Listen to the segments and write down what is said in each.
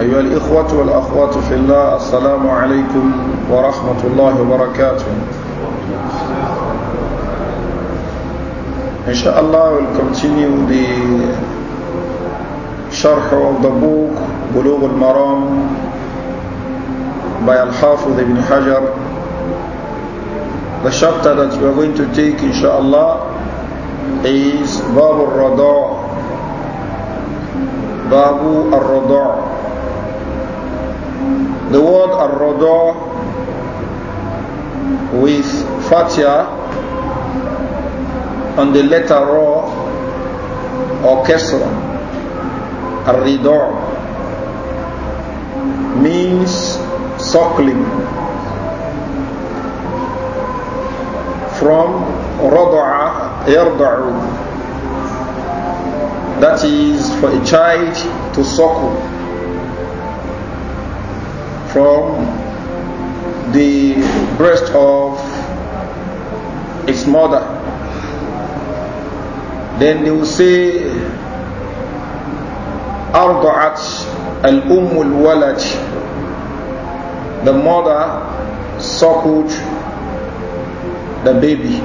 أيها الإخوة والأخوات في الله السلام عليكم ورحمة الله وبركاته Inshallah will continue the sharh of the book Bulugh al-Maram by Al-Hafiz ibn Hajar The chapter that we are going to take insha'Allah, is Babu al-Rada' Babu al-Rada' The word ar with fatia on the letter ra or kesra ar means suckling from rada'a yarda'u that is for a child to suckle from the breast of its mother. Then they will say, Arda'at al-ummu al-walad. The mother suckled the baby.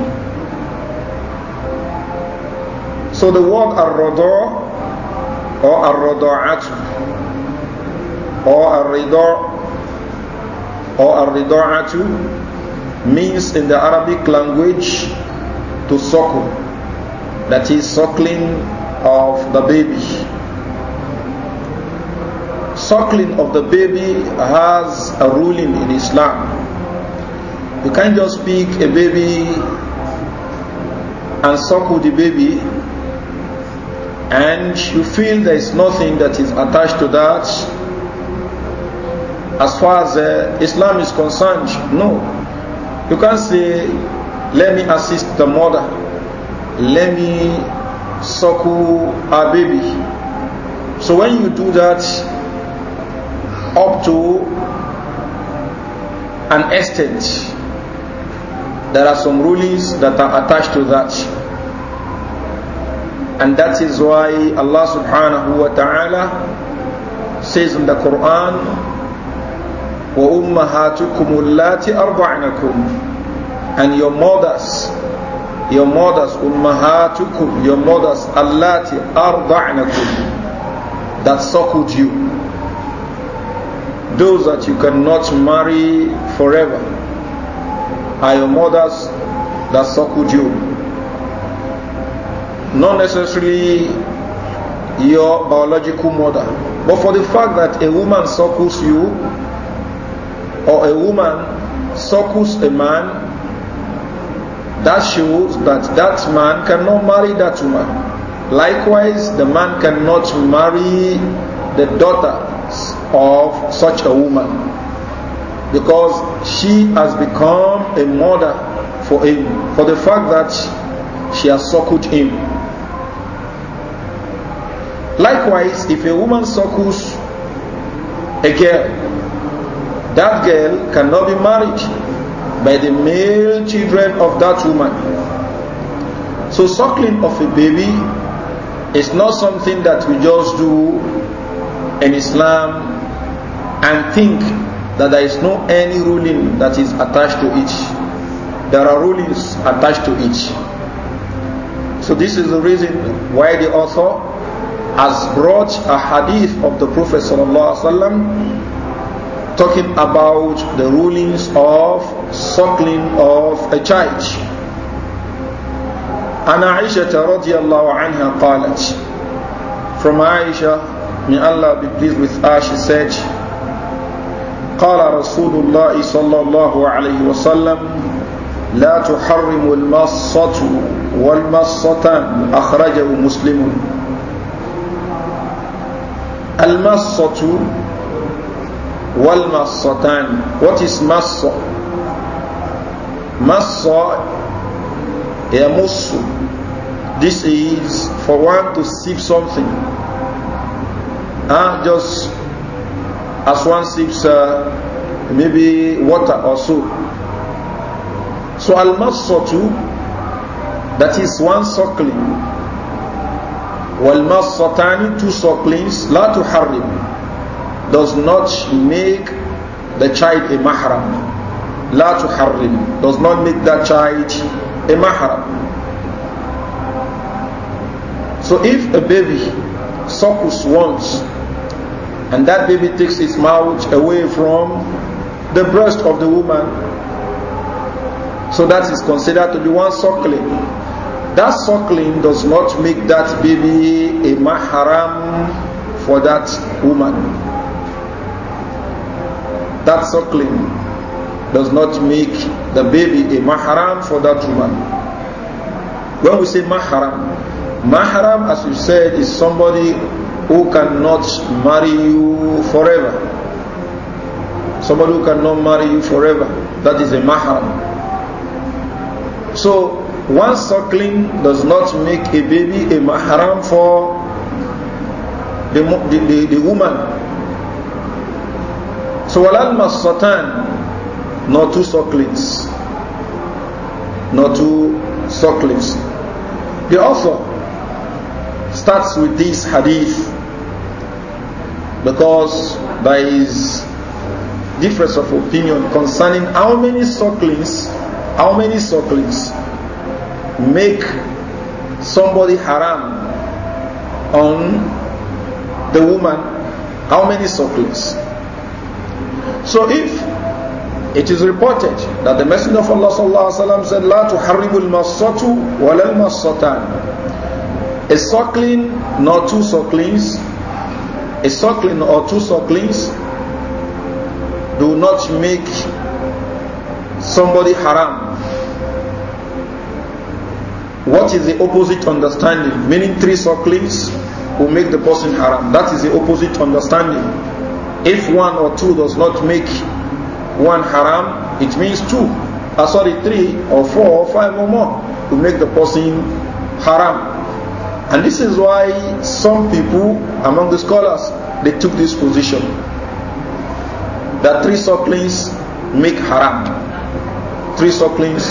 So the word ar or ar or ar or al means in the Arabic language to suckle that is suckling of the baby suckling of the baby has a ruling in Islam you can't just pick a baby and suckle the baby and you feel there is nothing that is attached to that as far as uh, Islam is concerned. No. You can't say, let me assist the mother, let me suckle her baby. So when you do that, up to an extent, there are some rulings that are attached to that. And that is why Allah subhanahu wa ta'ala says in the Quran, wa ummahatukum allati arba'nakum and your mothers your mothers ummahatukum your mothers allati arba'nakum that suckled you those that you cannot marry forever are your mothers that suckled you not necessarily your biological mother but for the fact that a woman suckles you or a woman suckles a man, that shows that that man cannot marry that woman. Likewise, the man cannot marry the daughter of such a woman because she has become a mother for him for the fact that she has suckled him. Likewise, if a woman suckles a girl that girl cannot be married by the male children of that woman. So suckling of a baby is not something that we just do in Islam and think that there is no any ruling that is attached to it. There are rulings attached to it. So this is the reason why the author has brought a hadith of the Prophet talking about the rulings of suckling of a child. عن عائشة رضي الله عنها قالت From Aisha, may Allah be pleased with her, she said, قال رسول الله صلى الله عليه وسلم لا تحرم المصة والمصتان أخرجه مسلم المصة والمصتان what is مص مص musu. this is for one to sip something ah just as one sips uh, maybe water or so so al masatu that is one suckling wal masatani two sucklings la tuharrim does not make the child a mahram. La tuharrim does not make that child a mahram. So if a baby suckles once and that baby takes its mouth away from the breast of the woman, so that is considered to be one suckling. That suckling does not make that baby a mahram for that woman that suckling does not make the baby a mahram for that woman. When we say mahram, mahram, as you said, is somebody who cannot marry you forever. Somebody who cannot marry you forever. That is a mahram. So, one suckling does not make a baby a mahram for the, the, the, the woman so walan masatan, not two sucklings, not two sucklings. The author starts with this hadith because there is difference of opinion concerning how many sucklings, how many sucklings make somebody haram on the woman, how many sucklings. So if it is reported that the Messenger of Allah said, "La harimul masatu walal masatan." A suckling not two sucklings, a suckling or two sucklings, do not make somebody haram. What is the opposite understanding? Meaning three sucklings will make the person haram. That is the opposite understanding. If one or two does not make one haram, it means two. Uh, sorry, three or four or five or more to make the person haram. And this is why some people among the scholars, they took this position. That three sucklings make haram. Three sucklings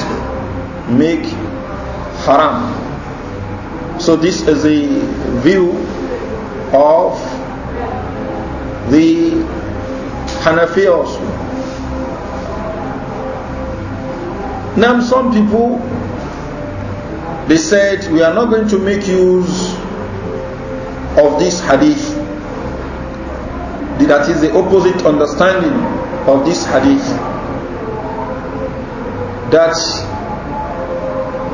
make haram. So this is a view of the Hanafi also. Now some people they said we are not going to make use of this hadith. That is the opposite understanding of this hadith. That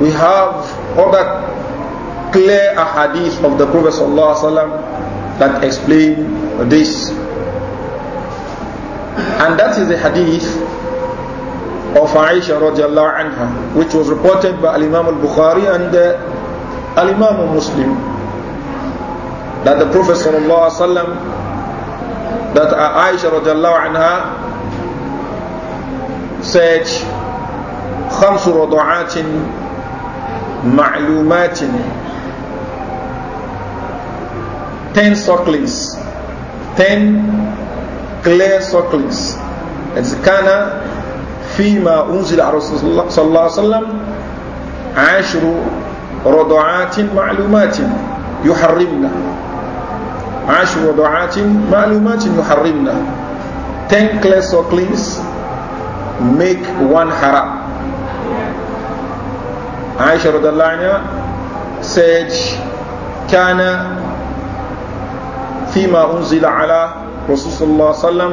we have other clear hadith of the Prophet ﷺ that explain this. And that is the hadith of Aisha radiallahu anha, which was reported by Al-Imam al-Bukhari and uh, Al-Imam al-Muslim, that the Prophet sallallahu alaihi wasallam, that uh, Aisha radiallahu anha said, خمس رضعات معلومات ten sucklings ten clear circles as كان فيما أنزل على رسول الله صلى الله عليه وسلم عشر رضعات معلومات يحرمنا عشر رضعات معلومات يحرمنا ten clear circles make one haram Aisha radallahu said كان فيما أنزل على الرسول صلى الله عليه وسلم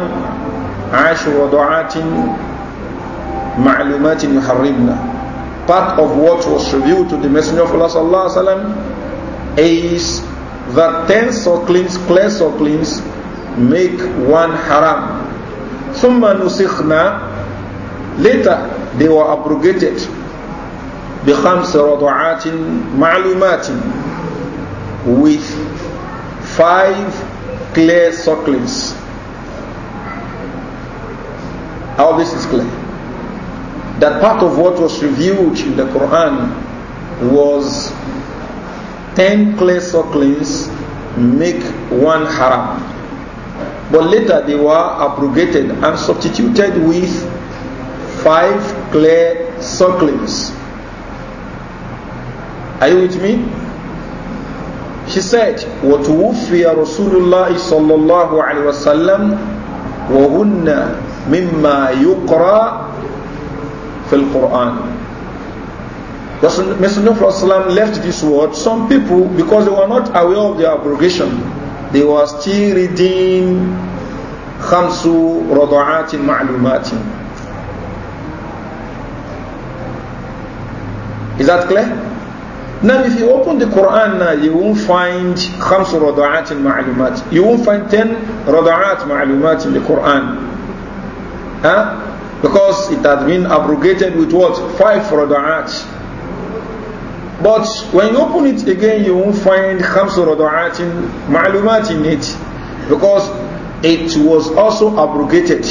عاش وضعات معلومات يحرمنا part of what was revealed to the Messenger of Allah صلى الله عليه وسلم is that ten or cleans, cleanse or cleans make one haram. ثم نسخنا later they were abrogated بخمس رضعات معلومات with five clear sucklings. All this is clear. That part of what was revealed in the Quran was ten clear sucklings make one haram. But later they were abrogated and substituted with five clear sucklings. Are you with me? She said, وَتُوُفِّيَ رَسُولُ اللَّهِ صَلَّى اللَّهُ عَلَيْهِ وَسَلَّمْ وَهُنَّ مِمَّا يُقْرَى في القرآن. Messenger of Allah left this word. Some people, because they were not aware of the abrogation, they were still reading خمس رضعات معلومات. Is that clear? Now, if you open the Quran now, you won't find خمس رضعات معلومات. You won't find ten رضعات معلومات in the Quran. Huh? Because it has been abrogated with what? Five رضعات. But when you open it again, you won't find خمس رضعات معلومات in it. Because it was also abrogated.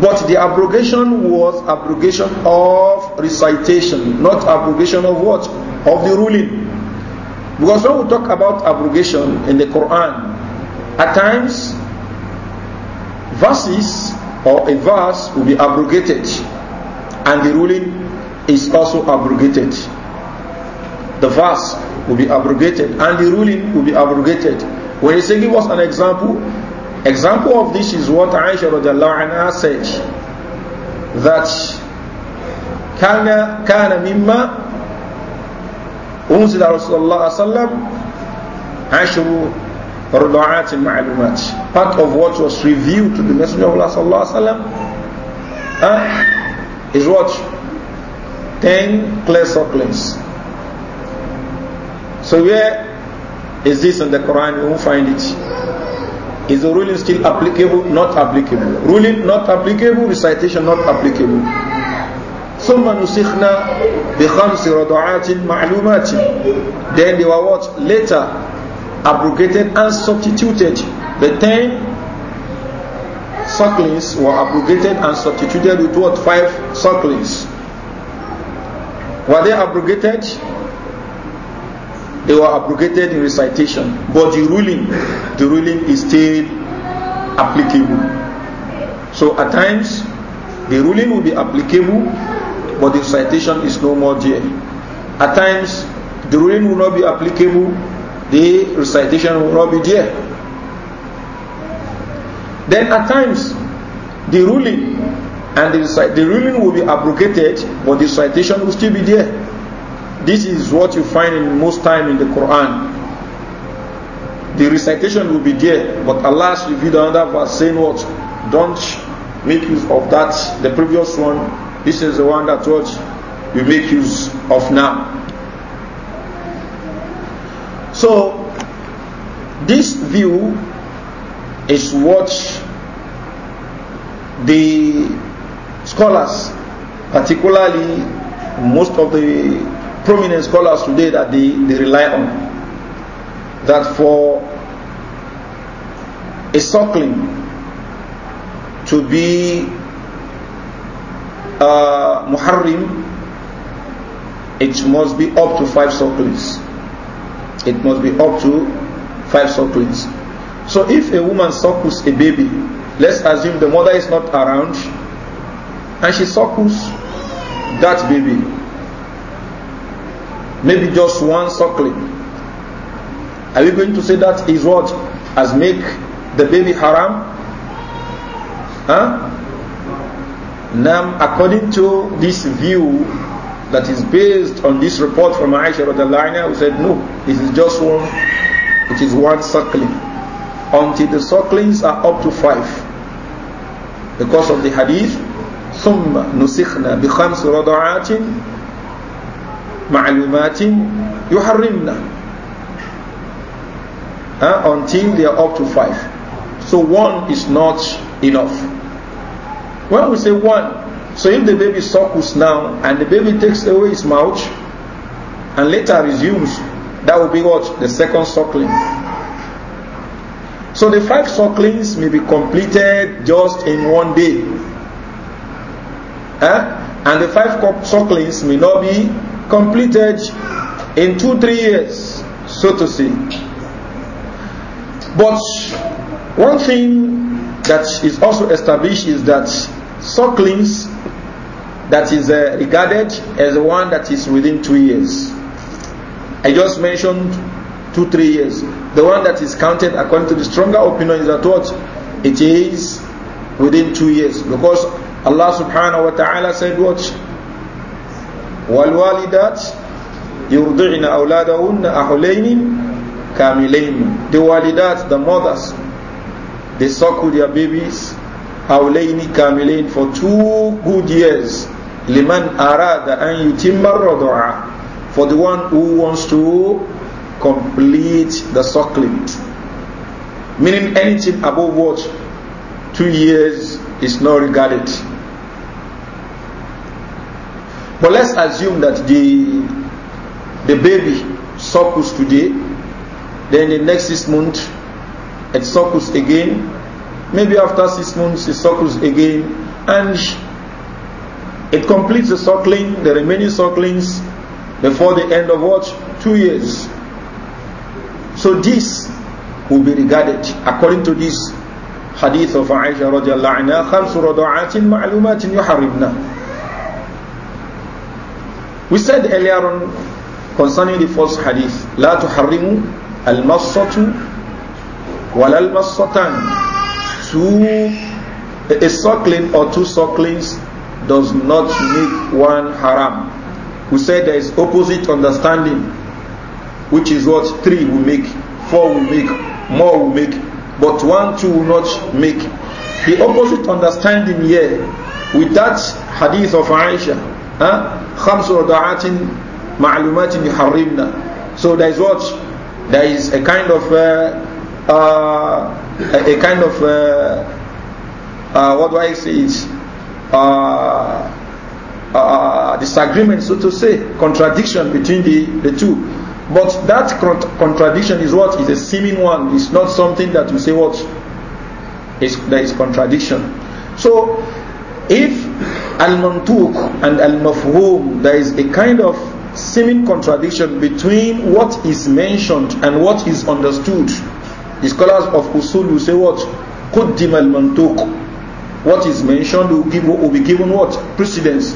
But the abrogation was abrogation of recitation, not abrogation of what? Of the ruling. Because when we talk about abrogation in the Quran, at times verses or a verse will be abrogated and the ruling is also abrogated. The verse will be abrogated and the ruling will be abrogated. When he said, give us an example, Example of this is what Aisha radiallahu anha said that كان كان مما أنزل Rasulullah sallam صلى الله عليه وسلم part of what was revealed to the Messenger of Allah صلى الله عليه is what ten clear circles. so where is this in the Quran you won't find it Is the ruling still applicable? Not applicable. Ruling not applicable, recitation not applicable. ثم نسخنا بخمس رضعات معلومات Then they were what? Later abrogated and substituted. The ten sucklings were abrogated and substituted with what? Five sucklings. Were they abrogated? They were abrogated in recitation, but the ruling, the ruling is still applicable. So at times, the ruling will be applicable, but the recitation is no more there. At times, the ruling will not be applicable, the recitation will not be there. Then at times, the ruling and the, the ruling will be abrogated, but the recitation will still be there. This is what you find in most time in the Quran. The recitation will be there, but Allah revealed another verse saying what? Don't make use of that. The previous one, this is the one that what you make use of now. So, this view is what the scholars, particularly most of the prominent scholars today that they, they rely on. That for a suckling to be uh, muharrim, it must be up to five sucklings. It must be up to five sucklings. So if a woman suckles a baby, let's assume the mother is not around and she suckles that baby maybe just one suckling. Are you going to say that is what has make the baby haram? Huh? Now, according to this view that is based on this report from Aisha Radhalina, who said, no, it is just one, it is one suckling. Until the sucklings are up to five. Because of the hadith, ثم نسخنا بخمس رضعات ma'lumatin yuharrimna. Uh, until they are up to five. So one is not enough. When we say one, so if the baby suckles now and the baby takes away his mouth and later resumes, that will be what? The second suckling. So the five sucklings may be completed just in one day. Uh, and the five sucklings may not be completed in two, three years, so to say. But one thing that is also established is that sucklings that is uh, regarded as one that is within two years. I just mentioned two, three years. The one that is counted according to the stronger opinion is that what? It is within two years. Because Allah subhanahu wa ta'ala said what? والوالدات يرضعن أولادهن أحلين كاملين the walidat the mothers they suckle their babies أولين كاملين for two good years لمن أراد أن يتم الرضاعة for the one who wants to complete the suckling meaning anything above what two years is not regarded But let's assume that the the baby suckles today, then the next six months it suckles again. Maybe after six months it suckles again, and it completes the suckling, the remaining sucklings before the end of what two years. So this will be regarded according to this hadith of Aisha radiallahu anha. خمس رضعات معلومات يحرمنا We said earlier on concerning the first hadith, لا تحرموا المصة ولا المصتان. Two, a suckling or two sucklings does not make one haram. We said there is opposite understanding, which is what three will make, four will make, more will make, but one, two will not make. The opposite understanding here with that hadith of Aisha, huh? خمس رضاعات معلومات يحرمنا so there is what there is a kind of uh, uh, a, kind of uh, uh what do I say is uh, uh, disagreement so to say contradiction between the, the two but that cont contradiction is what is a seeming one it's not something that you say what is there is contradiction so If al-mantuq and al-mafhum, there is a kind of seeming contradiction between what is mentioned and what is understood. The scholars of usul will say what? Quddim al-mantuq. What is mentioned will, give, will be given what? Precedence.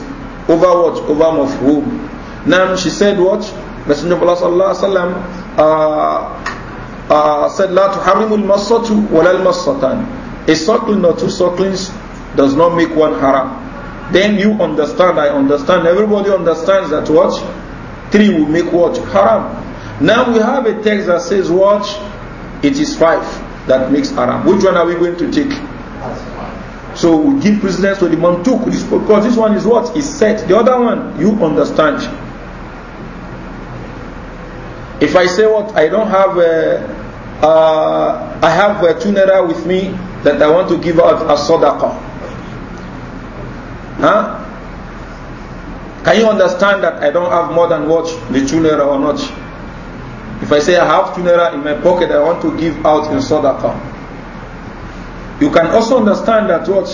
Over what? Over mafhum. Now she said what? Messenger of Allah sallallahu alaihi wasallam uh, uh, said, "La tuharimul masatu wal al masatan." A circle not two circles does not make one haram. Then you understand, I understand, everybody understands that what? Three will make what? Haram. Now we have a text that says what? It is five that makes haram. Which one are we going to take? So we give precedence to the mantuk because this one is what is set. The other one, you understand. If I say what I don't have, a uh, uh, I have a uh, two naira with me that I want to give out as sadaqah. Huh? Can you understand that I don't have more than what the two naira or not? If I say I have two naira in my pocket, I want to give out in sadaqah. You can also understand that what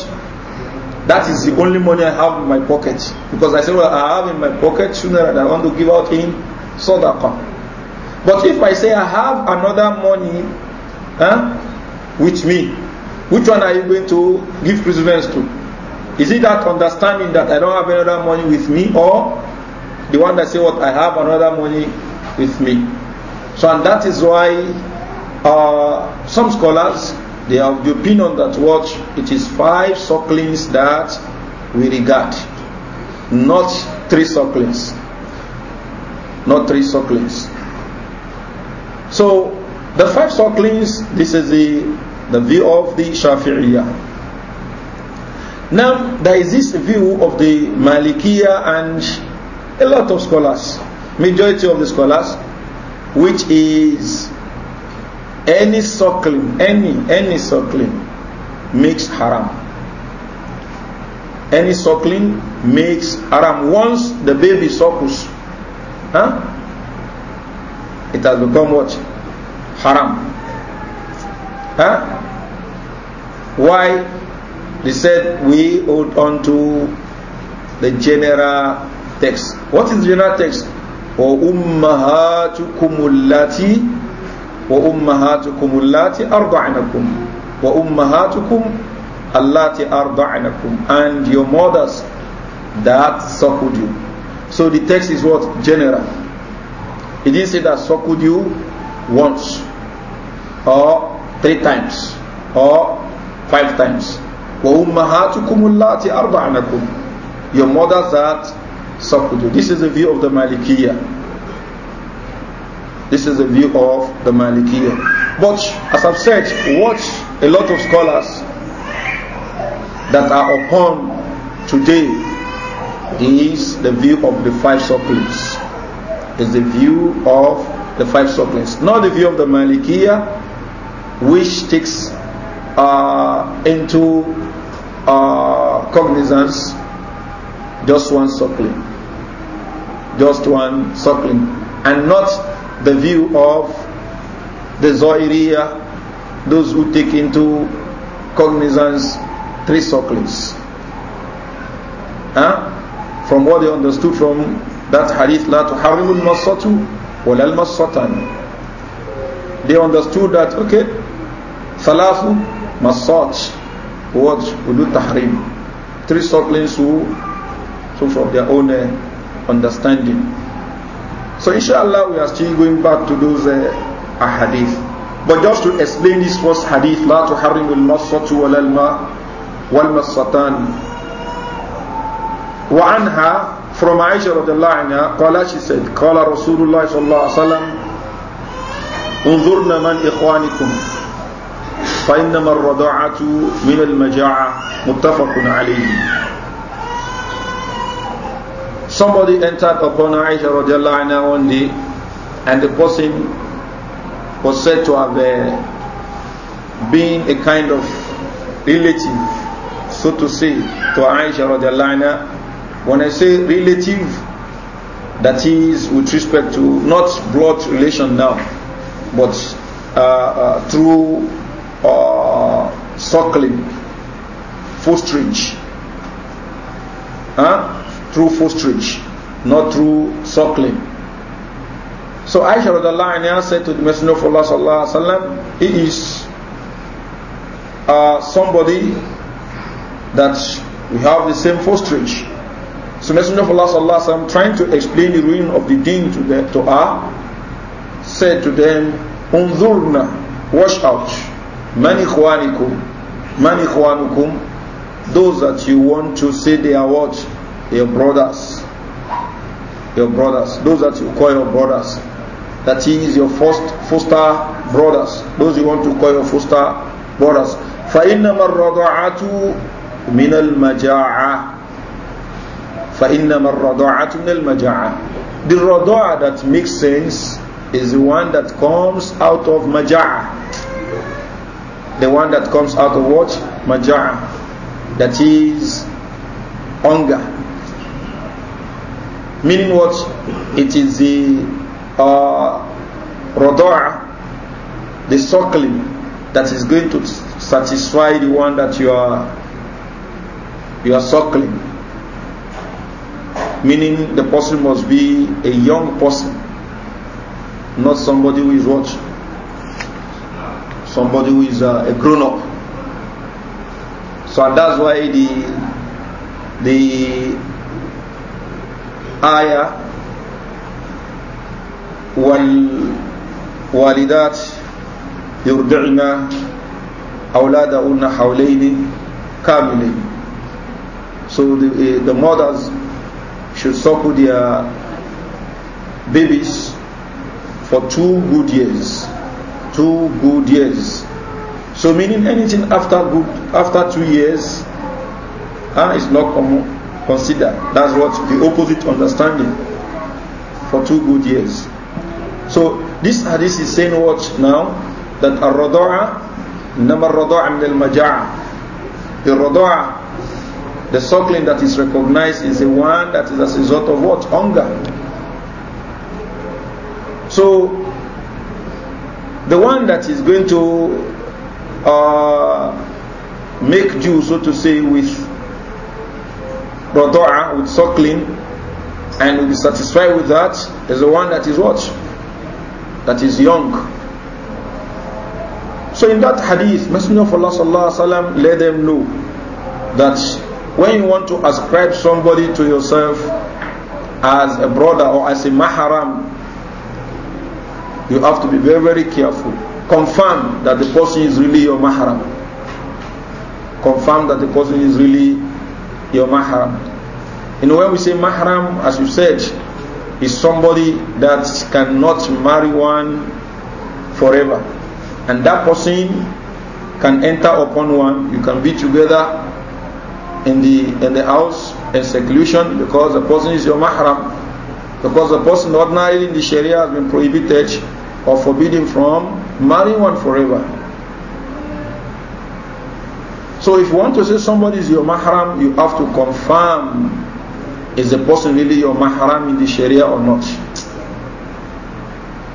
that is the only money I have in my pocket because I say well I have in my pocket two naira that I want to give out in sadaqah. But if I say I have another money huh, with me, which one are you going to give precedence to? Is it that understanding that I don't have another money with me or the one that say what I have another money with me? So and that is why uh, some scholars they have the opinion that what it is five sucklings that we regard, not three sucklings, not three sucklings. So the five sucklings, this is the the view of the Shafi'iyah. Now, there is this view of the Malikiya and a lot of scholars, majority of the scholars, which is any suckling, any, any suckling makes haram. Any suckling makes haram. Once the baby suckles, huh? it has become what? Haram. Huh? Why? They said we hold on to the general text. What is the general text? وأمهاتكم اللاتي وأمهاتكم اللاتي أرضعنكم وأمهاتكم اللاتي أرضعنكم and your mothers that suckled you. So the text is what? General. It didn't say that suckled you once or three times or five times. وَأُمَّهَاتُكُمُ اللَّاتِ أَرْضَعْنَكُمْ Your mothers that suckled you. This is the view of the Malikiyah. This is the view of the Malikiyah. But as I've said, what a lot of scholars that are upon today is the view of the five circles. Is the view of the five circles, not the view of the Malikiyah, which takes uh, into uh, cognizance just one suckling, just one suckling, and not the view of the Zohiriya, those who take into cognizance three sucklings. Huh? From what they understood from that hadith, لا تحرم المصة ولا المصتان. They understood that okay, ثلاث Massage, what will tahrim. Three circles who took from their own uh, understanding. So inshallah we are still going back to those uh, ahadith. But just to explain this first hadith, لا تحرم المصة ولا الماء والمصتان وعنها from Aisha radiallahu anha قال she said قال رسول الله صلى الله عليه وسلم انظرنا من إخوانكم فإنما الرضاعة من المجاعة متفق عليه Somebody entered upon Aisha radiallahu anha one day and the person was said to have uh, been a kind of relative, so to say, to Aisha رضي الله عنها. When I say relative, that is with respect to not blood relation now, but uh, uh, through Or uh, suckling, fostrage, huh? through fostrage, not through suckling. So Aisha and I said to the Messenger of Allah sallallahu alaihi wasallam, he is uh, somebody that we have the same fostrage. So Messenger of Allah sallallahu alaihi wasallam, trying to explain the ruin of the deen to, the, to her, said to them, Unzurna, wash out. Man ikhwanikum, man ikhwanukum, those that you want to say they are what? Your brothers. Your brothers. Those that you call your brothers. That he is your first foster brothers. Those you want to call your foster brothers. فإنما الرضاعة من المجاعة فإنما الرضاعة من المجاعة The radaa that makes sense is the one that comes out of majaa the one that comes out of what? Majaa. That is hunger. Meaning what? It is the uh, the suckling that is going to satisfy the one that you are you are suckling. Meaning the person must be a young person, not somebody who is what somebody who is uh, a grown up. So and that's why the the ayah والوالدات awlada أولادهن حولين كاملين so the, uh, the mothers should suckle their babies for two good years two good years. So meaning anything after good, after two years uh, ah, is not considered. That's what the opposite understanding for two good years. So this hadith is saying what now? That a radaa number ar-rada'a min al-maja'a. The rada'a, the suckling that is recognized is the one that is as a result of what? Hunger. So the one that is going to uh, make do, so to say, with radaa, with suckling, and will be satisfied with that, is the one that is what? That is young. So in that hadith, Messenger of Allah sallallahu alaihi wasallam let them know that when you want to ascribe somebody to yourself as a brother or as a mahram you have to be very, very careful. Confirm that the person is really your mahram. Confirm that the person is really your mahram. You know, when we say mahram, as you said, is somebody that cannot marry one forever. And that person can enter upon one. You can be together in the in the house in seclusion because the person is your mahram. Because the person ordinarily in the Sharia has been prohibited or forbidden from marrying one forever. So if you want to say somebody is your mahram, you have to confirm is the person really your mahram in the Sharia or not.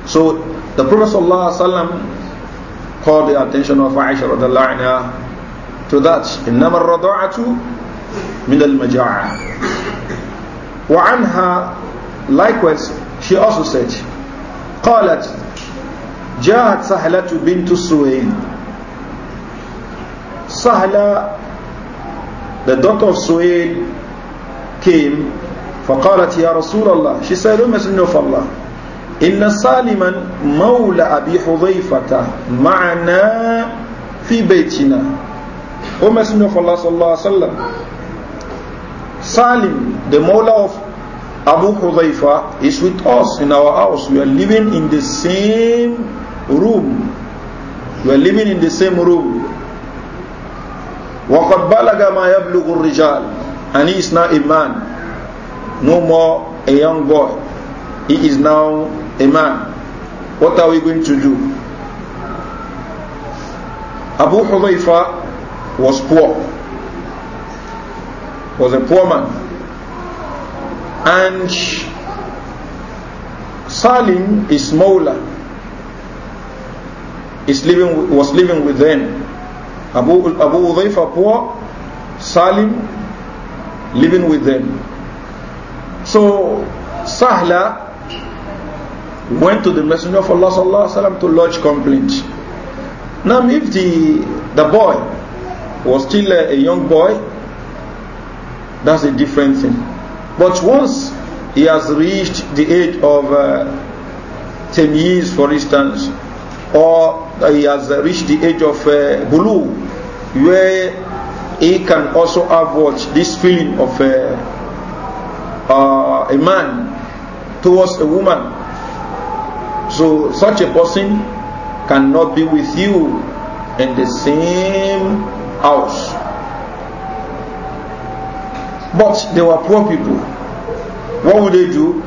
So the Prophet ﷺ called the attention of Aisha anha to that. إنما min من wa وعنها Likewise, she also said, قالت جاءت سهلة بنت سوين سهلة the daughter of Suhail came فقالت يا رسول الله she said O Messenger of Allah إن سالما مولى أبي حذيفة معنا في بيتنا O Messenger of Allah صلى الله عليه وسلم Salim the Mawla of Abu Hudhaifa is with us in our house. We are living in the same room. We are living in the same room. وَقَدْ بَلَغَ مَا يَبْلُغُ الرِّجَالِ And he is now a man. No more a young boy. He is now a man. What are we going to do? Abu Hudhaifa was poor. Was a poor man. And Salim is Mawla is living was living with them. Abu Abu Udhaifa poor, Salim living with them. So Sahla went to the Messenger of Allah sallallahu alaihi wasallam to lodge complaint. Now, if the the boy was still a, a young boy, that's a different thing. But once he has reached the age of uh, 10 years, for instance, or he has reached the age of uh, where he can also have this feeling of uh, uh, a man towards a woman. So such a person cannot be with you in the same house But they were poor people. What would they do?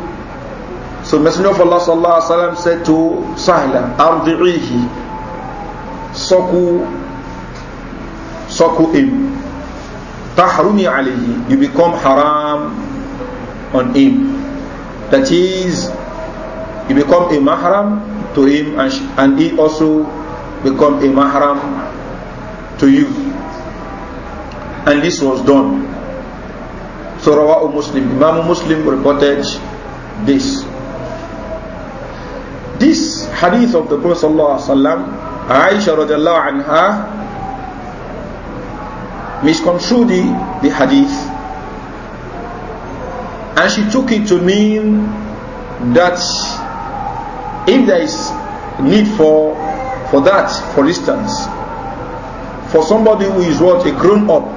So Messenger of Allah sallallahu alaihi wasallam said to Sahla, "Ardihi, soku, soku him, tahrumi alayhi. You become haram on him. That is, you become a mahram to him, and, she, and he also become a mahram to you. And this was done. So Rawahu Muslim, Imam Muslim reported this. This hadith of the Prophet Sallallahu Aisha radiallahu anha misconstrued the hadith and she took it to mean that if there is need for for that for instance for somebody who is what a grown up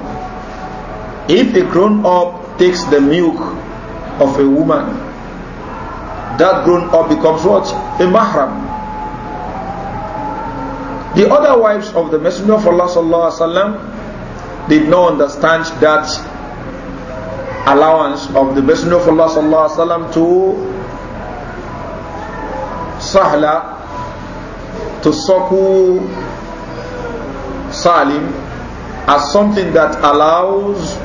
if a grown up takes the milk of a woman, that grown up becomes what? A mahram. The other wives of the Messenger of Allah sallallahu alaihi wasallam did not understand that allowance of the Messenger of Allah sallallahu alaihi wasallam to Sahla to suckle Salim as something that allows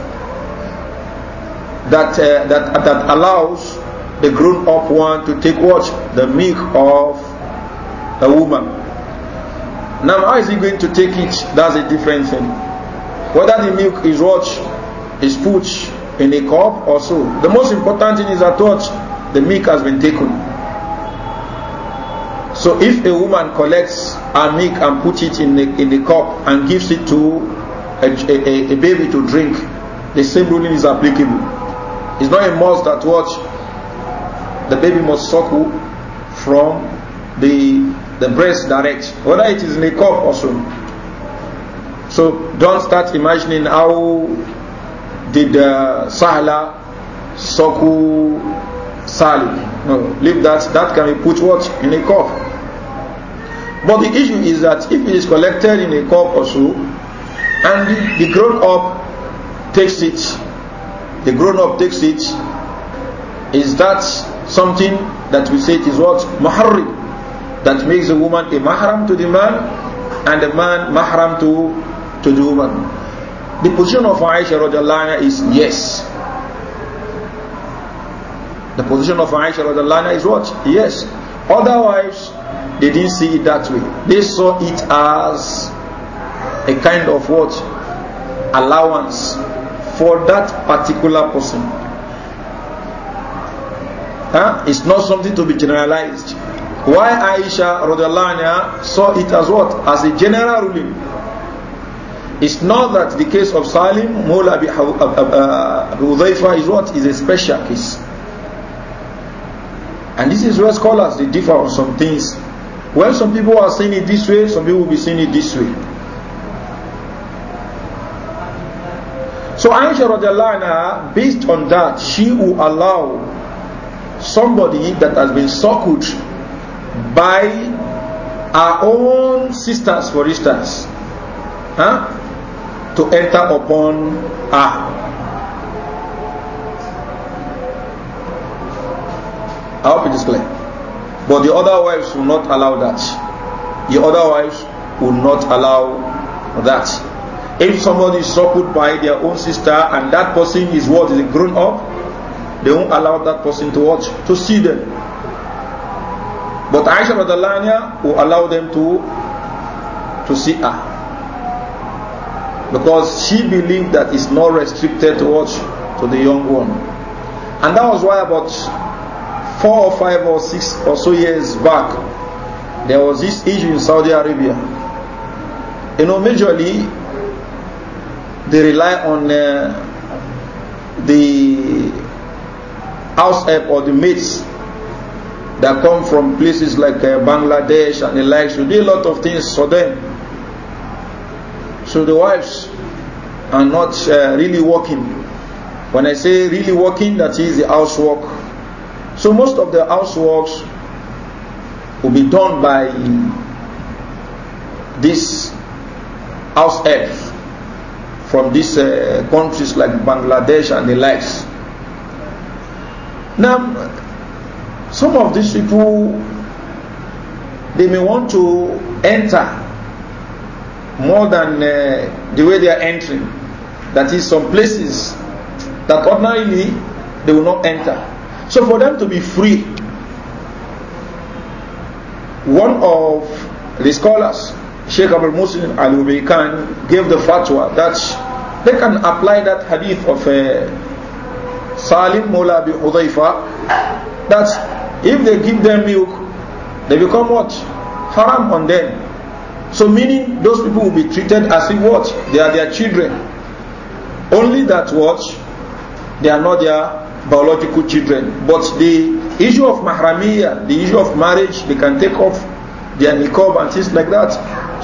that, uh, that, that allows the grown up one to take what? The milk of a woman. Now, how is he going to take it? That's a different thing. Whether the milk is what is put in a cup or so. The most important thing is that what? The milk has been taken. So if a woman collects a milk and puts it in a, in a cup and gives it to a, a, a baby to drink, the same ruling is applicable. It's not a must that watch the baby must suckle from the the breast direct, whether it is in a cup or so. So don't start imagining how did uh, Sahla suckle Sali. No, leave that. That can be put what in a cup. But the issue is that if it is collected in a cup or so, and the grown up takes it, the grown up takes it, is that something that we say it is what? Maharib. That makes a woman a mahram to the man and the man mahram to, to the woman. The position of Aisha radiallahu is yes. The position of Aisha radiallahu is what? Yes. Otherwise, they didn't see it that way. They saw it as a kind of what? Allowance for that particular person. Huh? It's not something to be generalized. Why Aisha anha, saw it as what? As a general ruling. It's not that the case of Salim, Mula Abi uh, Hudhaifa is what? Is a special case. And this is where scholars they differ on some things. When some people are saying it this way, some people will be saying it this way. So Aisha Rajalana, based on that, she will allow somebody that has been suckled by our own sisters, for instance, huh, to enter upon her. I hope it is clear. But the other wives will not allow that. The other wives will not allow that. If somebody is suckled by their own sister and that person is what is grown up, they won't allow that person to watch, to see them. But Aisha Radalanya will allow them to, to see her. Because she believed that it's not restricted to watch to the young one. And that was why about four or five or six or so years back, there was this issue in Saudi Arabia. You know, majorly they rely on uh, the house help or the maids that come from places like uh, Bangladesh and the like. We do a lot of things for them. So the wives are not uh, really working. When I say really working, that is the housework. So most of the houseworks will be done by this house help from these uh, countries like Bangladesh and the likes. Now, some of these people, they may want to enter more than uh, the way they are entering. That is, some places that ordinarily they will not enter. So, for them to be free, one of the scholars Sheikh Abdul Muslim Al Ubaikan gave the fatwa that they can apply that hadith of uh, Salim Mula bi Udhaifa that if they give them milk, they become what? Haram on them. So meaning those people will be treated as if what? They are their children. Only that what? They are not their biological children. But the issue of mahramiya, the issue of marriage, they can take off their niqab and things like that.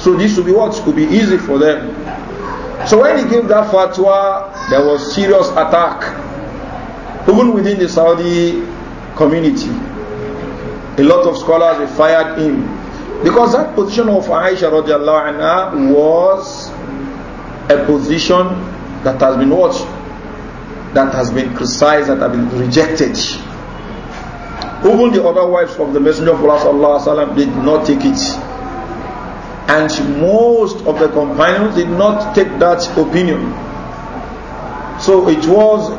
So this would be what? Could be easy for them. So when he gave that fatwa, there was serious attack, even within the Saudi community. A lot of scholars they fired him because that position of Aisha radiallahu anha was a position that has been what, that has been criticized, that has been rejected. Even the other wives of the Messenger of Allah sallallahu did not take it. And most of the companions did not take that opinion. So it was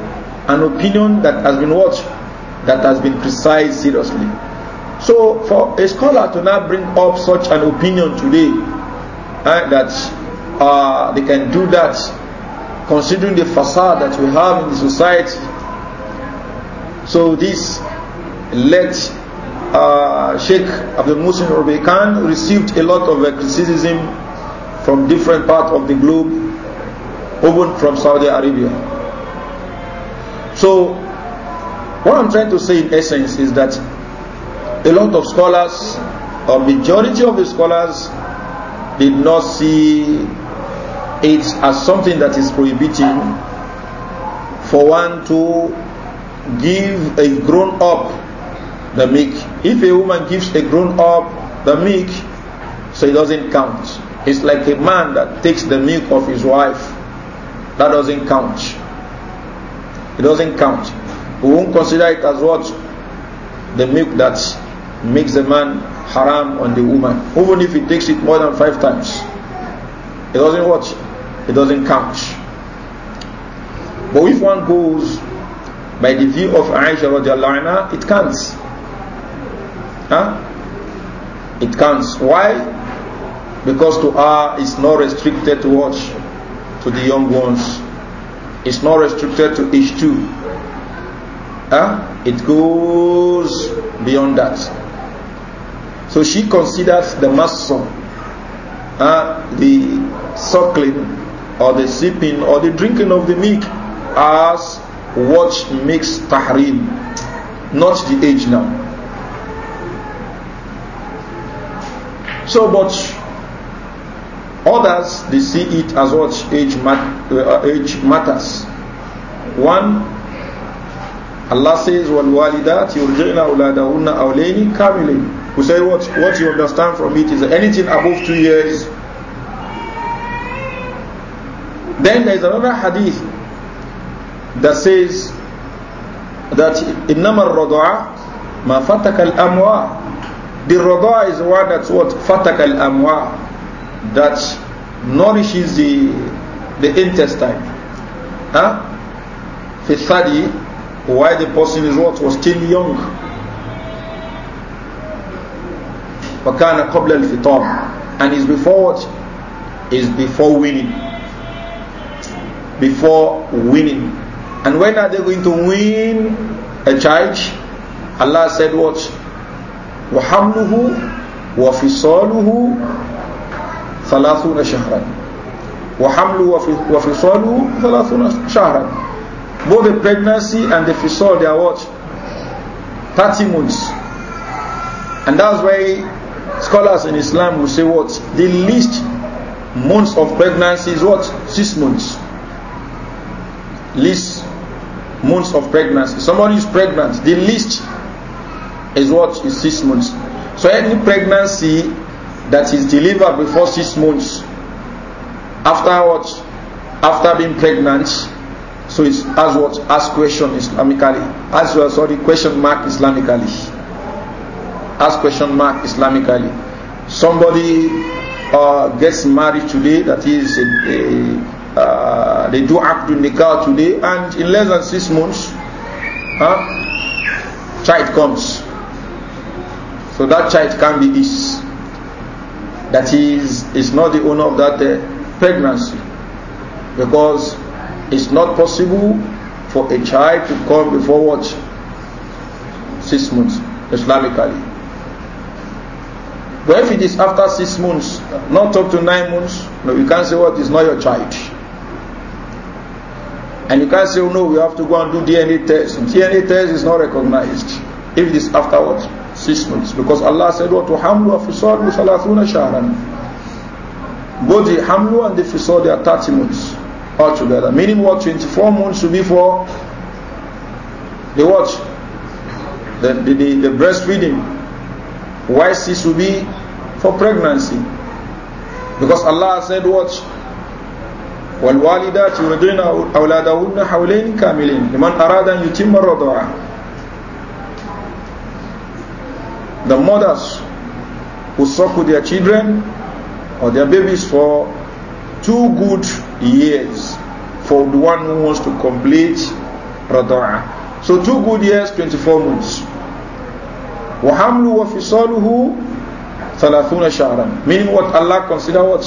an opinion that has been what? That has been criticized seriously. So for a scholar to now bring up such an opinion today eh, that uh, they can do that considering the facade that we have in the society. So this let Uh, Sheikh Abdul Musin Urbi Khan received a lot of uh, criticism from different parts of the globe, even from Saudi Arabia. So, what I'm trying to say in essence is that a lot of scholars, or majority of the scholars, did not see it as something that is prohibiting for one to give a grown up the milk if a woman gives a grown up the milk, so it doesn't count. It's like a man that takes the milk of his wife. That doesn't count. It doesn't count. We won't consider it as what? The milk that makes the man haram on the woman. Even if he takes it more than five times. It doesn't what? It doesn't count. But if one goes by the view of Aisha radiallahu it counts. Huh? It counts. Why? Because to her it's not restricted to watch to the young ones. It's not restricted to age two. Huh? It goes beyond that. So she considers the muscle, uh, the suckling, or the sipping, or the drinking of the milk as what makes tahrim, not the age now. So, but others they see it as what age, mat uh, uh age matters. One, Allah says, "Walwalidat yurjina auladahunna awlaini kamilin." We say what what you understand from it is anything above two years. Then there is another hadith that says that إنما الرضاع ما فتك الأموال The raga is the one that's what? Fatak al amwa. That nourishes the, the intestine. Huh? Fithadi, why the person is what? Was still young. فَكَانَ قَبْلَ الْفِطَامِ And is before what? Is before winning. Before winning. And when are they going to win a child? Allah said what? wàhámlúhú wàfisọ́lúhú thalathuna shahran wàhámlúhú wàfisọ́lúhú ثلاثون shahran both the pregnancy and the fisol they are what 30 months and that's why scholars in Islam will say what the least months of pregnancy is what six months least months of pregnancy somebody is pregnant the least is what? Is six months. So any pregnancy that is delivered before six months, after what? After being pregnant, so it's as what? As question Islamically. As well, sorry, question mark Islamically. As question mark Islamically. Somebody uh, gets married today, that is, a, a, uh, they do the Nikah today, and in less than six months, huh, child comes. So that child can be his. That is, is not the owner of that uh, pregnancy. Because it's not possible for a child to come before what? Six months, Islamically. But if it is after six months, not up to nine months, no, you can't say what is not your child. And you can't say, oh no, we have to go and do DNA test. DNA test is not recognized if it is afterwards. six months because Allah said what hamlu fisalu thalathuna shahran both the hamlu and the fisal are 30 months altogether meaning what 24 months to be for the what the, the, the, the breastfeeding why six will be for pregnancy because Allah said what والوالدات يرضين أولادهن حولين كاملين لمن أراد أن يتم الرضاعة the mothers who suckle their children or their babies for two good years for the one who wants to complete radaa, So two good years, 24 months. Wa hamlu wa fisaluhu ثَلَاثُونَ شَعْرًا Meaning what Allah consider what?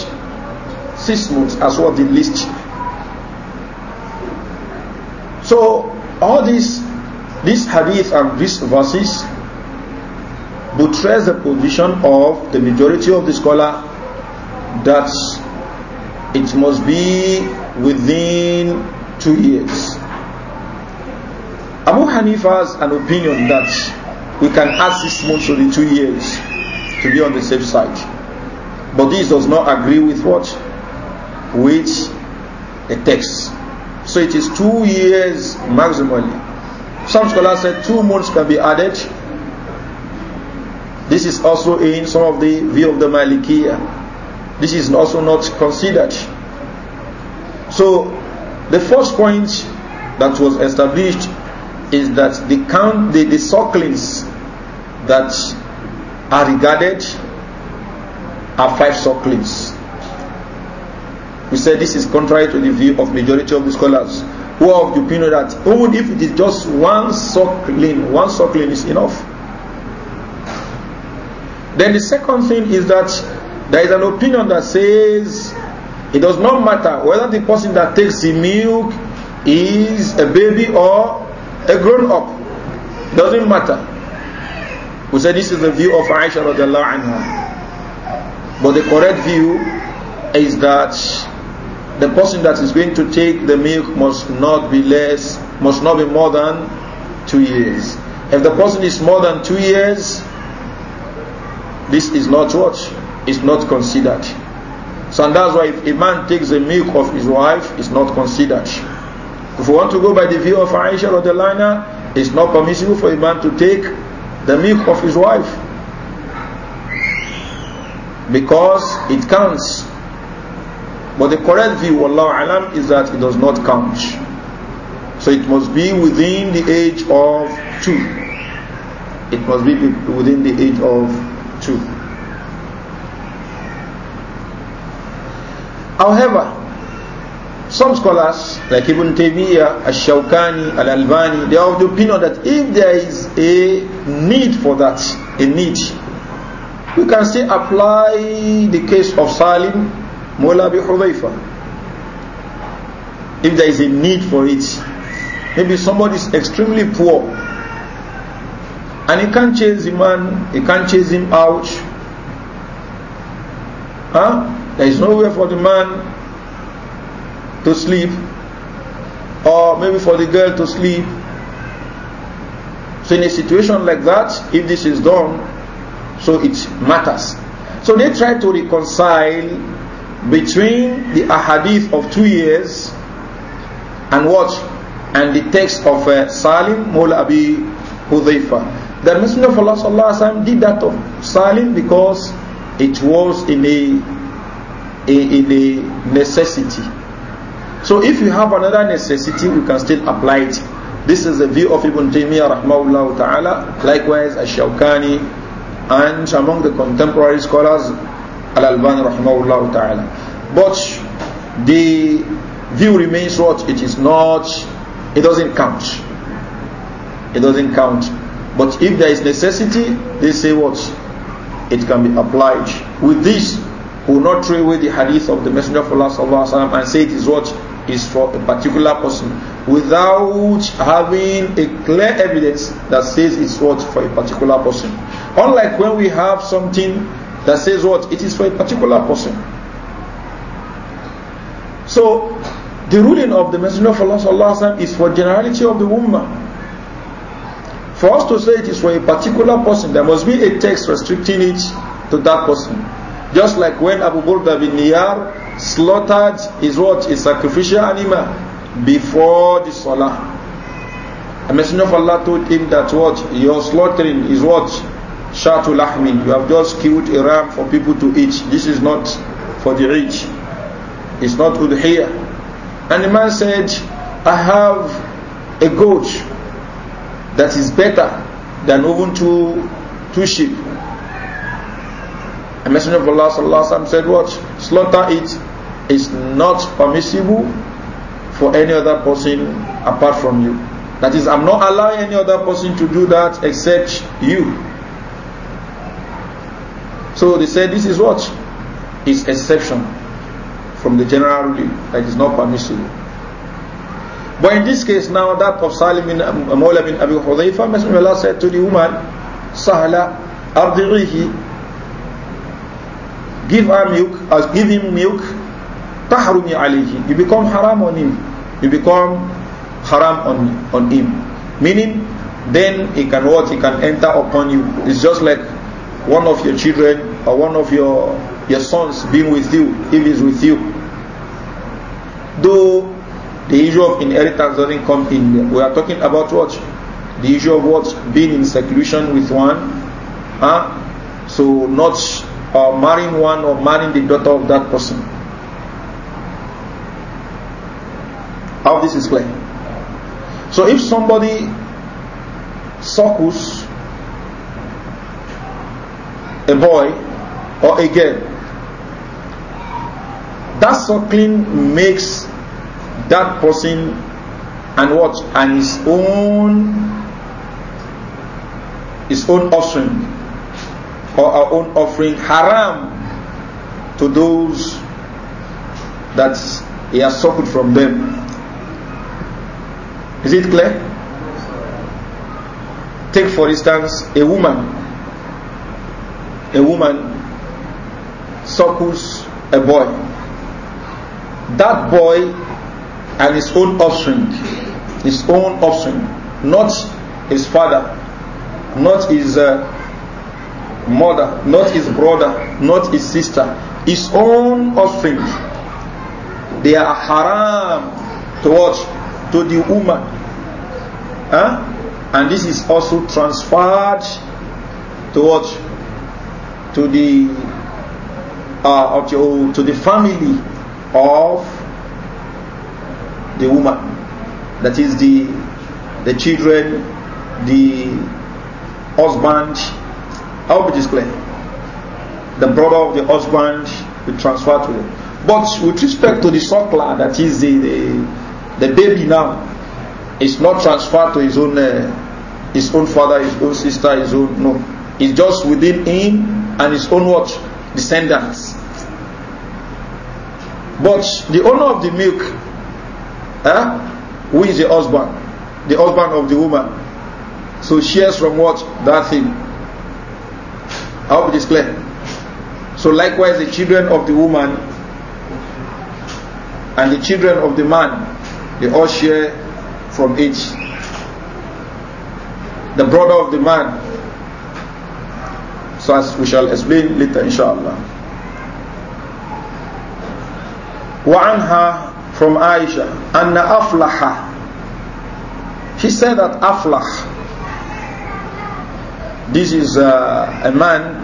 Six months as what the least. So all these, these hadith and these verses buttress the position of the majority of the scholar that it must be within two years. Abu Hanifa has an opinion that we can ask six months the two years to be on the safe side. But this does not agree with what? With the text. So it is two years maximally. Some scholars said two months can be added this is also in some of the view of the Malikiyah. This is also not considered. So the first point that was established is that the count the, the circlings that are regarded are five circlings. We said this is contrary to the view of majority of the scholars who are of the opinion that even if it is just one circling, one circling is enough. Then the second thing is that there is an opinion that says it does not matter whether the person that takes the milk is a baby or a grown up. Doesn't matter. We say this is the view of Aisha radiallahu anha. But the correct view is that the person that is going to take the milk must not be less, must not be more than two years. If the person is more than two years, this is not what is not considered. So and that's why if a man takes the milk of his wife, it's not considered. If we want to go by the view of Aisha or the Lina, it's not permissible for a man to take the milk of his wife because it counts. But the correct view, Allah alam, is that it does not count. So it must be within the age of two. It must be within the age of two. However, some scholars, like Ibn Taymiyyah, Ash-Shawkani, Al Al-Albani, they are of the opinion that if there is a need for that, a need, we can still apply the case of Salim, Mawla bi Hudhaifa. If there is a need for it, maybe somebody is extremely poor, and he can't chase the man, he can't chase him out. Huh? There is no way for the man to sleep, or maybe for the girl to sleep. So in a situation like that, if this is done, so it matters. So they try to reconcile between the ahadith of two years and what? And the text of uh, Salim Mawla Hudhaifa. The Messenger of Allah وسلم, did that of Salim because it was in a, in a necessity. So if you have another necessity, you can still apply it. This is the view of Ibn Taymiyyah rahmahullah ta'ala. Likewise, Ash-Shawkani and among the contemporary scholars, Al-Albani rahmahullah ta'ala. But the view remains what? It is not, it doesn't count. It doesn't count. But if there is necessity, they say what? It can be applied. With this, we will not throw away the hadith of the Messenger of Allah sallallahu alaihi wasallam and say it is what is for a particular person without having a clear evidence that says it's what for a particular person. Unlike when we have something that says what it is for a particular person. So the ruling of the Messenger of Allah sallallahu alaihi wasallam is for generality of the ummah. For us to say it is for a particular person, there must be a text restricting it to that person. Just like when Abu Burda bin Niyar slaughtered his what? a sacrificial animal before the Salah. A messenger of Allah told him that what? Your slaughtering is what? Shatul Ahmin. You have just killed a ram for people to eat. This is not for the rich. It's not good here. And the man said, I have a goat that is better than even two, two sheep. A messenger of Allah sallallahu alaihi said, "What slaughter it is not permissible for any other person apart from you. That is, I'm not allowing any other person to do that except you." So they said, "This is what is exception from the general rule that is not permissible." But in this case now, that of Salim bin um, Mawla bin Abi Hudhaifa, Messenger of Allah said to the woman, Sahla, ardirihi, give her milk, uh, give him milk, tahrumi alayhi. You become haram on him. You become haram on, on him. Meaning, then he can what? He can enter upon you. It's just like one of your children or one of your, your sons being with you, if he's with you. Though The issue of inheritance doesn't come in We are talking about what? The issue of what? Being in seclusion with one. Huh? So not uh, marrying one or marrying the daughter of that person. How this is clear. So if somebody suckles a boy or a girl, that suckling makes that person and what and his own his own offering or our own offering haram to those that he has suffered from them. Is it clear? Take for instance a woman. A woman suckles a boy. That boy and his own offspring. His own offspring. Not his father. Not his uh, mother. Not his brother. Not his sister. His own offspring. They are haram towards to the woman. Huh? And this is also transferred towards To the uh, to, to the family of the woman that is the the children the husband i hope it is clear the brother of the husband will transfer to them but with respect to the suckler that is the, the, the baby now is not transferred to his own uh, his own father his own sister his own no it's just within him and his own what descendants but the owner of the milk Huh? Who is the husband? The husband of the woman. So shares from what? That thing. I hope it is clear. So likewise the children of the woman and the children of the man, they all share from each. The brother of the man. So as we shall explain later inshallah. وعنها from Aisha, Anna Aflaha. He said that Aflah, this is uh, a man,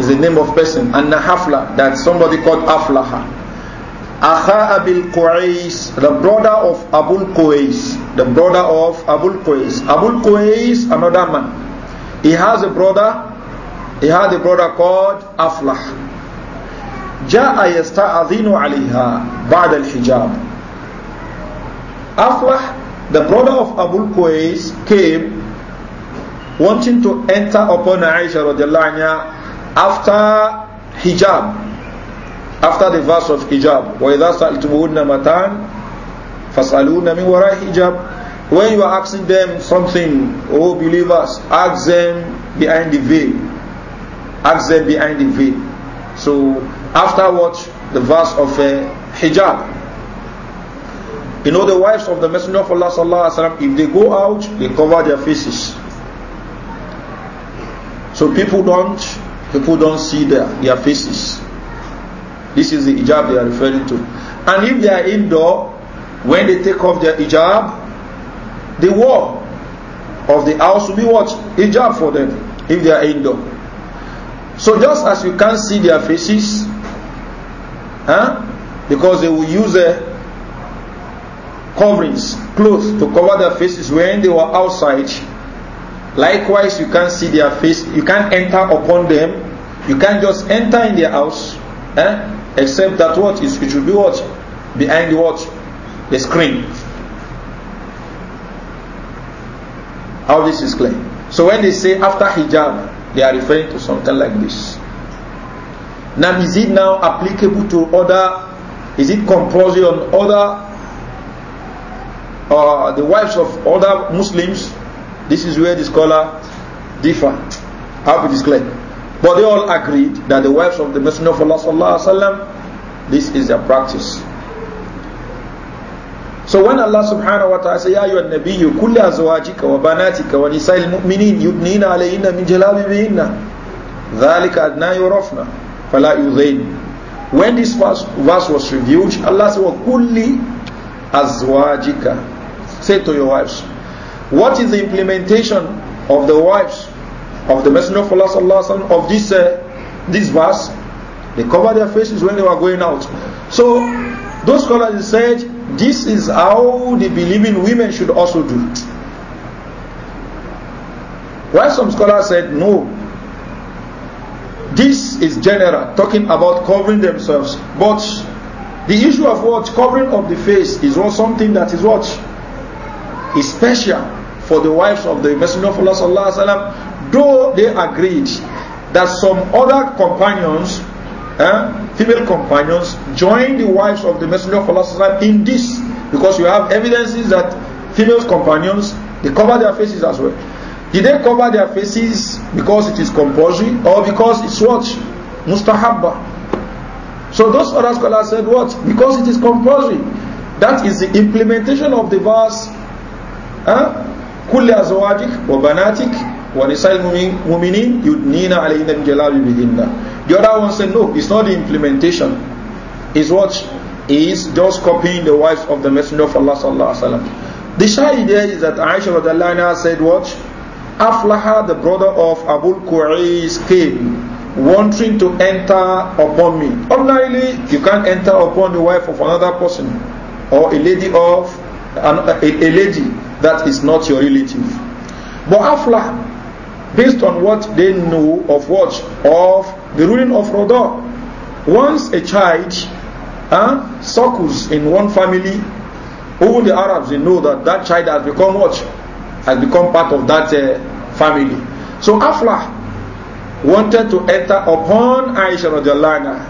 is the name of person, Anna Hafla. that somebody called Aflaha. Akha Abil Quraysh, the brother of Abul Quraysh, the brother of Abul Quraysh. Abul Quraysh, another man. He has a brother, he had a brother called Aflah. جاء يستعذين عليها بعد الحجاب Aflah, the brother of Abu Qais came wanting to enter upon Aisha radiallahu anha after hijab, after the verse of hijab. وَإِذَا سَأَلْتُمُهُنَّ مَتَانٍ فَاسْأَلُوهُنَّ مِنْ وَرَاءِ hijab. When you are asking them something, oh believers, ask them behind the veil. Ask them behind the veil. So Afterwards, the verse of uh, hijab. You know the wives of the Messenger of Allah sallallahu alaihi wasallam, if they go out, they cover their faces. So people don't people don't see their, their faces. This is the hijab they are referring to. And if they are indoor, when they take off their hijab, the wall of the house will be what? Hijab for them if they are indoor. So just as you can't see their faces, Huh? Because they will use uh, coverings, clothes to cover their faces when they were outside. Likewise, you can't see their face, you can't enter upon them, you can't just enter in their house, eh? except that what is it should be what behind what the screen. How this is clear. So when they say after hijab, they are referring to something like this. Now, is it now applicable to other? Is it compulsory on other? Uh, the wives of other Muslims? This is where the scholar differ. I'll it is clear. But they all agreed that the wives of the Messenger of Allah sallallahu alaihi wasallam, this is their practice. So when Allah subhanahu wa ta'ala says, Ya ayyuhan nabiyyu, kulli azwajika wa banatika wa nisa'il mu'minin yudnina alayhinna min jalabibihinna. ذلك أدنى يعرفنا fala yudhayn. When this verse, verse was revealed, Allah said, kulli أَزْوَاجِكَ Say to your wives. What is the implementation of the wives of the Messenger of Allah sallallahu alaihi of this, uh, this verse? They cover their faces when they were going out. So, those scholars said, this is how the believing women should also do. While some scholars said, no, This is general, talking about covering themselves. But the issue of what covering of the face is what something that is what is special for the wives of the Messenger of Allah sallallahu alaihi wasallam. Though they agreed that some other companions, eh, female companions, joined the wives of the Messenger of Allah sallallahu alaihi wasallam in this, because you have evidences that female companions they cover their faces as well. Did they cover their faces because it is compulsory or because it's what? Mustahabba. So those other scholars said what? Because it is compulsory. That is the implementation of the verse كل أزواجك وبناتك ونساء المؤمنين يدنين عليهن الجلابيبهن The other one said no, it's not the implementation. It's what? is just copying the wives of the Messenger of Allah sallallahu alaihi wasallam. The shy idea is that Aisha said what? Aflaha, the brother of Abul Quraysh, came, wanting to enter upon me. Ordinarily, you can't enter upon the wife of another person or a lady of an, a, a lady that is not your relative. But Aflah, based on what they know of what of the ruling of Rodah, once a child uh, circles in one family, all the Arabs they know that that child has become what has become part of that uh, family. So Afla wanted to enter upon Aisha radiallahu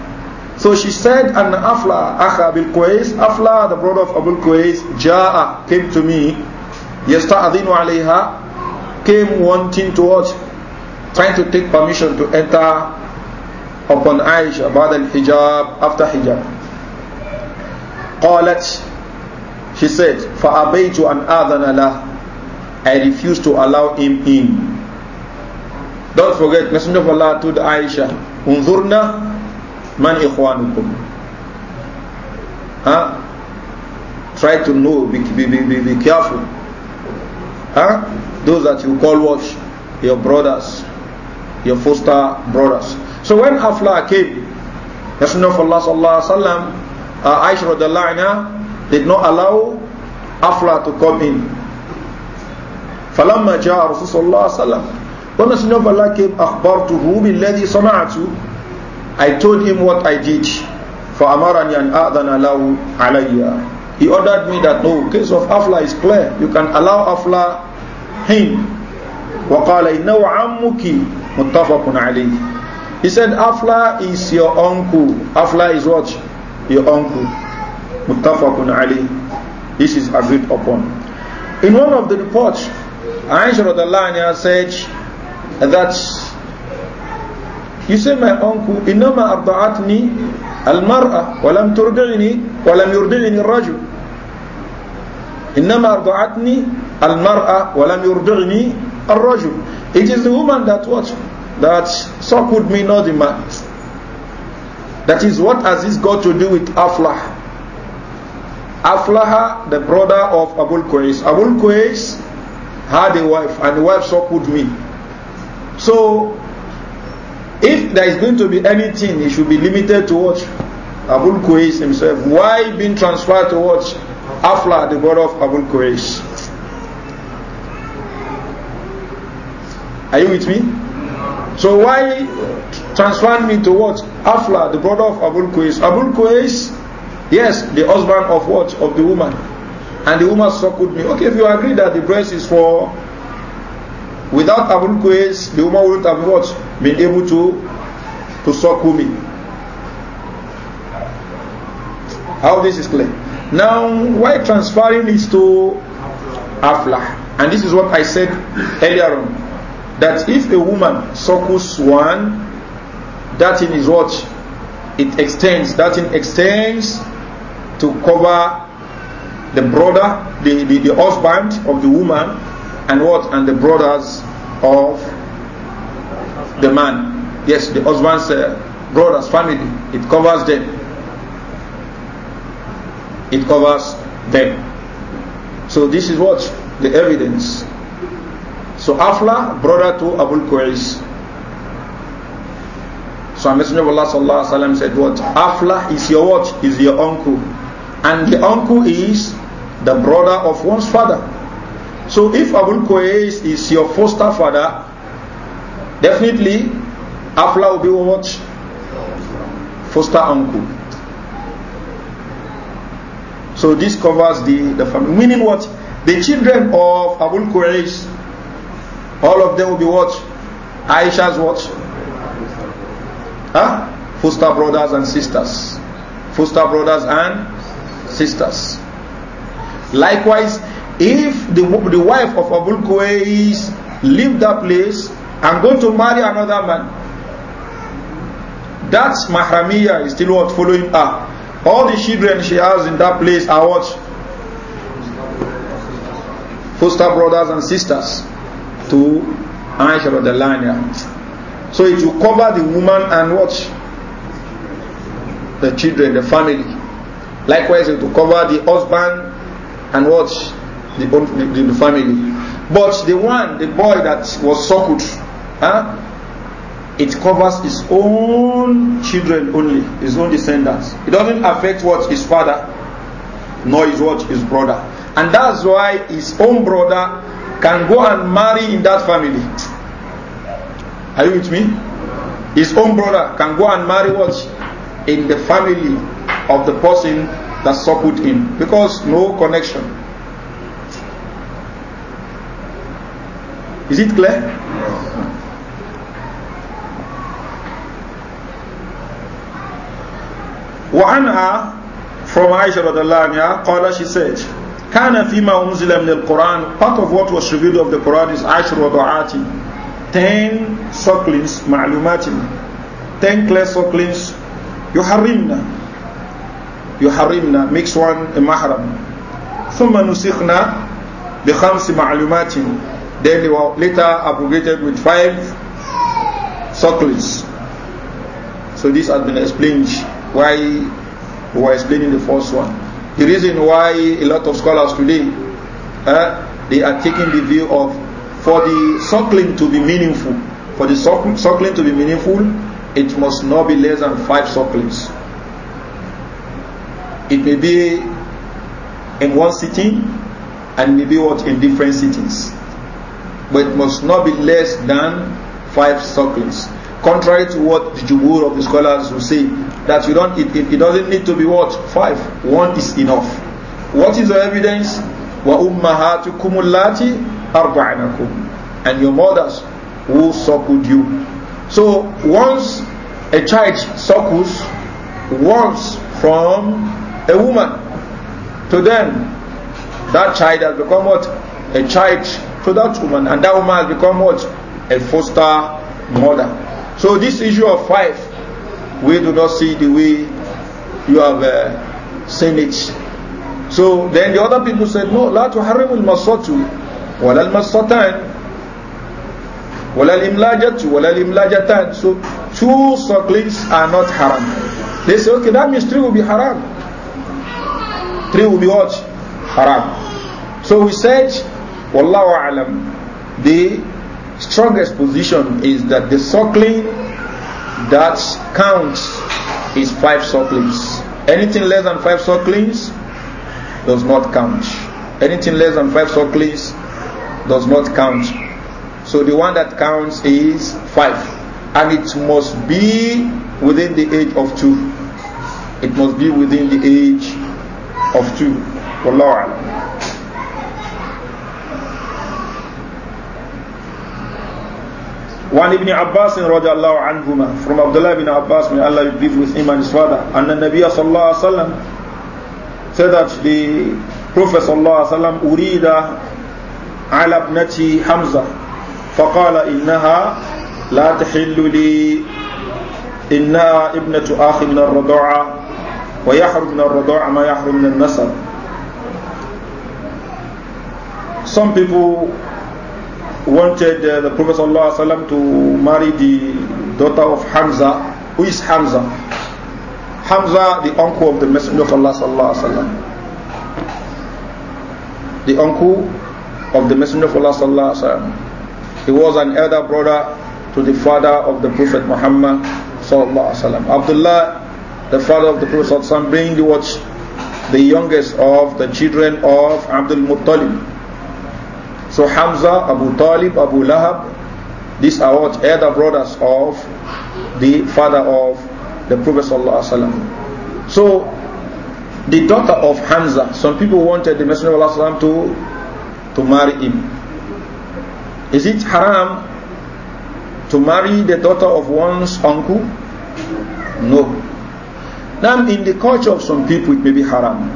So she said, and Afla, Akha Abil Qais, Afla, the brother of Abul Qais, Ja'a, came to me, Yasta Yasta'adhinu alayha, came wanting to watch, trying to take permission to enter upon Aisha, بعد hijab. after hijab. قالت, she said, فَأَبَيْتُ أَنْ آذَنَ لَهُ I refuse to allow him in. Don't forget, Messenger of Allah told Aisha, Unzurna man ikhwanukum. Huh? Try to know, be, be, be, be be careful. Huh? Those that you call what? Your brothers, your foster brothers. So when Afla came, Messenger of Allah sallallahu alaihi wasallam, uh, Aisha did not allow Afla to come in. فلما جاء رسول صلى الله عليه وسلم when Messenger of Allah came أخبرته بالذي صنعت I told him what I did فأمرني أن أأذن له علي He ordered me that no case of Afla is clear you can allow Afla him وقال إنه عمك متفق عليه He said Afla is your uncle Afla is what? Your uncle متفق عليه This is agreed upon In one of the reports Aisha Radalanya said that you say my uncle ardaatni al-mar'a, إنما أرضعتني المرأة ولم ترضعني ولم يرضعني الرجل إنما أرضعتني المرأة ولم يرضعني الرجل It is the woman that what that suckled me not the man That is what has this got to do with Aflah Aflaha the brother of Abul Qais Abul Qais had a wife and the wife suckled me. So, if there is going to be anything, it should be limited to what? Abul Qais himself. Why being transferred to what? Afla, the brother of Abul Qais. Are you with me? So why transfer me to what? Afla, the brother of Abul Qais. Abul Qais, yes, the husband of what? Of the woman and the woman suckled me. Okay, if you agree that the breast is for, without abulquase, the woman wouldn't have what? Been able to, to suckle me. How this is clear. Now, why transferring is to aflah? And this is what I said earlier on. That if a woman suckles one, that in is what? It extends. That in extends to cover the brother, the, the, the husband of the woman, and what? And the brothers of the man. Yes, the husband's uh, brothers, family. It covers them. It covers them. So this is what? The evidence. So Afla, brother to Abu Qais. So a messenger of Allah sallallahu alaihi wasallam said, "What Afla is your what? Is your uncle, and the uncle is the brother of one's father. So if Abul Qais is your foster father, definitely Afla will be what? Foster uncle. So this covers the, the family. Meaning what? The children of Abul Quraysh, all of them will be what? Aisha's what? Huh? Foster brothers and sisters. Foster brothers and sisters. Likewise, if the, the wife of Abul is leave that place and go to marry another man, that mahramiya is still what following her. All the children she has in that place are what? Foster brothers and sisters to Aisha Radhalania. So it will cover the woman and what? The children, the family. Likewise, it will cover the husband and watch The, the, the family. But the one, the boy that was suckled, huh? it covers his own children only, his own descendants. It doesn't affect what his father, nor his what his brother. And that's why his own brother can go and marry in that family. Are you with me? His own brother can go and marry what? In the family of the person that suckled him because no connection. Is it clear? No. وعنها from Aisha radiallahu anha قال she said كان فيما أنزل من القرآن part of what was revealed of the Quran is عشر وضعات ten sucklings معلومات ten clear sucklings يحرمنا yuharimna mix one a mahram thumma nusikhna bi khamsi ma'lumatin then they later abrogated with five circles so this has been explained why we were explaining the first one the reason why a lot of scholars today uh, they are taking the view of for the circling to be meaningful for the circling to be meaningful it must not be less than five circles. It may be in one city and maybe what in different cities. But it must not be less than five circles. Contrary to what the Jumhur of the scholars will say, that you don't it, it, it doesn't need to be what? Five. One is enough. What is the evidence? Wa ummahatukum allati arba'anakum. And your mothers who suckled you. So once a child suckles once from a woman, to them that child has become what? A child to that woman, and that woman has become what? A foster mother. So this issue of five, we do not see the way you have uh, seen it. So then the other people said, no, لا تحرم المصات ولا المصتان ولا الإملاجة ولا الإملاجتان. So two sucklings are not haram. They say, okay, that mystery will be haram three will be what? Haram. So we said, Wallahu alam, the strongest position is that the suckling that counts is five sucklings. Anything less than five sucklings does not count. Anything less than five sucklings does not count. So the one that counts is five. And it must be within the age of two. It must be within the age of two wallahu alam وعن ابن عباس رضي الله عنهما from Abdullah ibn Abbas may Allah be pleased with him and his father and the Nabi صلى الله عليه وسلم said that the Prophet صلى الله عليه وسلم أريد على ابنتي حمزة فقال إنها لا تحل لي إنها ابنة أخي من الرضاعة وَيَحْرُمْ مِنَ مَا يَحْرُمْ مِنَ النَّسَبِ Some people wanted uh, the Prophet ﷺ to marry the daughter of Hamza. Who is Hamza? Hamza, the uncle of the Messenger of Allah ﷺ. The uncle of the Messenger of Allah ﷺ. He was an elder brother to the father of the Prophet Muhammad ﷺ. Abdullah the father of the Prophet being the what? The youngest of the children of Abdul Muttalib. So Hamza, Abu Talib, Abu Lahab, these are what elder brothers of the father of the Prophet ﷺ. So the daughter of Hamza, some people wanted the Messenger of Allah to, to marry him. Is it haram to marry the daughter of one's uncle? No. Now, in the culture of some people, it may be haram.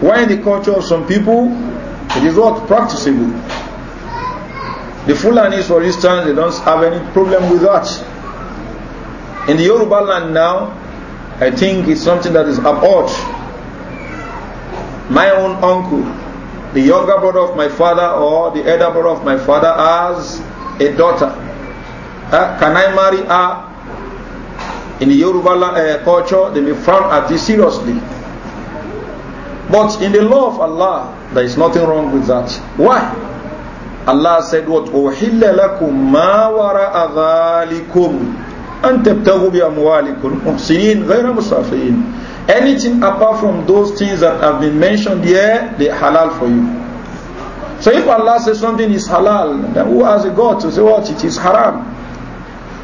Why in the culture of some people, it is not practicable. The Fulanis, for instance, they don't have any problem with that. In the Yoruba land now, I think it's something that is abhorred. My own uncle, the younger brother of my father or the elder brother of my father, has a daughter. Uh, can I marry her? in the Yoruba uh, culture, they be frowned at this seriously. But in the law of Allah, there is nothing wrong with that. Why? Allah said, "What uhilla lakum ma wara adhalikum an bi amwalikum muhsinin ghayra musafihin." Anything apart from those things that have been mentioned here, they halal for you. So if Allah says something is halal, then who has a God to say what it is haram?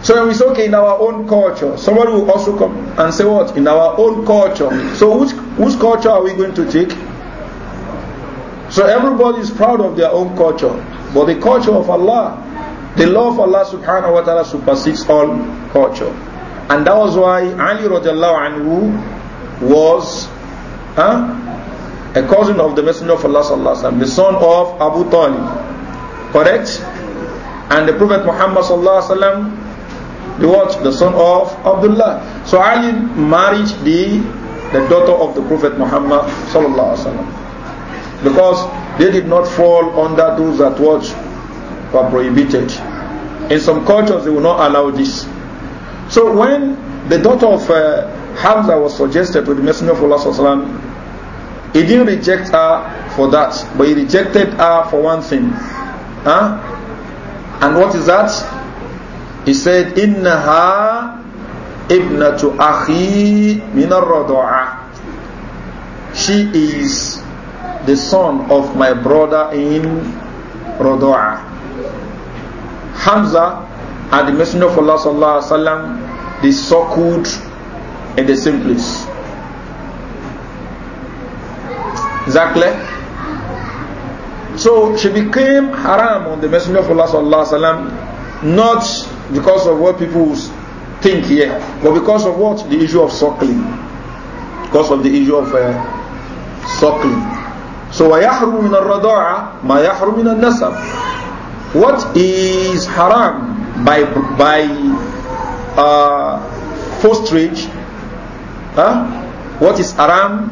So when we say, okay, in our own culture, somebody will also come and say what? In our own culture. So which, whose culture are we going to take? So everybody is proud of their own culture. But the culture of Allah, the law of Allah subhanahu wa ta'ala supersedes all culture. And that was why Ali radiallahu anhu was huh, a cousin of the Messenger of Allah sallallahu alaihi wasallam, the son of Abu Talib. Correct? And the Prophet Muhammad sallallahu alaihi wasallam the what? The son of Abdullah. So Ali married the, the daughter of the Prophet Muhammad sallallahu alaihi wasallam. Because they did not fall under those that watch were prohibited. In some cultures they will not allow this. So when the daughter of uh, Hamza was suggested to the Messenger of Allah sallallahu he didn't reject her for that, but he rejected her for one thing. Huh? And what is that? He said, Innaha ibnatu akhi minar radu'a. She is the son of my brother in radu'a. Hamza and the Messenger of Allah sallallahu alaihi wasallam they circled in the same place. Exactly. So she became haram on the Messenger of Allah sallallahu alaihi wasallam, not because of what people think here, but because of what? The issue of suckling. Because of the issue of uh, suckling. So, وَيَحْرُمْ مِنَ الرَّضَاعَ مَا يَحْرُمْ مِنَ النَّسَبِ What is haram by, by uh, fosterage? Huh? What is haram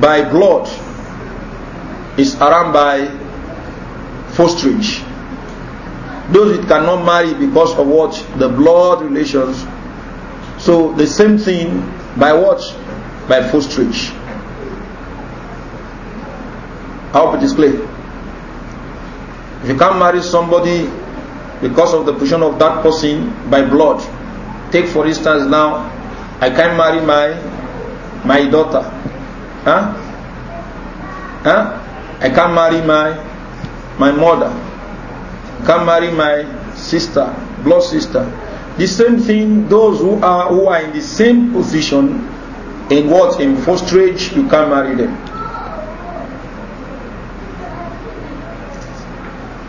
by blood? Is haram by fosterage. Those it cannot marry because of what? The blood relations. So the same thing by what? By fostrage. I hope it is clear. If you can't marry somebody because of the position of that person by blood, take for instance now, I can't marry my my daughter. Huh? Huh? I can't marry my my mother can marry my sister, blood sister. The same thing, those who are who are in the same position in what in fosterage, you can marry them.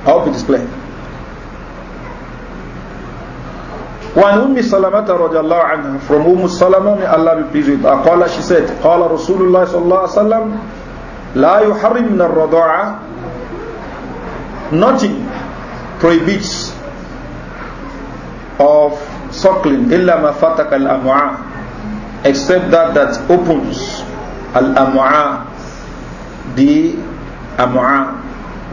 I hope it is clear. وعن أم سلمة رضي الله عنها from أم سلمة may Allah be pleased with her قال she said قال رسول الله صلى الله عليه وسلم لا يحرم من الرضاعة nothing prohibits of suckling illa mafatak al amua except that that opens al amua the amua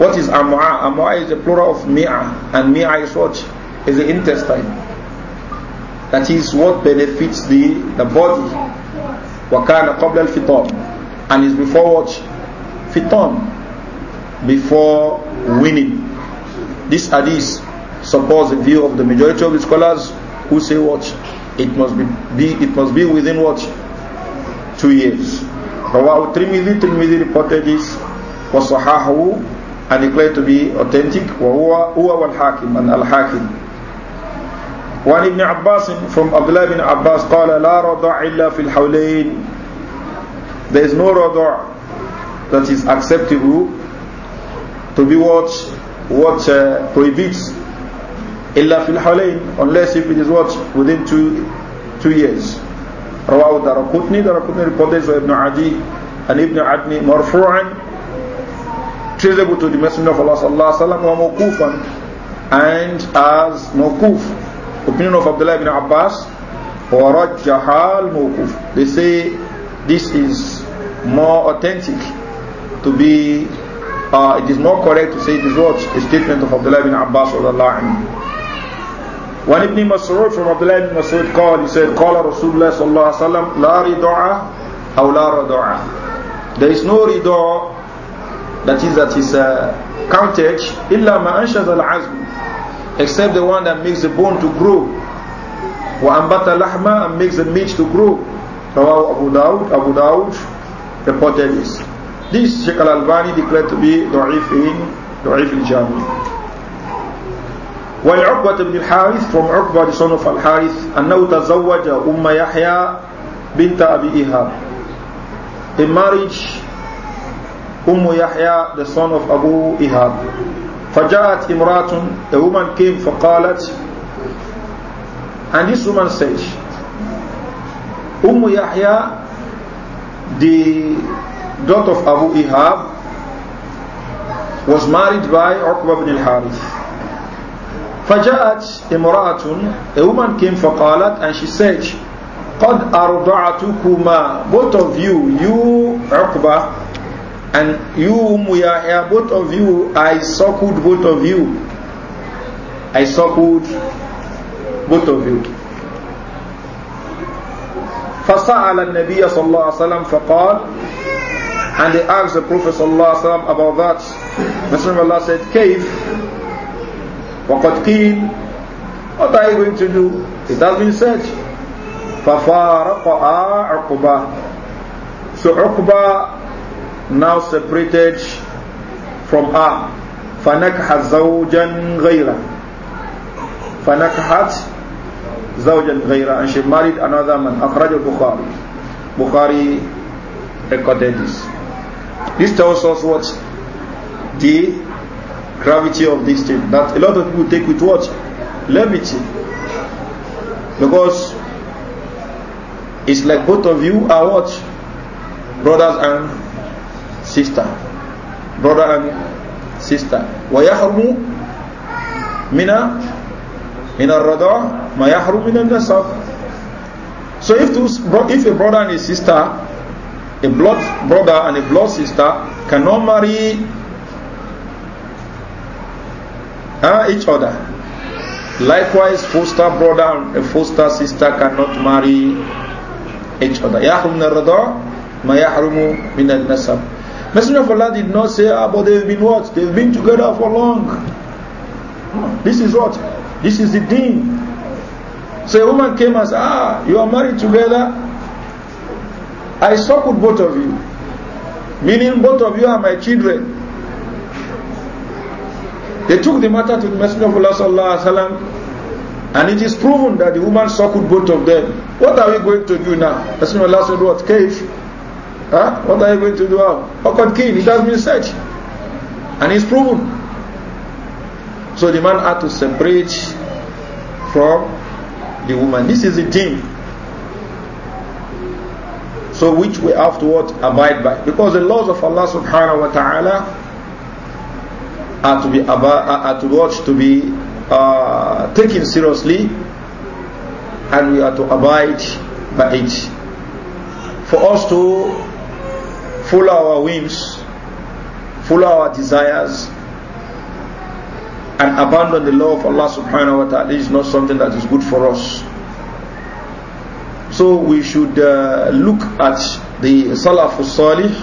what is amua amua is the plural of mi'a and mi'a is what is the intestine that is what benefits the the body wakana qabla al fitan and is before what fitan before winning this hadith supports the view of the majority of the scholars who say what it must be, be it must be within what two years. Rawahu Trimidi, Trimidi reported this was Sahahu and declared to be authentic. Wa huwa hakim and al hakim. وعن ابن عباس from Abdullah Ibn Abbas قال لا رضع إلا في الحولين there is no rada that is acceptable to be watched what uh, prohibits illa fil halayn unless if it is what within two two years رواه الدارقطني الدارقطني reported by Ibn Adi and Ibn Adni مرفوعا traceable to the Messenger of Allah sallallahu alaihi wasallam and as موقوف opinion of Abdullah ibn Abbas ورجح الموقوف they say this is more authentic to be uh, it is more correct to say it is what? A statement of Abdullah ibn Abbas radiallahu anhu. When Ibn Mas'ud from Abdullah ibn Mas'ud called, he said, Qala Rasulullah sallallahu alayhi wa sallam, La ridu'a, aw la radu'a. There is no ridu'a, that is that is uh, counted, illa ma anshaz al-azm, except the one that makes the bone to grow, wa ambata lahma, and makes the meat to grow. Rawahu Abu Dawud, Abu Dawud reported this. This Sheikh Al-Albani declared to be Da'if in Da'if al-Jami. وعن عقبة بن الحارث from عقبة the son of الحارث أنه تزوج أم يحيى بنت أبي إيهاب He married أم يحيى the son of Abu Ihab. فجاءت Imratun, a woman came for فقالت and this woman said أم يحيى the daughter of Abu Ihab, was married by Uqba ibn al-Harith. فجاءت امرأة a woman came فقالت and she said قد أرضعتكما both of you you Uqba and you Muyahya both of you I suckled both of you I suckled both of you فسأل النبي صلى الله عليه وسلم فقال and they asked the Prophet ﷺ about that. Messenger of Allah said, Cave, What are you going to do? It has been said. So Uqba now separated from her. فَنَكْحَ زَوْجًا غَيْرًا فَنَكْحَتْ زَوْجًا غَيْرًا And she married another man. أخرج البخاري Bukhari recorded this. This tells us what the gravity of this thing that a lot of people take with what levity, because it's like both of you are what brothers and sister, brother and sister. ويحرم من من الرضاع ما يحرم من So if two, if a brother and a sister a blood brother and a blood sister cannot marry uh, each other. Likewise, foster brother and a foster sister cannot marry each other. يَحْرُمْ الرَّضَى مَا يَحْرُمُ مِنَ النَّسَبِ Messenger of Allah did not say, ah, but they've been what? They've been together for long. This is what? This is the deen. So a woman came and said, ah, you are married together. I stuck with both of you. Meaning both of you are my children. They took the matter to the Messenger of Allah sallallahu alaihi wasallam and it is proven that the woman suckled both of them. What are we going to do now? Messenger of Allah said what? Cage? Huh? What are you going to do now? Occurred kill, it has been said. And it's proven. So the man had to separate from the woman. This is the thing. So which we have to what? Abide by. Because the laws of Allah subhanahu wa ta'ala are to be are to watch to be uh, taken seriously and we are to abide by it. For us to follow our whims, follow our desires, and abandon the law of Allah subhanahu wa ta'ala is not something that is good for us. So we should uh, look at the Salafus Salih,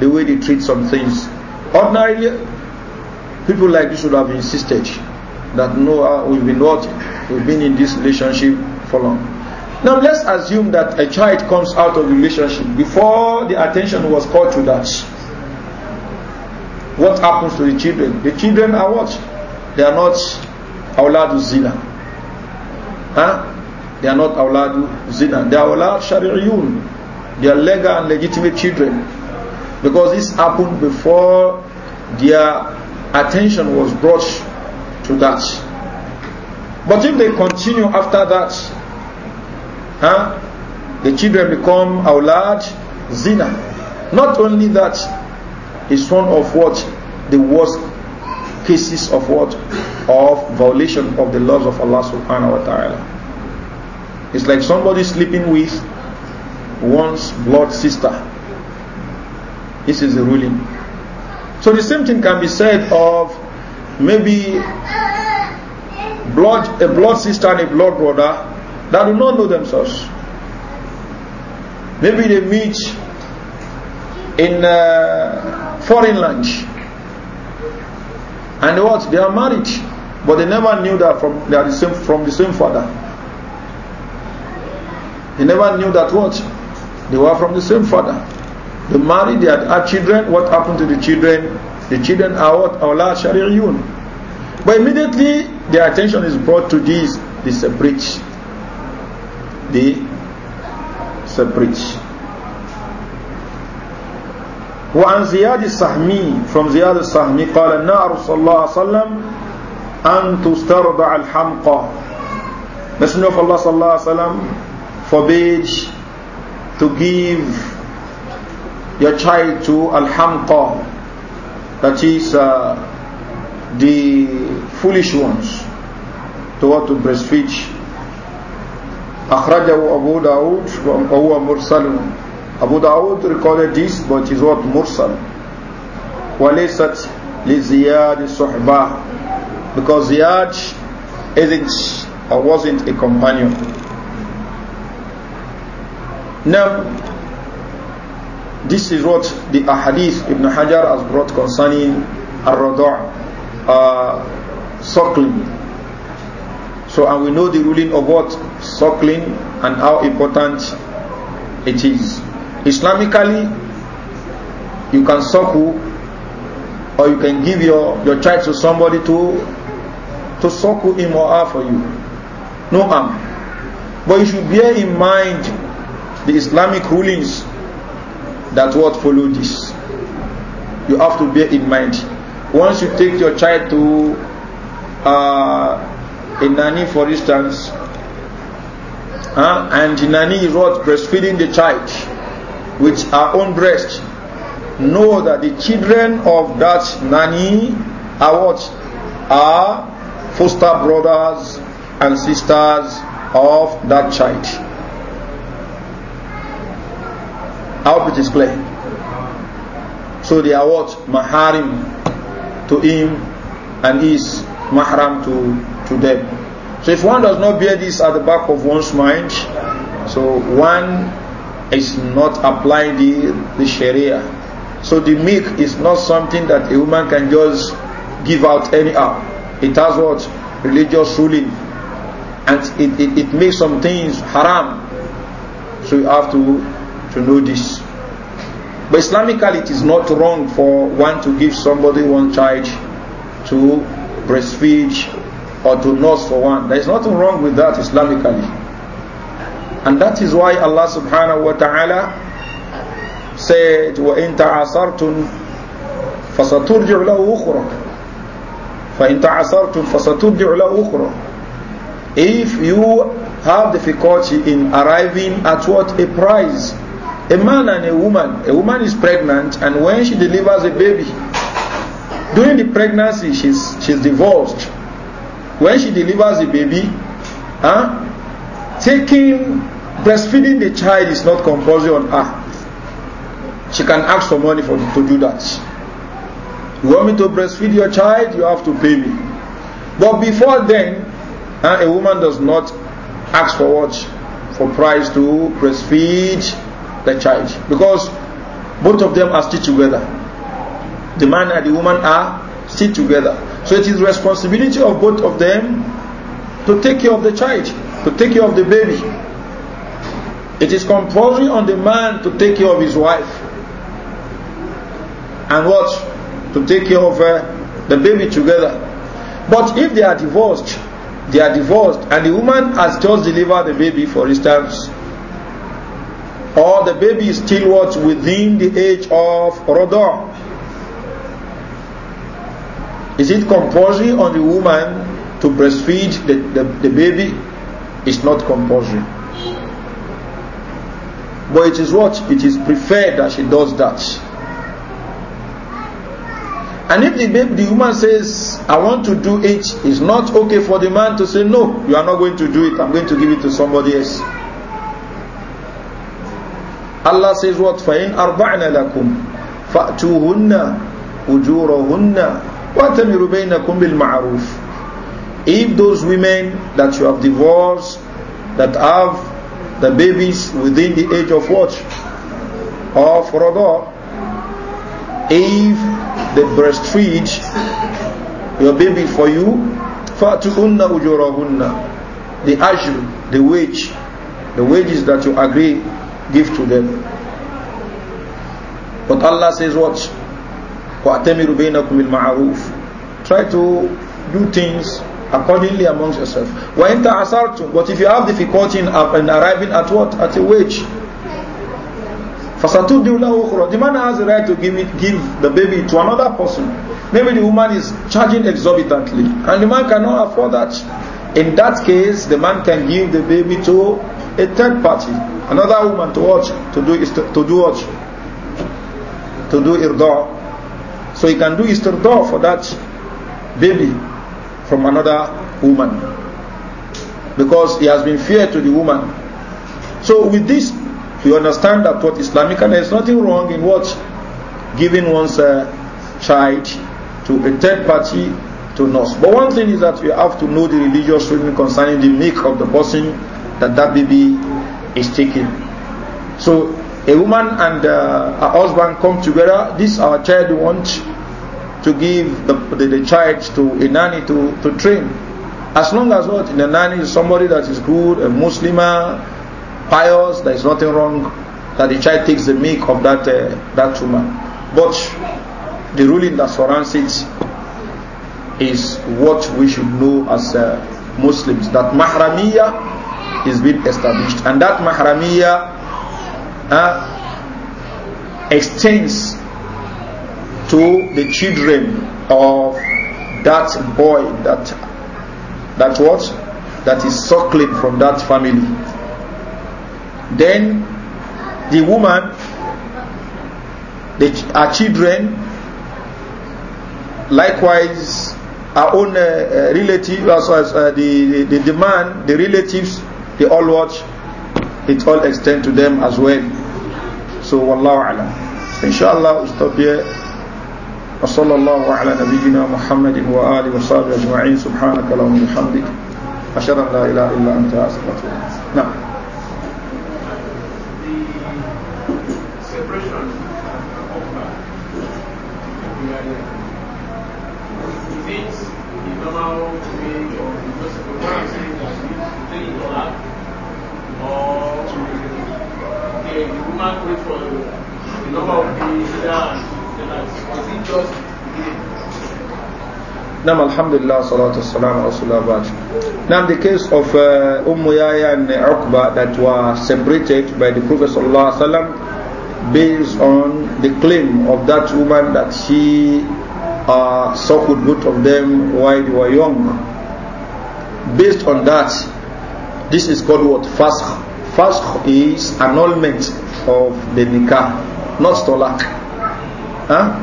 the way they treat some things. Ordinarily, people like this would have insisted that no, uh, we've been what? We've been in this relationship for long. Now let's assume that a child comes out of relationship before the attention was called to that. What happens to the children? The children are what? They are not awladu zina. Huh? They are not awlad zina. They are awlad shari'iyun. They are legal and legitimate children. Because this happened before their attention was brought to that. But if they continue after that, huh, the children become awlad zina. Not only that, it's one of what the worst cases of what of violation of the laws of Allah subhanahu wa ta'ala. It's like somebody sleeping with one's blood sister. This is the ruling. So the same thing can be said of maybe blood, a blood sister and a blood brother that do not know themselves. Maybe they meet in foreign land, and what they are married, but they never knew that from they are the same from the same father. He never knew that what? They were from the same father. They married, they had, had children. What happened to the children? The children are what? Allah shari'iyun. But immediately their attention is brought to this. They separate. They separate. وعن زياد السهمي from زياد السهمي قال النار صلى الله عليه وسلم أن تسترضع الحمقى Messenger of Allah sallallahu الله wasallam forbade to give your child to al-hamqa, that is uh, the foolish ones, to what to breastfeed. أخرجه أبو داود وهو مرسل أبو داود recorded this but is what مرسل وليست لزياد الصحبة because Ziyad isn't or wasn't a companion Now, this is what the ahadith Ibn Hajar has brought concerning al-radu' uh, suckling so and we know the ruling of what suckling and how important it is Islamically you can suckle or you can give your, your child to somebody to to suckle him or her for you no harm but you should bear in mind the Islamic rulings that what follow this. You have to bear in mind. Once you take your child to uh, a nanny, for instance, uh, and the nanny is what breastfeeding the child with her own breast, know that the children of that nanny are what are foster brothers and sisters of that child. I hope it is clear. So they are what? Maharim to him and is mahram to, to them. So if one does not bear this at the back of one's mind, so one is not applying the, the Sharia. So the milk is not something that a woman can just give out anyhow. It has what? Religious ruling. And it, it, it makes some things haram. So you have to to know this. But Islamically, it is not wrong for one to give somebody one child to breastfeed or to nurse for one. There is nothing wrong with that Islamically. And that is why Allah subhanahu wa ta'ala said, وَإِن تَعَصَرْتُمْ فَسَتُرْجِعُ لَهُ أُخْرَى فَإِن تَعَصَرْتُمْ فَسَتُرْجِعُ لَهُ أُخْرَى If you have difficulty in arriving at what a price. a man and a woman, a woman is pregnant and when she delivers a baby, during the pregnancy she's, she's divorced. When she delivers a baby, huh, taking, breastfeeding the child is not compulsory on her. She can ask for money for, to do that. You want me to breastfeed your child, you have to pay me. But before then, huh, a woman does not ask for what? For price to breastfeed the child because both of them are still together. The man and the woman are still together. So it is responsibility of both of them to take care of the child, to take care of the baby. It is compulsory on the man to take care of his wife. And what? To take care of uh, the baby together. But if they are divorced, they are divorced, and the woman has just delivered the baby, for instance, or the baby is still what within the age of Rodah. Is it compulsory on the woman to breastfeed the, the, the baby? It's not compulsory. But it is what? It is preferred that she does that. And if the baby, the woman says, I want to do it, it's not okay for the man to say, No, you are not going to do it, I'm going to give it to somebody else. Allah says what? فَإِنْ أَرْضَعْنَ لَكُمْ فَأْتُوهُنَّ أُجُورَهُنَّ وَأْتَمِرُوا بَيْنَكُمْ بِالْمَعْرُوفِ If those women that you have divorced, that have the babies within the age of what? Of Rodah, if they breastfeed your baby for you, فَأْتُوهُنَّ أُجُورَهُنَّ The ajr, the wage, the wages that you agree give to them. But Allah says what? وَأَتَمِرُ بَيْنَكُمْ بِالْمَعَرُوفِ Try to do things accordingly amongst yourself. وَإِنْ تَعَسَرْتُمْ But if you have difficulty in, uh, arriving at what? At a wage. فَسَتُبْدِي لَهُ أُخْرَى The man has the right to give, it, give the baby to another person. Maybe the woman is charging exorbitantly and the man cannot afford that. In that case, the man can give the baby to a third party. Another woman to watch, to do is to, do watch To do irda. So he can do istirda for that baby from another woman because he has been fair to the woman. So with this, we understand that what Islamic and there is nothing wrong in what giving one's uh, child to a third party to nurse. But one thing is that we have to know the religious ruling concerning the make of the person that that baby is taken. So a woman and uh, a husband come together. This our child wants to give the, the, the, child to a nanny to, to train. As long as what the nanny is somebody that is good, a Muslim, pious, there is nothing wrong that the child takes the milk of that uh, that woman. But the ruling that surrounds it is what we should know as uh, Muslims that mahramiyah is being established. And that mahramiya uh, extends to the children of that boy that that what that is suckling from that family. Then the woman, the, our children, likewise our own uh, as well as uh, the, the, the man, the relatives they all watch, it all extend to them as well. So, wallahu alam. Inshallah, we'll stop here. وصلى الله على نبينا محمد وآله وصحبه أجمعين سبحانك اللهم وبحمدك أشهد أن لا إله إلا أنت أستغفرك نعم Is it the normal way or just the way that we think or act or the woman wait for the number of days and was it just Nam alhamdulillah salatu salam Now the case of uh, Umm Yaya and Uqba that were separated by the Prophet sallallahu alaihi wasallam based on the claim of that woman that she uh, suckled both of them while they were young. Based on that, This is called what? fasq. Fasq is annulment of the nikah, not talaq. Huh?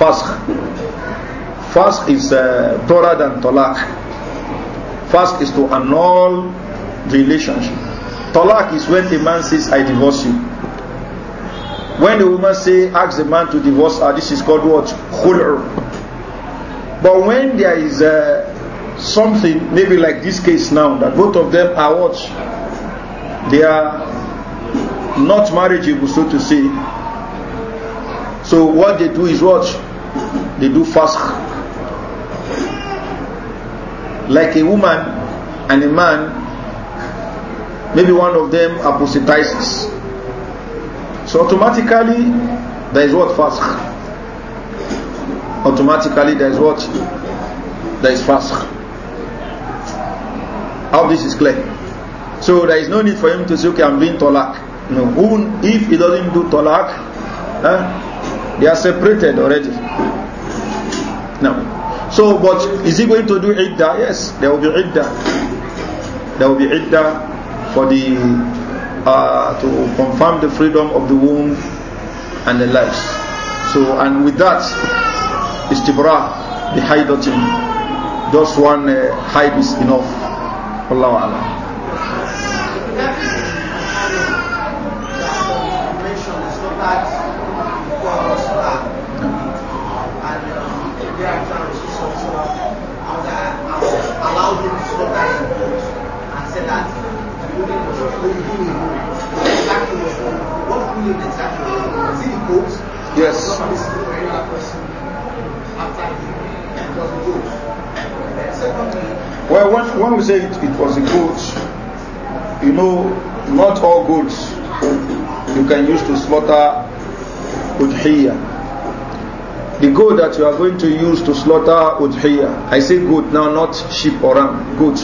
fasq. Fasq is uh, broader than talaq. Fasq is to annul the relationship. Talaq is when a man says, I divorce you. When the woman say, ask the man to divorce her, this is called what? Khul'ur. But when there is a uh, something, maybe like this case now, that both of them are what? They are not marriageable, so to say. So what they do is what? They do fast. Like a woman and a man, maybe one of them apostatizes. So automatically, there is what? Fast. Automatically, there is what? There is fast. How this is clear. So there is no need for him to say, okay, I'm doing talak. No, even if he doesn't do talak, eh, they are separated already. Now, so but is he going to do idda? Yes, there will be idda. There will be idda for the uh, to confirm the freedom of the womb and the lives. So and with that, istibra, the haidatim, just one uh, hide is enough. والله أعلم Well, when, when we say it, it was a goat, you know, not all goats you can use to slaughter udhiyah. The goat that you are going to use to slaughter udhiyah, I say goat now, not sheep or ram, goat.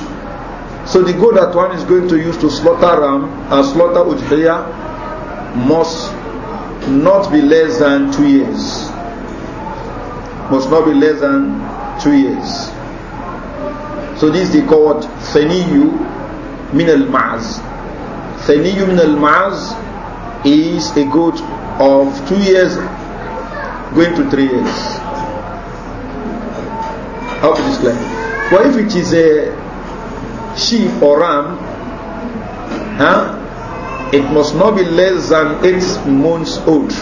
So the goat that one is going to use to slaughter ram and uh, slaughter udhiyah must not be less than two years. Must not be less than two years. So this they call what? Thaniyu min al-ma'az. Thaniyu min al-ma'az is a goat of two years going to three years. How to it it? Well, if it is a sheep or ram, huh, it must not be less than eight months old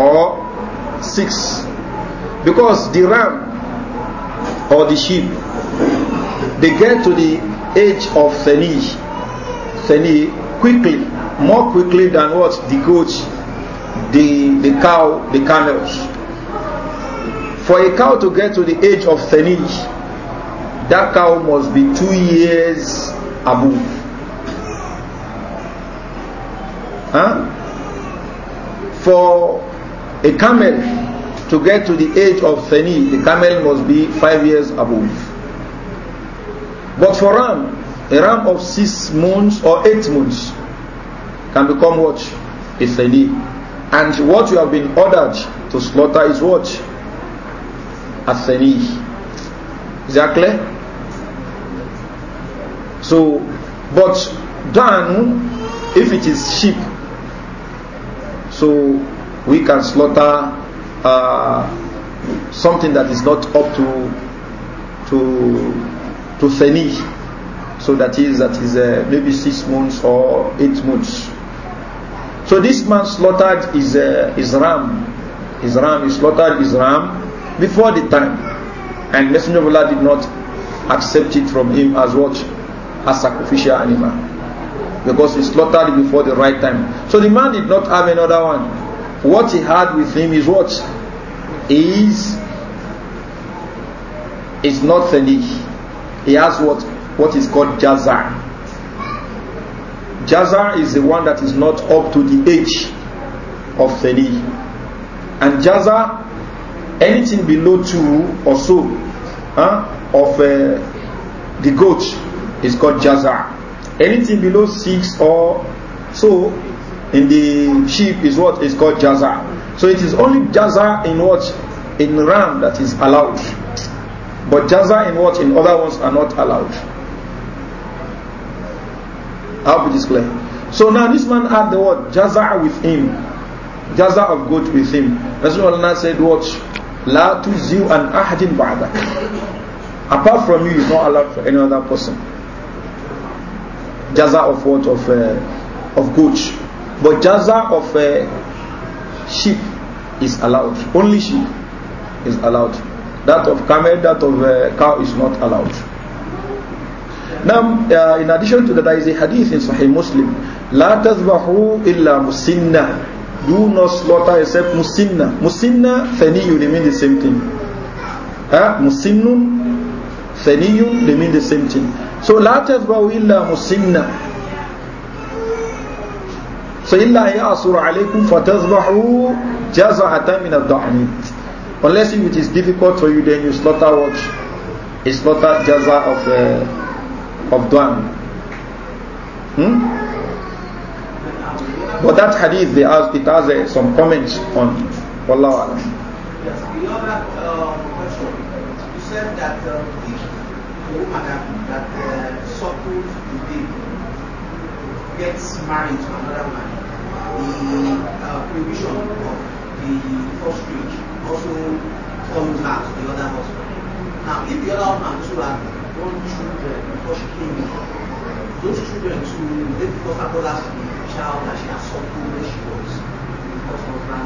or six because the ram or the sheep, they get to the age of seni, seni quickly, more quickly than what the goat, the, the cow, the camels. For a cow to get to the age of seni, that cow must be two years above. Huh? For a camel to get to the age of thani, the camel must be five years above. But for ram, a ram of six months or eight months can become what? A thani. And what you have been ordered to slaughter is what? A thani. Is that clear? So, but then, if it is sheep, so we can slaughter Uh, something that is not up to to to thani. So that is that is uh, maybe six months or eight months. So this man slaughtered his uh, his ram, his ram, he slaughtered his ram before the time, and Messenger of Allah did not accept it from him as what as sacrificial animal because he slaughtered before the right time. So the man did not have another one. what he had with him is what is is not Sadiq. He has what what is called Jaza. Jaza is the one that is not up to the age of Sadiq. And Jaza, anything below two or so huh, of uh, the goat is called Jaza. Anything below six or so in the sheep is what is called jaza. So it is only jaza in what? In ram that is allowed. But jaza in what? In other ones are not allowed. How hope it clear. So now this man had the word jaza with him. Jaza of goat with him. That's why Allah said what? La tuziu an ahadin ba'dak. Apart from you, you not allowed for any other person. Jaza of what? Of, uh, of goat. But jaza of a uh, sheep is allowed. Only sheep is allowed. That of camel, that of a uh, cow is not allowed. Now, uh, in addition to that, there is a hadith in Sahih Muslim. La tazbahu illa musinna. Do not slaughter except musinna. Musinna, thaniyun, they mean the same thing. Huh? Musinnun, thaniyun, they mean the same thing. So, la tazbahu illa musinna so illa ya'suru alaykum fatadhbahu jaz'atan min ad-da'mi unless if it is difficult for you then you slaughter what is slaughter jaza of uh, of da'm hmm? but that hadith they ask it has uh, some comments on wallahu alam yes the other uh, question you said that uh, if woman that uh, suckles the baby gets married to another man, the uh, prohibition of the first marriage also comes back to the other husband. Now, if the other husband too had one children before she came in, those children too, they because her brother's child that she has suffered when she was.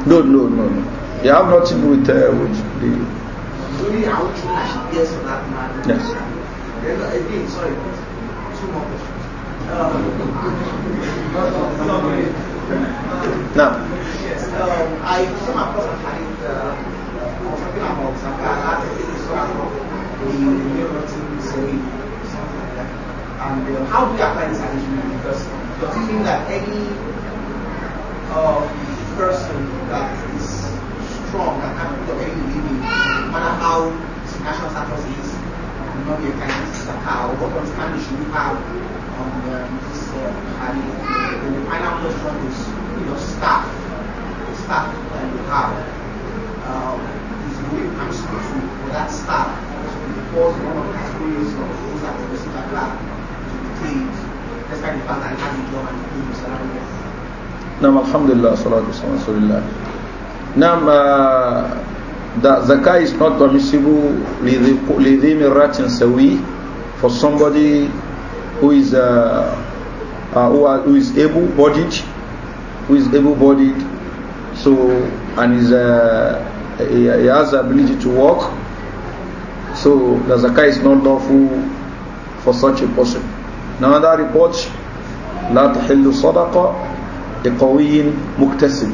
No, no, no, no. You have nothing with uh, with the. Only how true that she cares for that man. Yes. Uh, again, sorry, two more questions. نعم I came across a hadith uh, or something about Zakah I think it's sort of the European Seri, something like that. And uh, how do you apply this hadith Because do you think that any uh, person that is strong that can put up any living, no matter how national status is, ان هو بيتنفس بقى او بطن حمل شريط اعلى او بيتنفس عليه ان معانا عنده شرطس يو ستاف ستاف اللي بتاعه يزيدوه يبقى مش مقفول وده ستاف بيكوز ان هو ما بيحسبوش ان هو بيوزع في الجسم بتاعك لا بس بعد كده على حد يجي يقعد يقول سلام نعم الحمد لله والصلاة والسلام على رسول الله نعم آه that zakah is not permissible for somebody who is uh, uh, who is able bodied who is able bodied so and is uh, he, he has the ability to walk so the zakah is not lawful for such a person now that report لا تحل صدقة لقوي مكتسب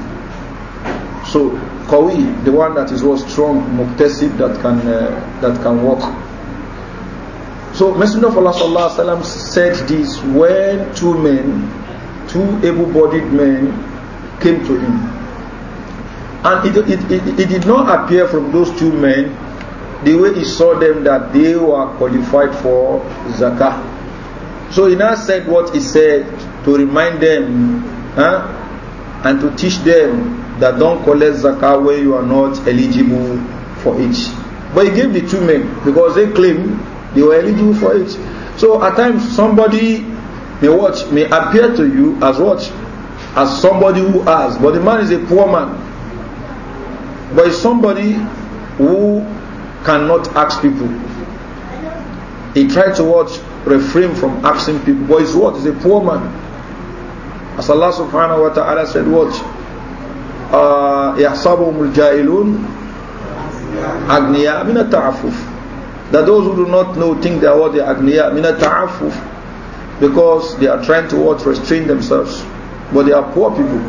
so Qawi, the one that is was strong, Muqtasib, that can, uh, that can walk. So Messenger of Allah sallallahu alaihi wasallam said this when two men, two able-bodied men came to him. And it, it, it, it did not appear from those two men the way he saw them that they were qualified for zakah. So he now said what he said to remind them huh, and to teach them that don't collect zakah where you are not eligible for it. But he gave the two men because they claim they were eligible for it. So at times somebody may watch may appear to you as what as somebody who has, but the man is a poor man. But it's somebody who cannot ask people. He tried to watch refrain from asking people, but it's what is a poor man. As Allah subhanahu wa ta'ala said, watch. يحسبهم الجاهلون أغنياء من التعفف that those who do not know think they are what they are agniya mina because they are trying to what restrain themselves but they are poor people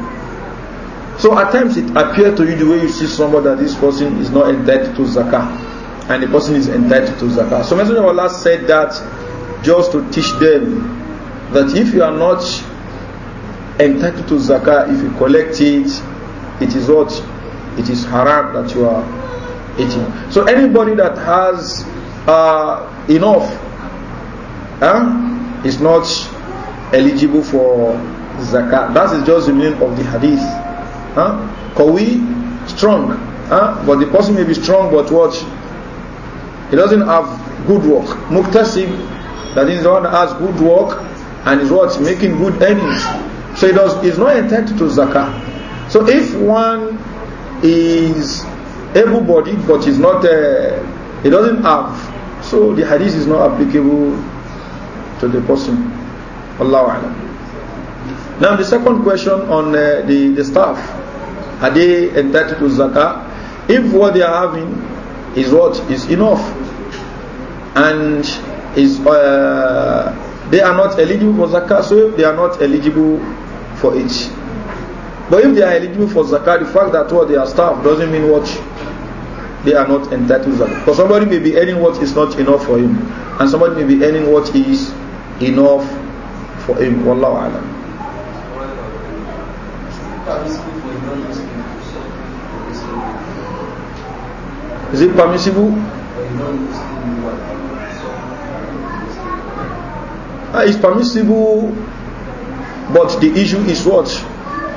so at times it appears to you the way you see somebody that this person is not entitled to zakah and the person is entitled to zakah so messenger of allah said that just to teach them that if you are not entitled to zakah if you collect it it is what? It is haram that you are eating. So anybody that has uh, enough huh, is not eligible for zakat. That is just the meaning of the hadith. Huh? Kawi, strong. Huh? But the person may be strong, but what? He doesn't have good work. Muktasib, that is the one that has good work and is what? Making good earnings. So he does, is not entitled to zakat. So if one is able-bodied but is not, uh, he doesn't have, so the hadith is not applicable to the person. Allahu Alam. Now the second question on uh, the, the staff, are they entitled to zakah? If what they are having is what is enough and is uh, they are not eligible for zakah, so they are not eligible for it But if they are eligible for zakat, the fact that what they are staff doesn't mean what they are not entitled to zakat. Because somebody may be earning what is not enough for him, and somebody may be earning what is enough for him. Wallahu alam. Is it permissible? Uh, it's permissible, but the issue is what?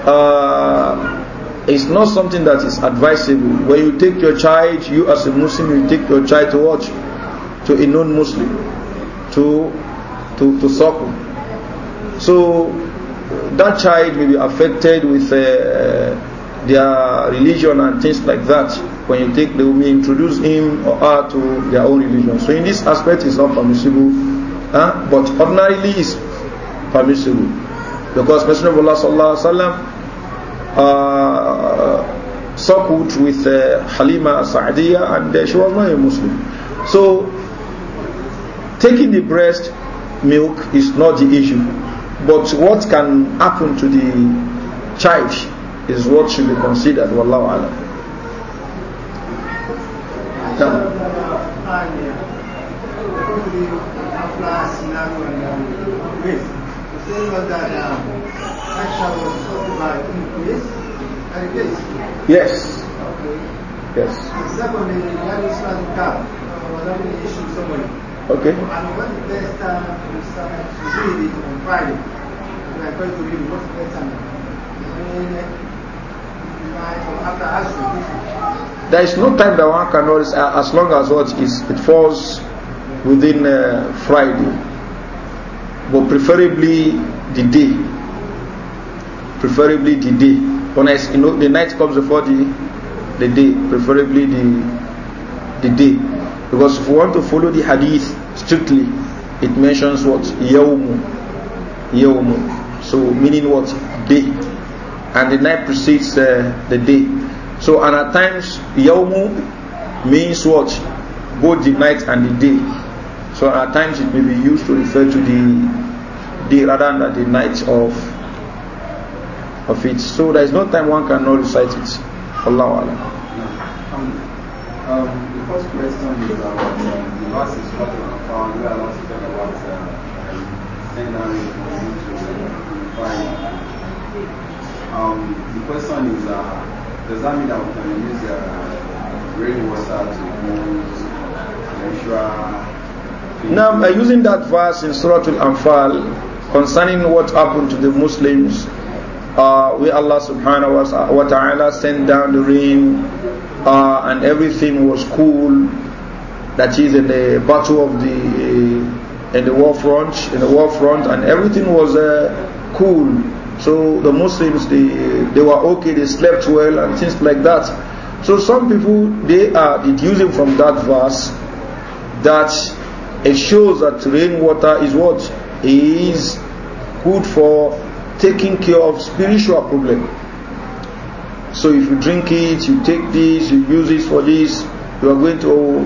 uh, it's not something that is advisable. When you take your child, you as a Muslim, you take your child to watch to a non-Muslim, to to to circle. So that child may be affected with uh, their religion and things like that. When you take, they may introduce him or her to their own religion. So in this aspect, it's not permissible, huh? but ordinarily it's permissible because Messenger of Allah sallallahu alaihi wasallam uh, circled with uh, Halima Saadia, and uh, she was not a Muslim. So taking the breast milk is not the issue, but what can happen to the child is what should be considered. Wallahu alam. Yeah. Yes. Okay. Yes. And secondly, the car. issue Okay. And the best time to start to read it on Friday? I to read it. What's the best time? There is no time that one can notice uh, as long as what is it falls within uh, Friday, but preferably the day preferably the day. When I, you know, the night comes before the the day, preferably the the day, because if we want to follow the hadith strictly, it mentions what yawm, yawm. So meaning what day, and the night precedes uh, the day. So and at times yawm means what both the night and the day. So at times it may be used to refer to the day rather than the night of of it. So there is no time one cannot recite it. Allah Alam. Um, um, the first question is about um, the verse is what found where Allah said about uh, um, sending to find. Um, the question is uh, does that mean that we can use uh, rainwater to use Now, uh, using that verse in Surah Al-Anfal concerning what happened to the Muslims uh, Allah subhanahu wa ta'ala sent down the rain uh, and everything was cool that is in the battle of the in the war front in the war front and everything was uh, cool so the Muslims they they were okay they slept well and things like that so some people they are deducing from that verse that it shows that rainwater is what is good for taking care of spiritual problem. So if you drink it, you take this, you use it for this, you are going to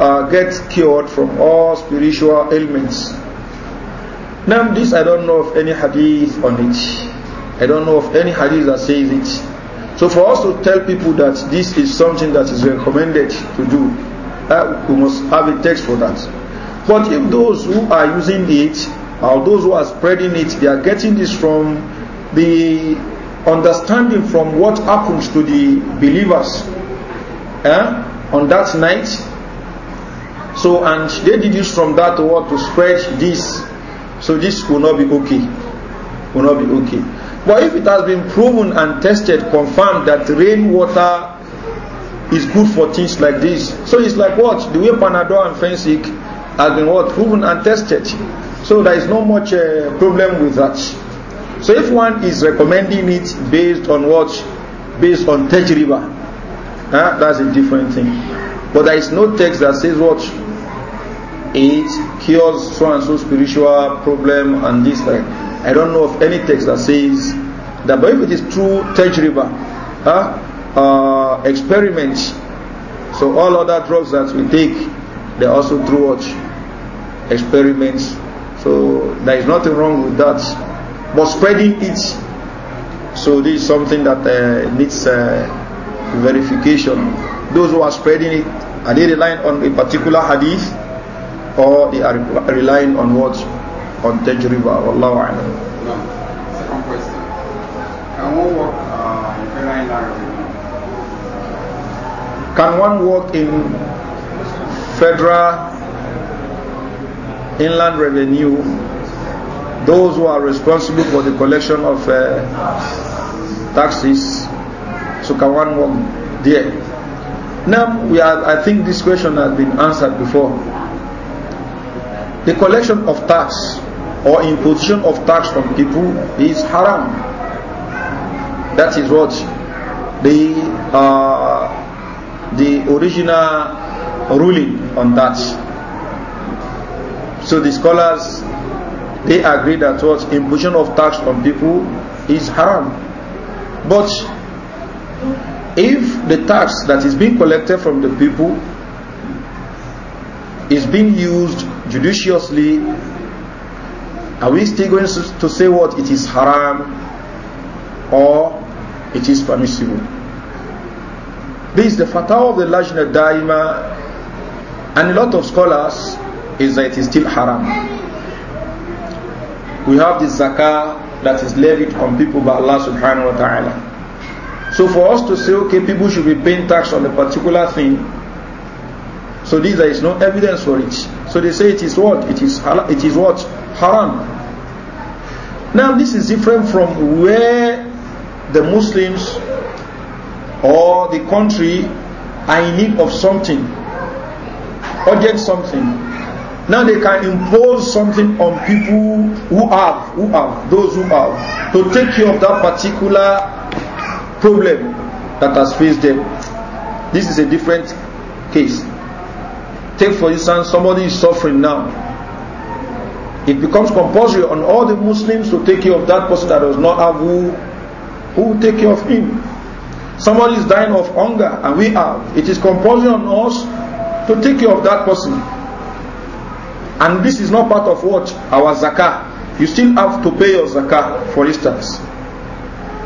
uh, get cured from all spiritual ailments. Now this I don't know of any hadith on it. I don't know of any hadith that says it. So for us to tell people that this is something that is recommended to do, uh, we must have a text for that. But if those who are using it or those who are spreading it, they are getting this from the understanding from what happens to the believers eh, on that night. So, and they deduce from that word to spread this. So, this will not be okay. Will not be okay. But if it has been proven and tested, confirmed that rainwater is good for things like this, so it's like what the way Panadol and Fensic has been what proven and tested. So there is no much uh, problem with that. So if one is recommending it based on what? Based on tajriba, huh? that's a different thing. But there is no text that says what? It cures so and so spiritual problem and this I don't know of any text that says that. But if it is true tajriba, huh? uh, experiment, so all other drugs that we take, they also through what? Experiments so there is nothing wrong with that. But spreading it, so this is something that uh, needs uh, verification. Those who are spreading it, are they relying on a particular hadith or they are relying on what? On Tajriba. Wallahu a'lam. No. Second question. Can one work uh, in Arabic? Can one work in federal inland revenue, those who are responsible for the collection of uh, taxes, so can one there? Now, we are, I think this question has been answered before. The collection of tax or imposition of tax from people is haram. That is what the uh, the original ruling on that. So the scholars they agree that what imposition of tax on people is haram. But if the tax that is being collected from the people is being used judiciously, are we still going to say what it is haram or it is permissible? This is the fatwa of the Lajna Daima and a lot of scholars is that it is still haram. We have the zakah that is levied on people by Allah subhanahu wa ta'ala. So for us to say, okay, people should be paying tax on a particular thing, so this there is no evidence for it. So they say it is what? It is it is what? Haram. Now this is different from where the Muslims or the country are in need of something, urgent something. Now they can impose something on people who have, who have, those who have, to take care of that particular problem that has faced them. This is a different case. Take for instance, somebody is suffering now. It becomes compulsory on all the Muslims to take care of that person that does not have who, who will take care of him. Somebody is dying of hunger and we have. It is compulsory on us to take care of that person. And this is not part of what? Our zakah. You still have to pay your zakah, for instance.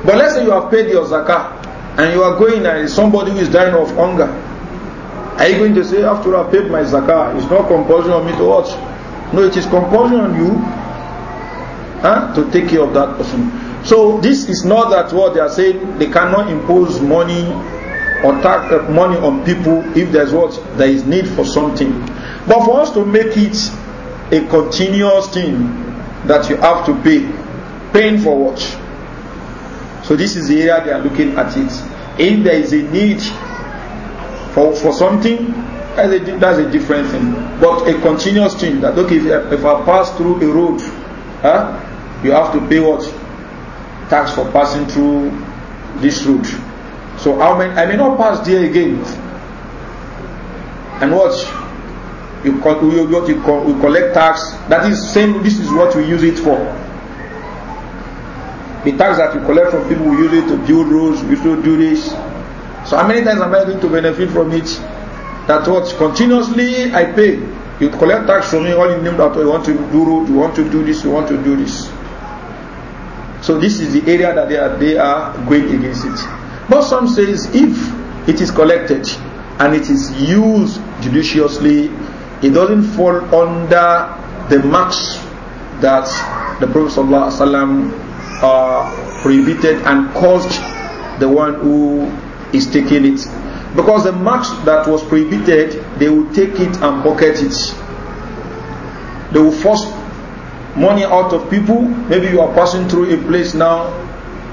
But let's say you have paid your zakah and you are going and somebody who is dying of hunger. Are you going to say, after I paid my zakah, it's not compulsion on me to watch? No, it is compulsion on you huh, to take care of that person. So this is not that what they are saying, they cannot impose money or tax uh, money on people if there's what there is need for something. But for us to make it a continuous thing that you have to pay. Paying for what? So this is the area they are looking at it. If there is a need for, for something, that's a, that's a different thing. But a continuous thing that look if, if I pass through a road, huh, you have to pay what? Tax for passing through this road. So I may, I may not pass there again. And watch. you, co- you, you, co- you collect tax. That is same. This is what we use it for. The tax that you collect from people, we use it to build roads. We still do this. So how many times am I going to benefit from it? That what continuously I pay. You collect tax from me all in name that you want to do road, you want to do this, you want to do this. So this is the area that they are they are going against it. But some says if it is collected and it is used judiciously it doesn't fall under the marks that the Prophet ﷺ, uh, prohibited and caused the one who is taking it. Because the marks that was prohibited, they will take it and pocket it. They will force money out of people. Maybe you are passing through a place now.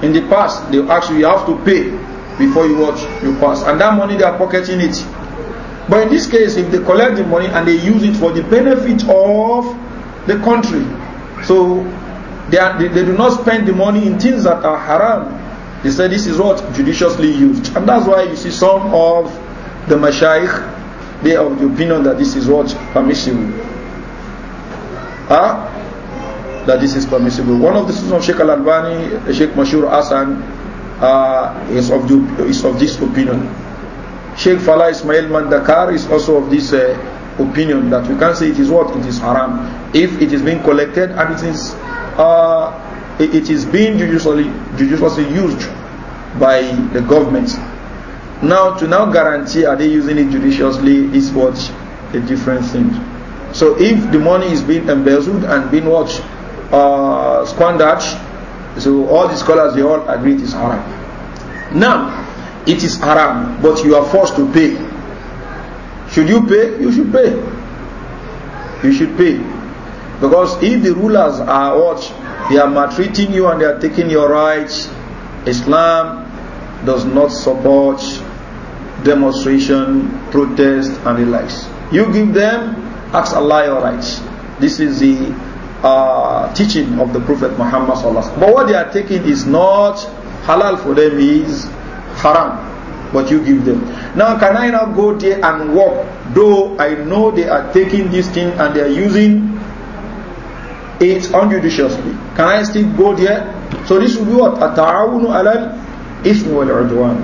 In the past, they actually have to pay before you watch, you pass. And that money, they are pocketing it. But in this case, if they collect the money and they use it for the benefit of the country, so they, are, they, they, do not spend the money in things that are haram. They say this is what judiciously used. And that's why you see some of the mashaykh, they are of the opinion that this is what permissible. Huh? That this is permissible. One of the students of Sheikh Al-Albani, Sheikh Mashur Hassan, uh, is, of the, is of this opinion. Sheikh Fala Ismail Mandakar is also of this uh, opinion that we can't say it is what? It is haram. If it is being collected and it is, uh, it is being judiciously, judiciously used by the government. Now, to now guarantee are they using it judiciously is what a different thing. So if the money is being embezzled and being what? Uh, squandered, so all the scholars, they all agree it is haram. Now, it is haram but you are forced to pay should you pay you should pay you should pay because if the rulers are watch, they are maltreating you and they are taking your rights islam does not support demonstration protest and the likes you give them ask allah your rights this is the uh, teaching of the prophet muhammad sallallahu but what they are taking is not halal for them is haram, but you give them. Now, can I now go there and walk, though I know they are taking this thing and they are using it unjudiciously? Can I still go there? So this will be what? Ata'awunu alal ismi wal udwan.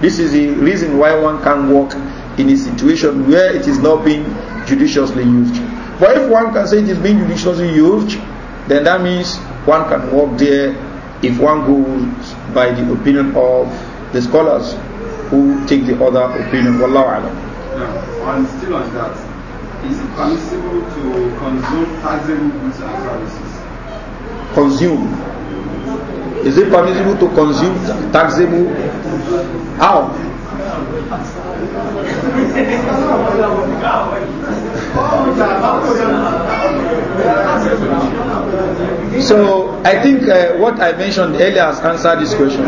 This is the reason why one can walk in a situation where it is not being judiciously used. But if one can say it is being judiciously used, then that means one can walk there if one goes by the opinion of the scholars who take the other opinion. Wallahu alam. Yeah, still on that. Is it permissible to consume taxable goods and services? Consume. Is it permissible to consume taxable? How? So I think uh, what I mentioned earlier has answered this question.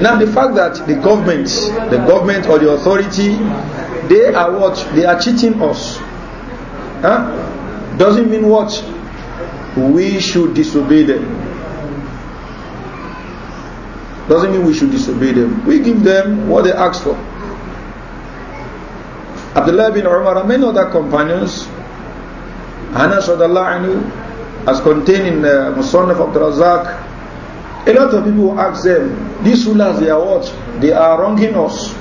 Now the fact that the government, the government or the authority, they are what they are cheating us, huh? doesn't mean what we should disobey them. Doesn't mean we should disobey them. We give them what they ask for. Abdullah bin Umar and many other companions, Anas radiallahu anhu, as contained in uh, Musannaf Abdul Razak, a lot of people ask them, these rulers, they are what? They are wronging us.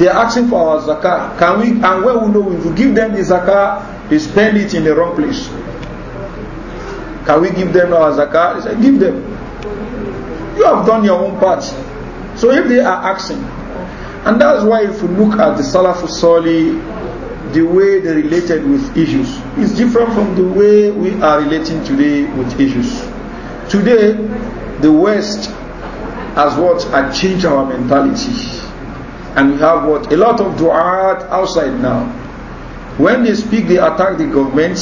They are asking for our zakah. Can we, and where we know if we give them the zakah, they spend it in the wrong place. Can we give them our zakah? They say, give them. You have done your own part. So if they are asking, and that's why if you look at the Salafus Sali, the way they related with issues is different from the way we are relating today with issues. Today, the West has what has changed our mentality. And we have what? A lot of du'at outside now. When they speak, they attack the government.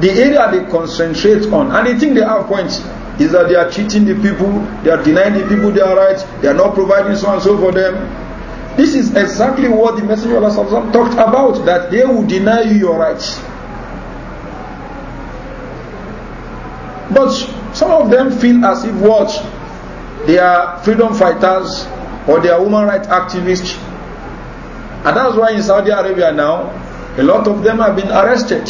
The area they concentrate on, and they think they have points, is that they are cheating the people, they are denying the people their rights, they are not providing so and so for them. This is exactly what the Messenger of Allah talked about, that they will deny you your rights. But some of them feel as if what? They are freedom fighters or they are human rights activists. And that's why in Saudi Arabia now, a lot of them have been arrested.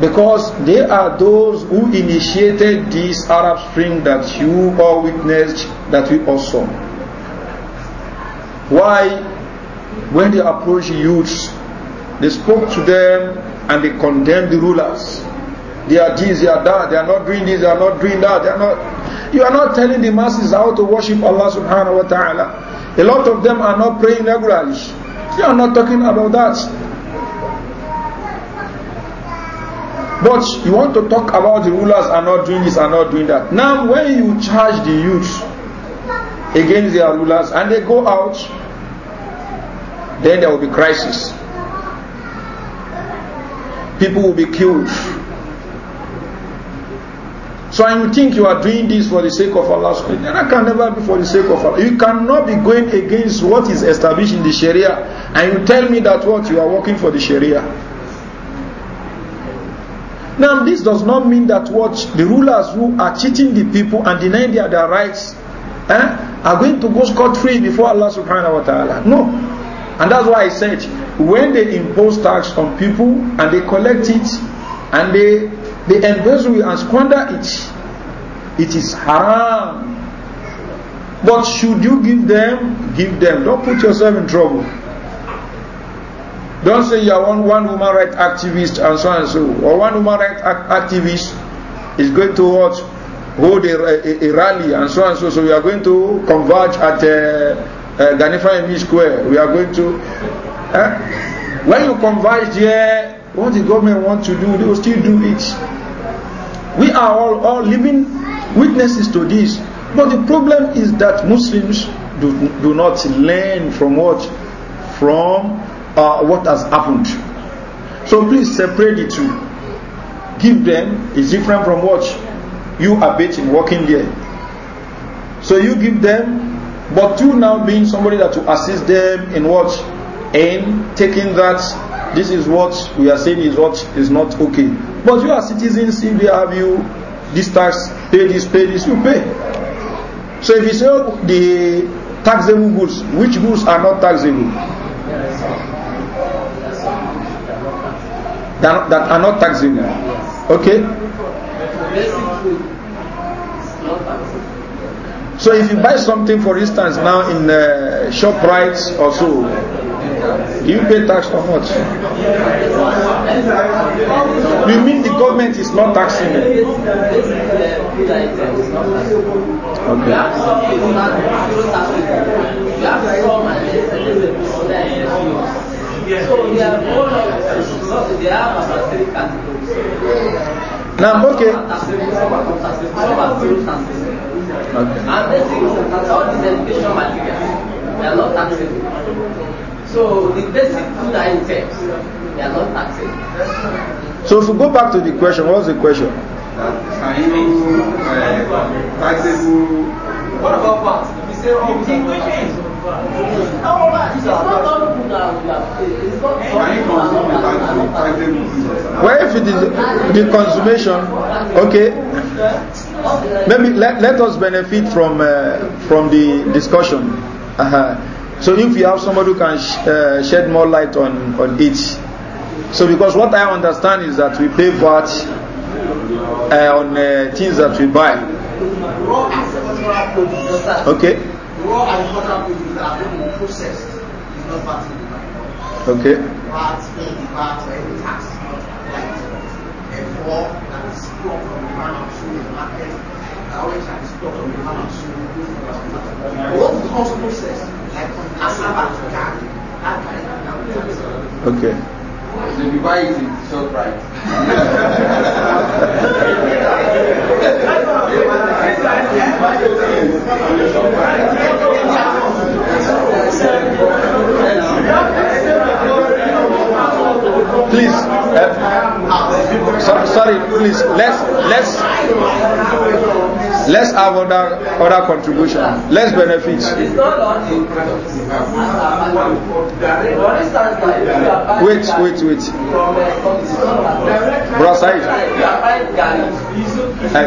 Because they are those who initiated this Arab Spring that you all witnessed, that we all saw. Why? When they approached youths, they spoke to them and they condemned the rulers. They are this, they are that, they are not doing this, they are not doing that, they are not. You are not telling the masses how to worship Allah subhanahu wa ta'ala. A lot of them are not praying regularly. You are not talking about that. But you want to talk about the rulers are not doing this, are not doing that. Now, when you charge the youth against their rulers and they go out, then there will be crisis. People will be killed. So when you think you are doing this for the sake of Allah subhanahu that can never be for the sake of Allah. You cannot be going against what is established in the Sharia and you tell me that what you are working for the Sharia. Now this does not mean that what the rulers who are cheating the people and denying their, their rights eh, are going to go scot-free before Allah subhanahu wa ta'ala. No. And that's why I said, when they impose tax on people and they collect it and they, they embezzle and squander it, it is haram. But should you give them? Give them. Don't put yourself in trouble. Don't say you are one, one woman rights activist and so and so. Or one woman rights activist is going to what? hold a, a, a, rally and so and so. So we are going to converge at uh, uh, Ganifa Emi Square. We are going to. Eh? When you converge there, what the government want to do, they will still do it. We are all, all living witnesses to this. But the problem is that Muslims do, do not learn from what? From uh, what has happened. So please separate the two. Give them is different from what? you abate in working there. So you give them, but you now being somebody that will assist them in what? In taking that, this is what we are saying is what is not okay. But you are citizens, if they have you, this tax, pay this, pay this, you pay. So if you say the taxable goods, which goods are not taxable? That, that are not taxable. Okay? So if you buy something, for instance, now in uh, shop rights or so, you pay tax or not? You mean the government is not taxing it? Okay. So they are all of they have about three categories. Now, okay. Okay. So the basic food are they are not taxable. So if we go back to the question, what was the question? That can you uh, taxable? What about parts? zero Well, if it is the consummation, okay. Maybe let, let us benefit from uh, from the discussion. Uh -huh. So if you have somebody who can sh uh, shed more light on on it. So because what I understand is that we pay VAT uh, on uh, things that we buy. natural produce. Okay. Raw and produce that have been processed is not VAT in Okay. VAT in the VAT or any tax is not applied to it. Therefore, that is stored from the man and soul in the market. always can stored from the man and soul. What becomes processed, like cassava, garlic, that kind of Okay. So you buy it, it's short price. Please, uh, so, sorry, please, let's, let's, let's have other, other contribution. Let's benefit. Wait, wait, wait. Bro, Said. Uh,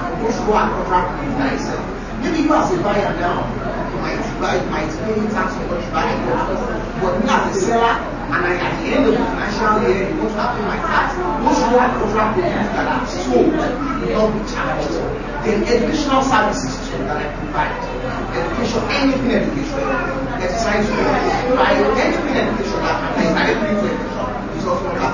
this go and contract with myself. Maybe you as a buyer now might buy, might pay tax for what you buy But me as a seller, and I, at the end of the financial year, you want to have my tax, and contract with products that I've sold will not be charged. Then educational services too that I provide. Education, anything education, exercise, I anything education that I started education, is also not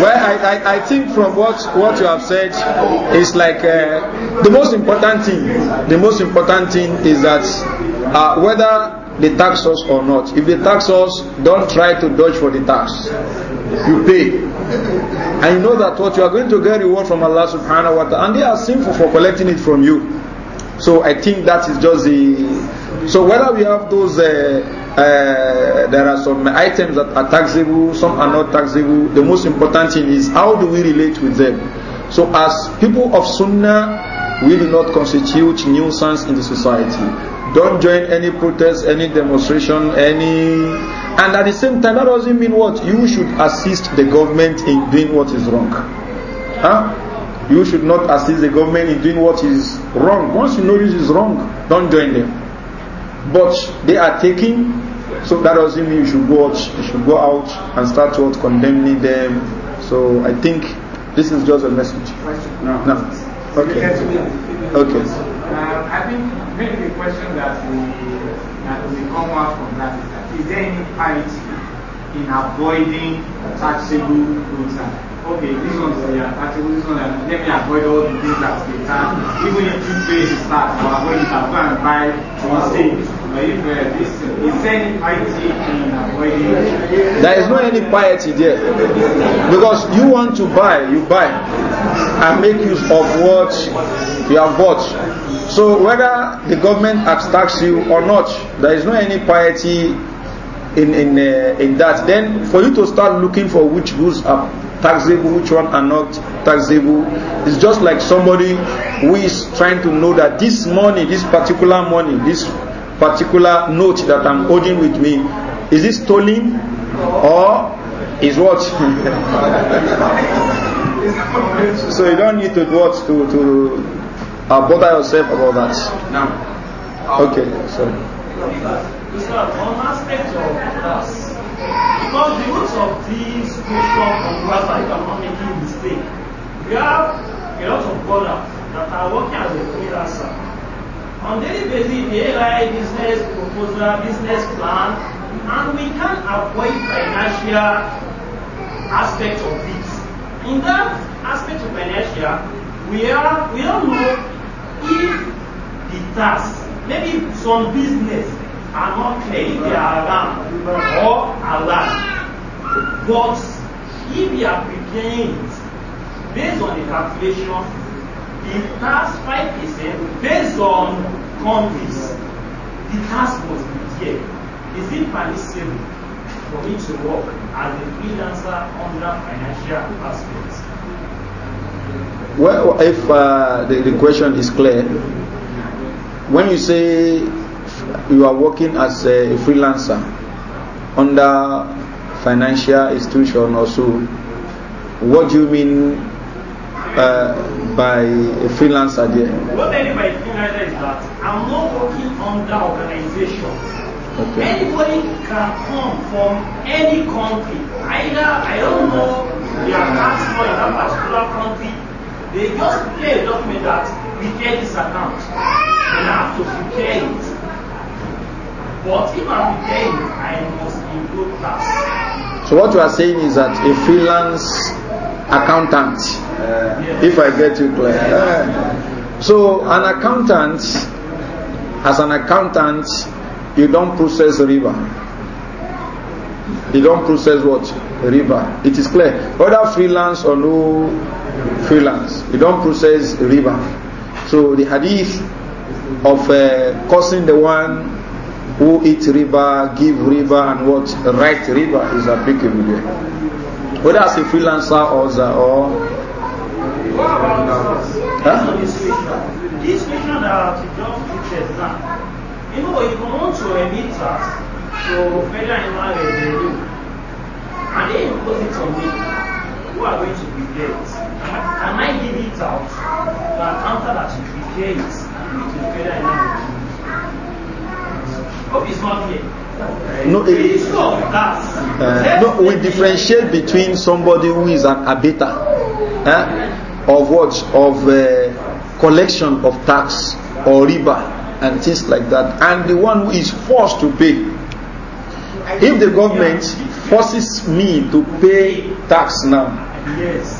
Well, I, I, I think from what, what you have said it's like uh, the most important thing. The most important thing is that uh, whether they tax us or not. If they tax us, don't try to dodge for the tax. You pay. And you know that what you are going to get reward from Allah subhanahu wa ta'ala. And they are sinful for collecting it from you. So I think that is just the So whether we have those, uh, uh, there are some items that are taxable, some are not taxable. The most important thing is how do we relate with them. So as people of Sunnah, we do not constitute nuisance in the society don't join any protest, any demonstration, any. And at the same time, that doesn't mean what? You should assist the government in doing what is wrong. Huh? You should not assist the government in doing what is wrong. Once you know this is wrong, don't join them but they are taking so that doesn't mean you should go out you should go out and start out condemning them so i think this is just a message no no okay okay uh, i think maybe the question that we that we come out from that is that is there any piety in avoiding taxable goods okay, this one is yeah, taxable, this one, um, let me avoid all the things that they tax. Even if you pay the tax, or avoid it, I'll go and buy one thing. But if uh, this, uh, is piety in avoiding There is no any piety there. Because you want to buy, you buy, and make use of what you have bought. So whether the government abstracts you or not, there is no any piety in in uh, in that. Then for you to start looking for which goods are taxable, which one are not taxable. It's just like somebody who is trying to know that this money, this particular money, this particular note that I'm holding with me, is it stolen or is what? so you don't need to what to to uh, bother yourself about that. No. Okay. Sorry. One aspect of class Because the roots of this question on Rasta if I'm not making mistake, we have a lot of brothers that are working as a freelancer. On daily basis, they write business proposal, business plan, and we can avoid financial aspect of it. In that aspect of financial, we are we don't know if the task maybe some business are not claiming they are around or allowed. But if they are preparing based on the calculation, the tax 5% based on countries, the task must be here. Is it permissible for me to work as a freelancer under financial aspects? Well, if uh, the, the question is clear, when you say you are working as a freelancer under financial institution or so, what do you mean uh, by a freelancer there? What I mean by freelancer is that I'm not working under organization. Okay. Anybody can come from any country. Either I don't know they are passport in that particular country. They just play a document that we get this account and I have to prepare it. So what you are saying is that a freelance accountant, uh, if I get you clear. Uh, so an accountant, as an accountant, you don't process river. You don't process what? River. It is clear. Whether freelance or no freelance, you don't process river. So the hadith of uh, causing the one who eat river, give river, and what right river is applicable there. Whether as a freelancer or the, or huh? this question that you just featured now, you know, you want to emit tax to federal animal revenue, and they impose it on me, who are going to be it? Am I give it out that after that you prepare it, it will federal animal revenue? No, it, uh, no, we differentiate between somebody who is an abater eh, of what of uh, collection of tax or riba and things like that, and the one who is forced to pay. If the government forces me to pay tax now, yes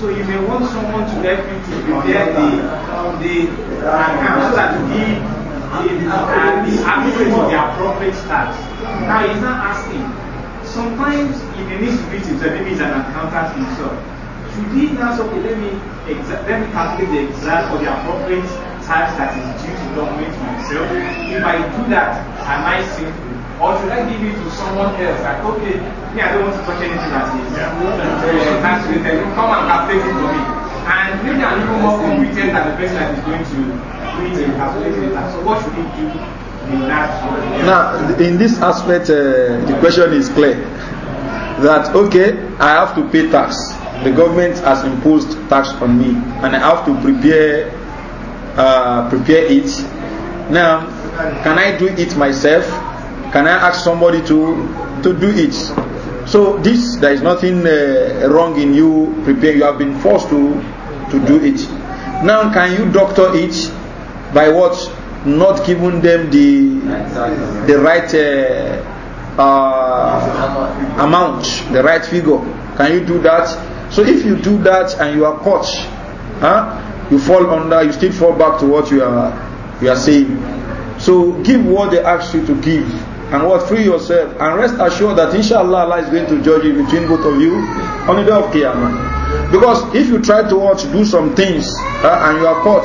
So you may want someone to help you to prepare the, the account that he the, uh, the accurate of their profit tax. Now he's not asking. Sometimes if he needs to reach himself, maybe he's an accountant himself. Should he now say, okay, let me, exa- let me calculate the exact or the appropriate tax that is due to government myself? If I do that, am I safe? Or should I give it to someone else? Like, okay, me, I don't want to touch anything like this. Yeah. Uh, that's Come and have it for me. And maybe I'm even more competent than the person that is going to read and calculate it. So what should we do? Now, in this aspect, uh, the question is clear that okay, I have to pay tax. The government has imposed tax on me, and I have to prepare uh, prepare it. Now, can I do it myself? Can I ask somebody to, to do it? So this, there is nothing uh, wrong in you preparing. You have been forced to, to do it. Now, can you doctor it by what? Not giving them the, the right uh, uh, amount, the right figure. Can you do that? So if you do that and you are caught, huh, you fall under, you still fall back to what you are, you are saying. So give what they ask you to give and what free yourself and rest assured that inshallah Allah is going to judge you between both of you on the day of Qiyamah because if you try to watch do some things uh, and you are caught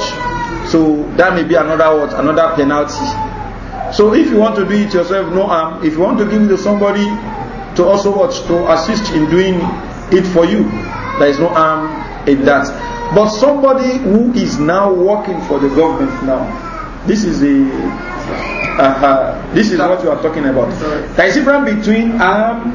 so that may be another what another penalty so if you want to do it yourself no harm if you want to give it to somebody to also watch to assist in doing it for you there is no harm in that but somebody who is now working for the government now this is a Uh, this is what you are talking about. There is a difference between um,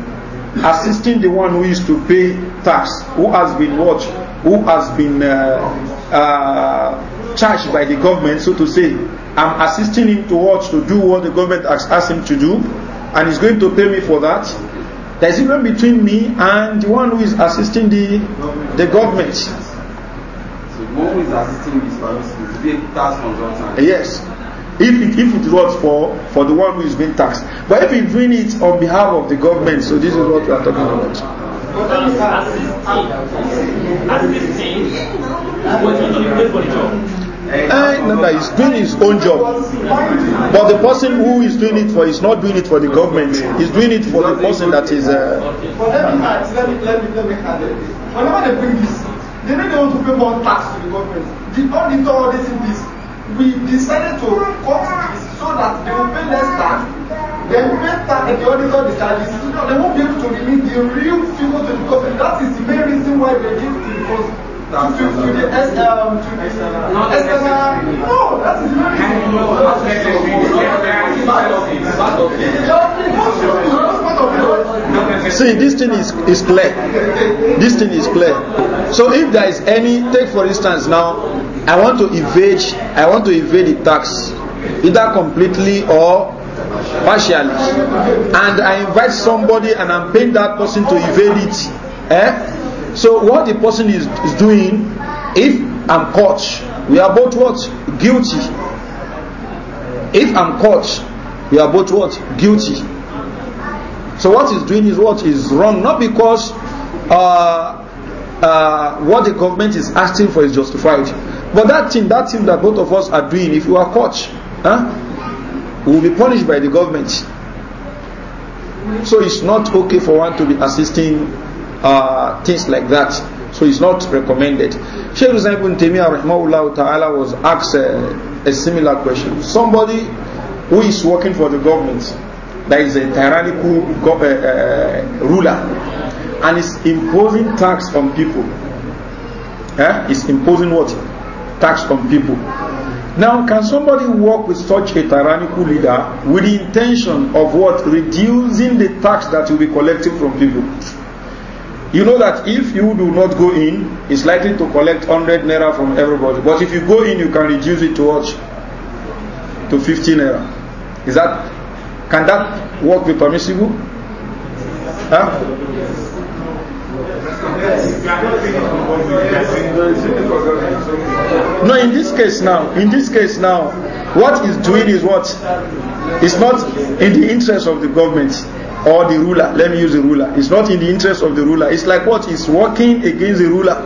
assisting the one who is to pay tax, who has been watched, who has been uh, uh, charged by the government, so to say. I'm assisting him to watch, to do what the government has asked him to do, and he's going to pay me for that. There There's difference between me and the one who is assisting the the government. So who is assisting this person to be a tax consultant. Yes if it if it works for for the one who is being taxed but if he's doing it on behalf of the government so this is what we are talking about. Assisting, assisting, and no, he's doing his own job. But the person who is doing it for is not doing it for the government. He's doing it for the person that is. Uh, but let me let me let me let me Whenever they bring this, they know they want to pay more tax to the government. The auditor all this in this we decided to cut so that they will pay less tax then pay tax and the auditor the charges they won't be able to release the real fuel to the government that is the main reason why they give the cost. See, this thing is, is clear. This thing is clear. So if there is any, take for instance now, I want to evade, I want to evade the tax, either completely or partially. And I invite somebody and I'm paying that person to evade it. Eh? So what the person is, is doing, if I'm caught, we are both what? Guilty. If I'm caught, we are both what? Guilty. So what he's doing is what is wrong, not because uh, uh, what the government is asking for is justified, but that thing, that thing that both of us are doing, if you are caught, huh, we will be punished by the government. So it's not okay for one to be assisting uh, things like that. So it's not recommended. Sheikh Hussain ibn Taymiyyah rahmahullah ta'ala was asked uh, a similar question. Somebody who is working for the government, that is a tyrannical uh, uh, ruler, and is imposing tax on people. Eh? Is imposing what? Tax on people. Now, can somebody work with such a tyrannical leader with the intention of what? Reducing the tax that will be collected from people you know that if you do not go in, it's likely to collect hundred naira from everybody. But if you go in, you can reduce it to what? To 50 naira. Is that, can that work be permissible? Huh? No, in this case now, in this case now, what is doing is what? It's not in the interest of the government or the ruler. Let me use the ruler. It's not in the interest of the ruler. It's like what is working against the ruler.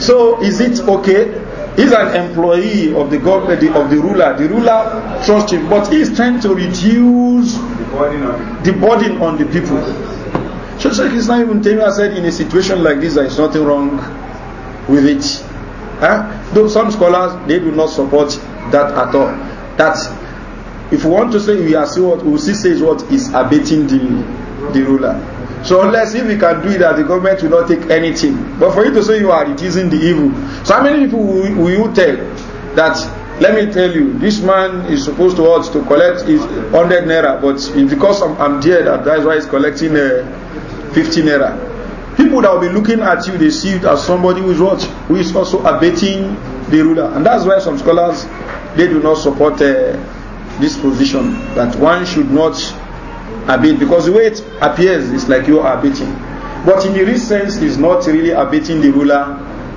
so is it okay? He's an employee of the government eh, of the ruler. The ruler trusts him, but he's trying to reduce the burden on the people. So Sheikh Islam Ibn I said, in a situation like this, there is nothing wrong with it. Huh? Though some scholars they do not support that at all. That If you want to say we are see what we see says what is abating the the ruler. So unless if we can do it that the government will not take anything. But for you to say you are reducing the evil. So how many people will, will you tell that let me tell you, this man is supposed to what, to collect is hundred naira, but because I'm, I'm there, that, that's why he's collecting uh, 50 naira. People that will be looking at you, they see you as somebody who is what, who is also abating the ruler, and that's why some scholars they do not support uh, this position that one should not abate because the way it appears is like you are abating. But in the real sense, is not really abating the ruler,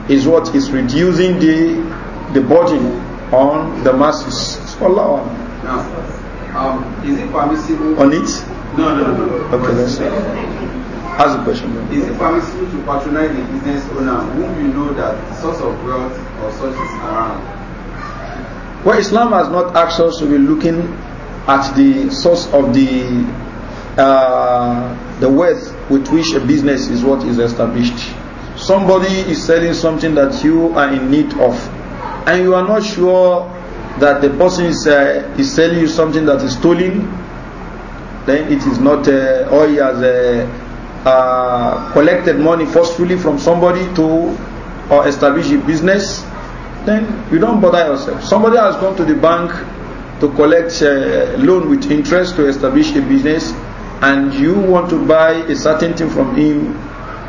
is what is reducing the the burden on the masses. Allah. on. um, is it permissible on it? No, no, no. Okay, let's see. Ask the question. Then. Is it permissible to patronize the business owner whom you know that the source of wealth or such is around? Well, Islam has not asked us to be looking at the source of the uh, the wealth with which a business is what is established. Somebody is selling something that you are in need of, and you are not sure that the person is, uh, is selling you something that is stolen. Then it is not, uh, or he has uh, uh collected money forcefully from somebody to or establish a business then you don't bother yourself. Somebody has gone to the bank to collect a uh, loan with interest to establish a business and you want to buy a certain thing from him,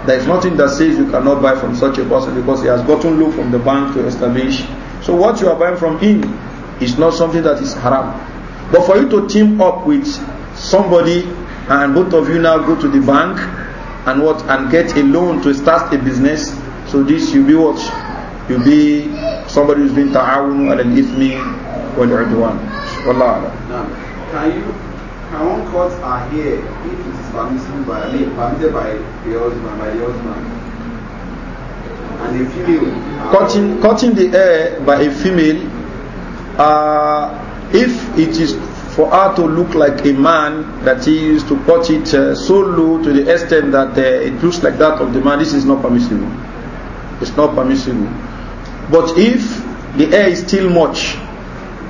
there is nothing that says you cannot buy from such a person because he has gotten loan from the bank to establish. So what you are buying from him is not something that is haram. But for you to team up with somebody and both of you now go to the bank and what and get a loan to start a business, so this will be what you'll be somebody who's been ta'awun al ithmi wal udwan. Wallah. Can you can one cut our hair if it is permissible by I mean permitted by the husband by the husband? And a female cutting cutting the hair by a female uh, if it is for her to look like a man that used to cut it uh, so low to the extent that uh, it looks like that of the man this is not permissible it's not permissible But if the air is still much,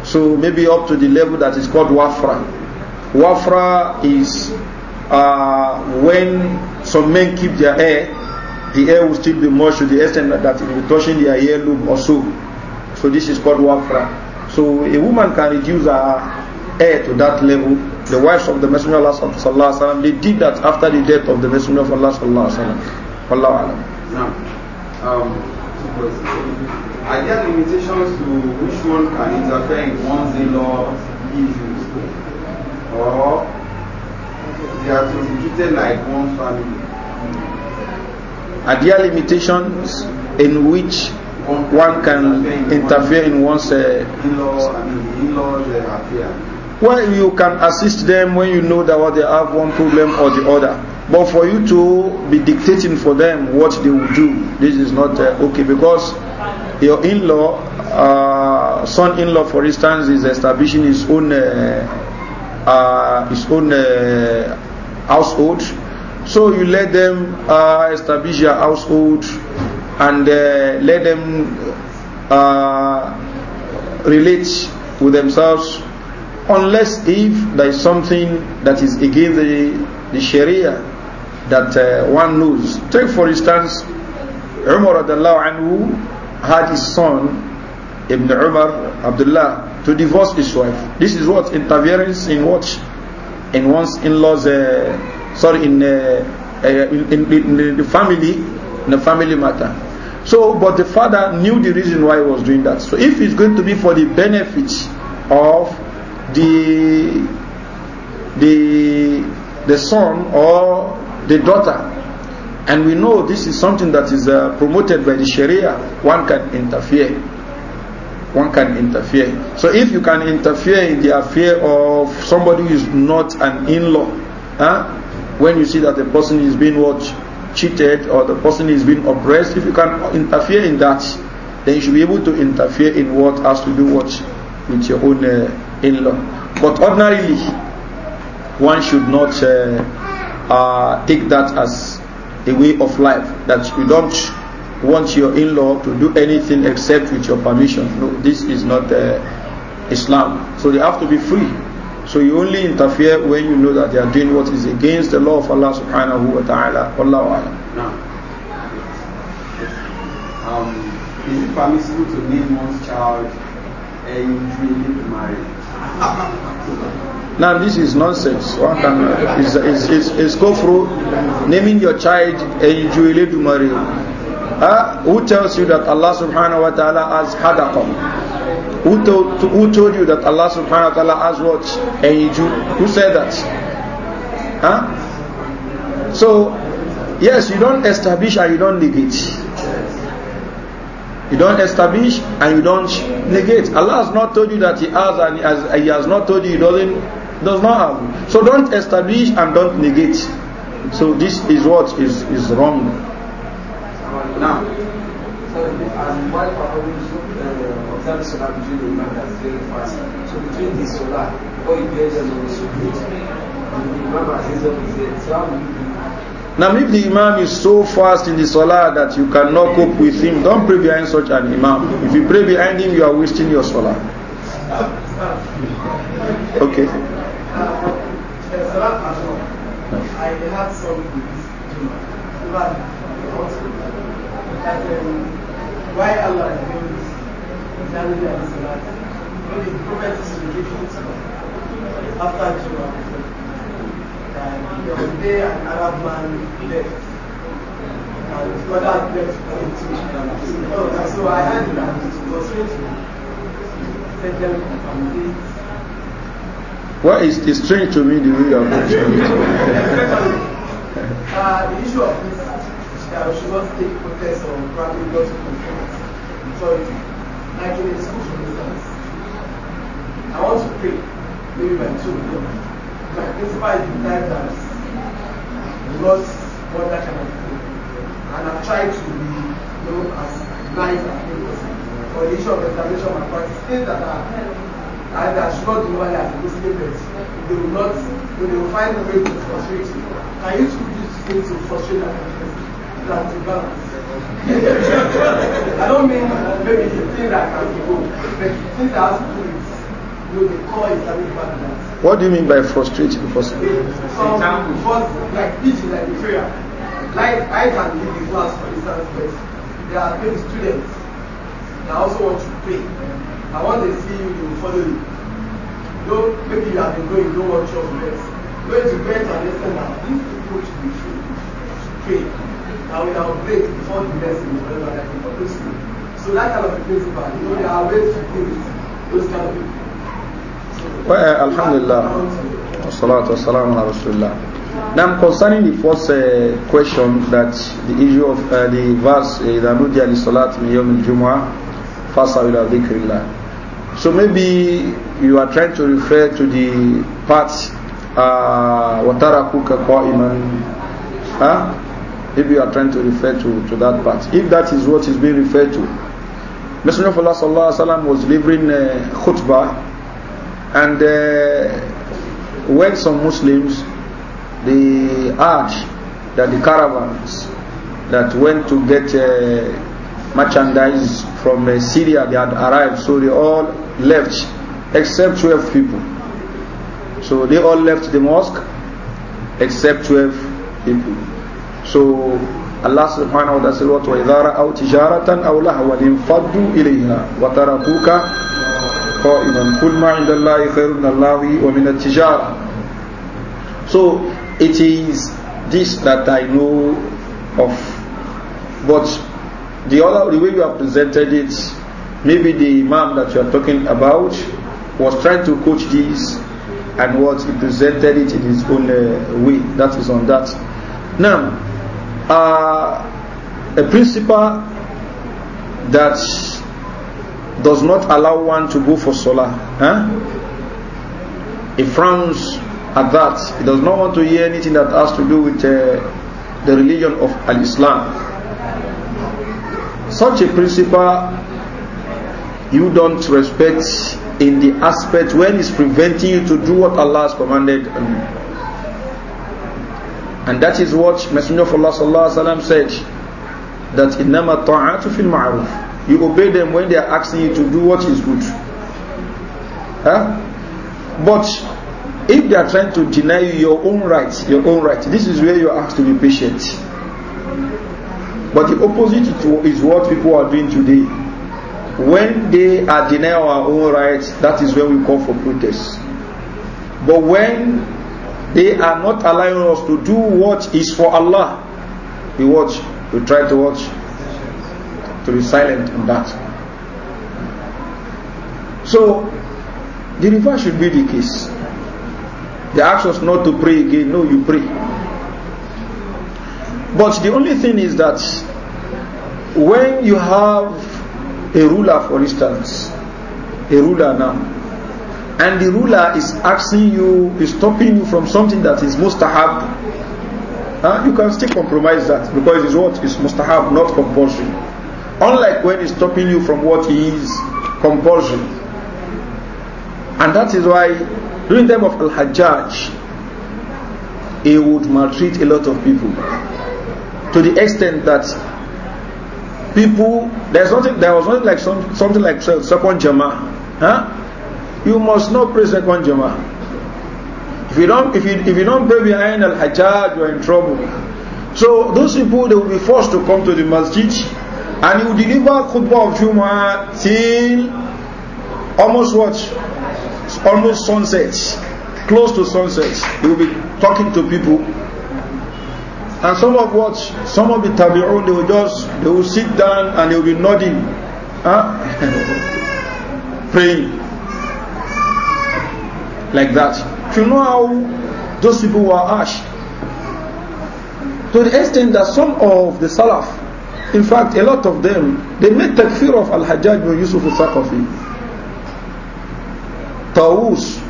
so maybe up to the level that is called wafra. Wafra is uh, when some men keep their hair, the hair will still be much to the extent that it will be touching their hair loop or so. So this is called wafra. So a woman can reduce her hair to that level. The wives of the Messenger of Allah sallallahu alaihi wasallam they did that after the death of the Messenger of Allah sallallahu alaihi wasallam. Wallahu Now, um, Are there limitations to which one can interfere in one's in-law issues? Or they are to be treated like one family? Are there limitations in which one, one can interfere in one's uh, in laws I uh, affair? Well, you can assist them when you know that what they have one problem or the other. But for you to be dictating for them what they will do, this is not uh, okay because your in-law, uh, son-in-law, for instance, is establishing his own uh, uh his own uh, household. So you let them uh, establish their household and let them relate with themselves, unless if there is something that is against the, the Sharia that uh, one knows. Take for instance, Umar anhu had his son Ibn Umar Abdullah to divorce his wife. This is what interference in what in one's in-laws, uh, sorry, in, uh, uh in, in, in the family, in the family matter. So, but the father knew the reason why he was doing that. So, if it's going to be for the benefit of the the the son or the daughter. And we know this is something that is uh, promoted by the Sharia. One can interfere. One can interfere. So if you can interfere in the affair of somebody who is not an in-law, huh? when you see that the person is being watched, cheated or the person is being oppressed, if you can interfere in that, then you should be able to interfere in what has to do what with your own uh, in-law. But ordinarily, one should not uh, uh, take that as a way of life that you don't want your in-law to do anything except with your permission. No, this is not uh, Islam. So they have to be free. So you only interfere when you know that they are doing what is against the law of Allah subhanahu wa ta'ala. Wallahu alam. Now, um, is it permissible to name one's child and during marriage? Now this is nonsense. One can is is is, go through naming your child a Juweledu Mario. Uh, who tells you that Allah subhanahu wa ta'ala has had a come? Who told, who told you that Allah subhanahu wa ta'ala has what? Eyiju? Who said that? Huh? So, yes, you don't establish and you don't negate. You don't establish and you don't negate. Allah has not told you that He has and He has, he has not told you He doesn't does not have. So don't establish and don't negate. So this is what is, is wrong. Now, so as wife uh, observe solar between the imam that's very fast. So between the solar, all the pleasures of the sujood, the imam has his own there. So now, if the imam is so fast in the salah that you cannot cope with him, don't pray behind such an imam. If you pray behind him, you are wasting your salah. Okay. I had some why Allah is doing this, January and Salat. When the prophet is the repeating after Juma, there was a day an Arab man left. And his brother left and teach them. So I had that. It was What is strange to me the way you are mentioning it. Uh, uh, should not take protest or probably go to conformity. So, I want to pray, maybe by 2 o'clock. My principal is the type that loves what that kind And I've tried to be you know, as nice as possible on the issue of restoration and practice, things that are ah, and that should not be over as Muslims. They will not, they will find a way to frustrate you. Can you two use things to frustrate that than to balance? I don't mean maybe the thing that can be good, but the thing that has to do with you know, the core Islamic balance. What do you mean by frustrating the person? Some first, like teaching, like prayer. Like I can give the class, for instance, but there are many students I also want to pray. I want to see you, to follow you. Though maybe you have been going, don't want your friends. Going to bed and listen now. These people should be free. Pray. I we now break before the lesson whatever over that people do school. So that kind of a principle, you know, there are ways to do it. Those kind of people. well, eh, Alhamdulillah. Wassalatu wassalamu ala rasulillah. Now concerning the first uh, question that the issue of uh, the verse إذا نودي لصلاة من يوم الجمعة fasa ila dhikrillah. So maybe you are trying to refer to the part uh, watarakuka qa'iman. ah? If you are trying to refer to, to that part. If that is what is being referred to. Messenger of Allah sallallahu alaihi wasallam was delivering uh, khutbah and uh, when some Muslims they urged that the caravans that went to get uh, merchandise from uh, Syria. They had arrived, so they all left, except twelve people. So they all left the mosque, except twelve people. So Allah subhanahu wa ta'ala said, وَإِذَا رَأَوْا تِجَارَةً أَوْ لَهْوًا انْفَضُّوا إِلَيْهَا وَتَرَكُوكَ قَائِمًا قُلْ مَا عِندَ اللَّهِ خَيْرٌ مِنَ اللَّهِ وَمِنَ التِّجَارَةِ So it is this that I know of. But The other, the way you have presented it, maybe the imam that you are talking about was trying to coach this and what he presented it in his own uh, way. That is on that. Now, uh, a principle that does not allow one to go for solar. Huh? He frowns at that. He does not want to hear anything that has to do with uh, the religion of Al Islam. such a principle you don't respect in the aspect when it's preventing you to do what Allah has commanded and that is what Messenger of Allah said that innama ta'atu fil ma'ruf you obey them when they are asking you to do what is good huh? but if they are trying to deny you your own rights your own right this is where you are asked to be patient But the opposite is what people are doing today. When they are denying our own rights, that is when we call for protest. But when they are not allowing us to do what is for Allah, we watch, we try to watch, to be silent on that. So, the reverse should be the case. The action is not to pray again. No, you pray. But the only thing is that when you have a ruler, for instance, a ruler now, and the ruler is asking you, is stopping you from something that is mustahab, huh? you can still compromise that because it's what is mustahab, not compulsory. Unlike when he's stopping you from what is compulsory. And that is why during the time of Al-Hajjaj, he would maltreat a lot of people to the extent that people there's nothing there was nothing like some, something like second jama huh you must not pray second jama if you don't if you if you don't pray behind al hajjaj you're in trouble so those people they will be forced to come to the masjid and he will deliver khutbah of Juma till almost what almost sunset close to sunset he will be talking to people And some of what? Some of the tabi'un, they will just, they will sit down and they will be nodding. Huh? Praying. Like that. Do you know how those people were harsh? To the extent that some of the Salaf, in fact, a lot of them, they made takfir of Al-Hajjaj bin Yusuf al-Thaqafi. Tawus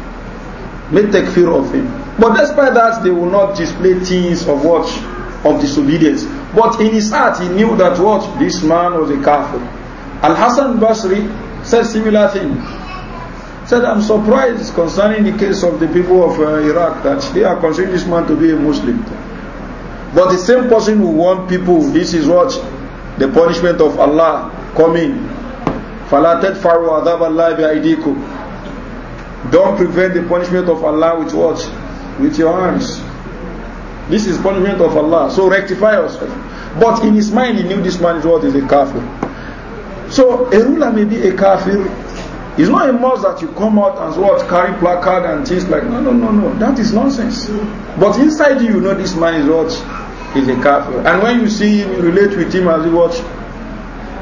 made takfir of him. But despite that, they will not display things of what of disobedience. But in his heart, he knew that what? This man was a kafir. Al-Hassan Basri said similar thing. Said, I'm surprised concerning the case of the people of uh, Iraq that they are considering this man to be a Muslim. But the same person who warned people, this is what? The punishment of Allah coming. Falatet faru adab اللَّهِ بِأَيْدِيكُمْ Don't prevent the punishment of Allah with what? With your hands. This is punishment of Allah. So rectify yourself. But in his mind, he knew this man is what is a kafir. So a ruler may be a kafir. It's not a must that you come out and what carry placard and things like no, no, no, no. That is nonsense. But inside you, you know this man is what is a kafir. And when you see him, you relate with him as he what,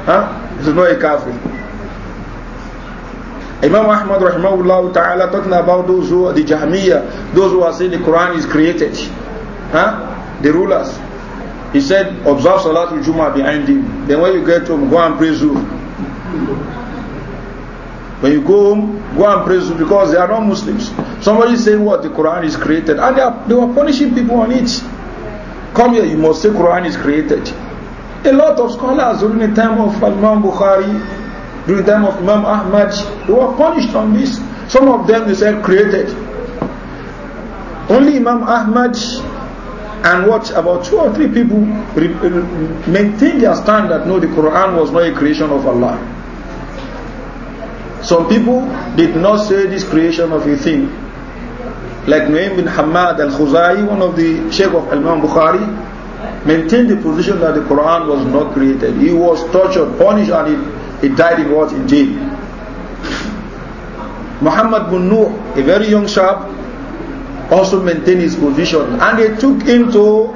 huh? is not a kafir. Imam Ahmad rahimahullah ta'ala talking about those who are the Jahmiyyah, those who are saying the Quran is created huh? the rulers. He said, observe Salatul Jummah behind him. Then when you get home, go and pray Zuhr. When you go home, go and pray Zuhr because they are not Muslims. Somebody say what the Quran is created, and they, are, they were punishing people on it. Come here, you must say Quran is created. A lot of scholars during the time of Imam Bukhari, during the time of Imam Ahmad, they were punished on this. Some of them they said created. Only Imam Ahmad and what about two or three people uh, maintain their stand that no, the Quran was not a creation of Allah. Some people did not say this creation of a thing. Like Nu'aym bin Hamad al-Khuzai, one of the Sheikh of Imam Bukhari, maintained the position that the Quran was not created. He was tortured, punished, and he, he died in what? In jail. Muhammad bin Nuh, a very young sharp, also maintain his position. And they took him to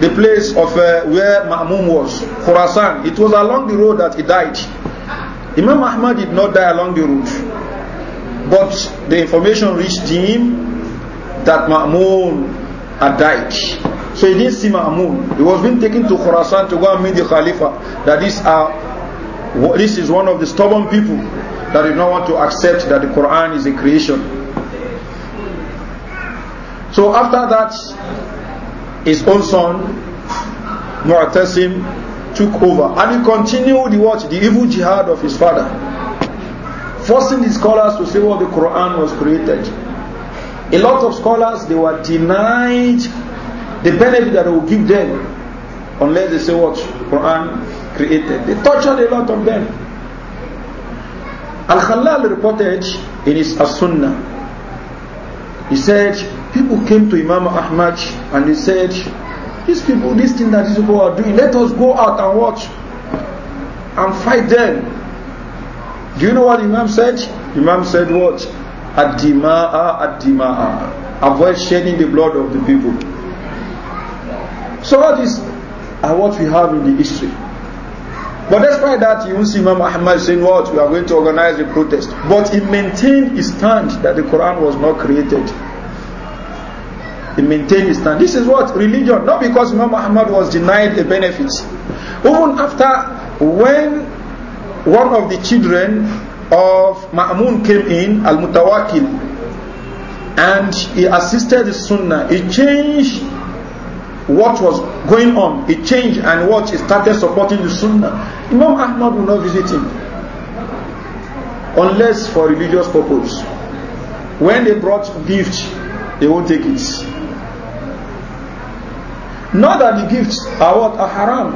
the place of uh, where Ma'mun was, Khurasan. It was along the road that he died. Imam Ahmad did not die along the road. But the information reached him that Ma'mun had died. So he didn't see Ma'mun. He was being taken to Khurasan to go and meet the Khalifa. That these are, this is one of the stubborn people that do not want to accept that the Quran is a creation. So after that, his own son, Mu'tasim, took over. And he continued the what? The evil jihad of his father. Forcing the scholars to say what the Quran was created. A lot of scholars, they were denied the benefit that it will give them unless they say what Quran created. They tortured a lot of them. Al-Khalal reported in his As-Sunnah, he said, people came to Imam Ahmad and they said, these people, this thing that these people are doing, let us go out and watch and fight them. Do you know what Imam said? Imam said what? Ad-dima'a, Avoid shedding the blood of the people. So all these are what we have in the history. But despite that, you see Imam Ahmad saying, What? We are going to organize a protest. But he maintained his stand that the Quran was not created. He maintained his stand. This is what religion, not because Imam Muhammad was denied a benefit. Even after when one of the children of Maamun came in, Al-Mutawakil, and he assisted the sunnah. He changed what was going on. He changed and what he started supporting the sunnah. Imam Ahmad will not visit him unless for religious purpose. When they brought gift, they won't take it. Not that the gifts are what are haram,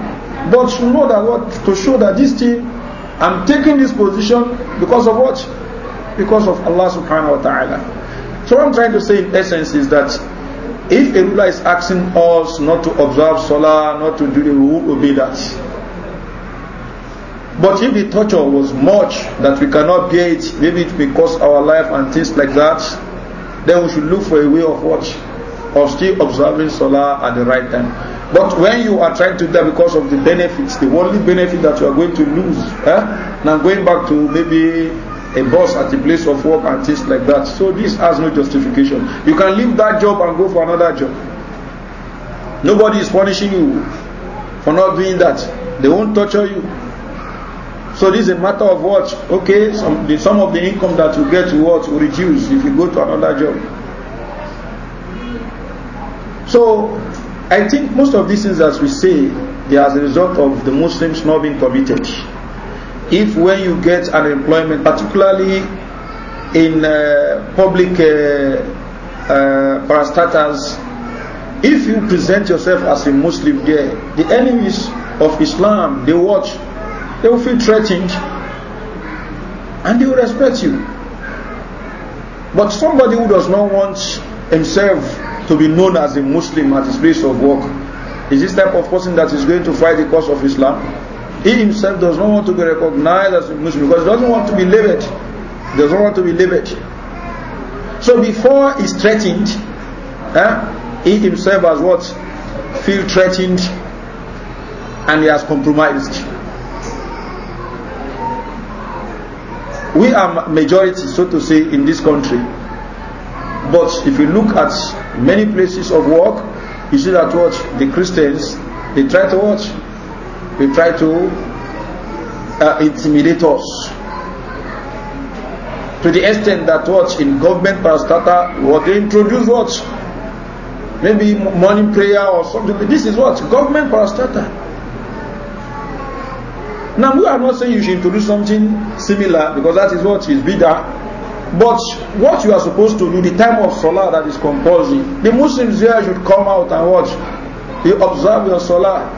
but to know that what to show that this thing I'm taking this position because of what? Because of Allah subhanahu wa ta'ala. So what I'm trying to say in essence is that if a ruler is asking us not to observe salah, not to do the rule, obey that. But if the torture was much that we cannot bear it, maybe it will cost our life and things like that, then we should look for a way of what? of still observing solar at the right time. But when you are trying to do that because of the benefits, the only benefit that you are going to lose, eh? now going back to maybe a boss at the place of work and things like that. So this has no justification. You can leave that job and go for another job. Nobody is punishing you for not doing that. They won't torture you. So this is a matter of what? Okay, some, the, some of the income that you get to what will reduce if you go to another job. So I think most of these things as we say, they are as a result of the Muslims not being committed. If when you get unemployment, particularly in uh, public uh, uh, parastatals, if you present yourself as a Muslim there, the enemies of Islam, they watch, they will feel threatened and they will respect you. But somebody who does not want himself to be known as a Muslim at his place of work, is this type of person that is going to fight the cause of Islam? He himself does not want to be recognized as a Muslim because he doesn't want to be labeled. He doesn't want to be labeled. So before he's threatened, eh, he himself has what? Feel threatened and he has compromised. We are majority, so to say, in this country. But if you look at many places of work, you see that what the Christians they try to watch, they try to uh, intimidate us to the extent that what in government parastatal uh, what they introduce what maybe morning prayer or something this is what government parastatal uh. now we are not saying you should introduce something similar because that is what is bigger But what you are supposed to do, the time of Salah that is compulsory, the Muslims there should come out and watch. They observe your Salah.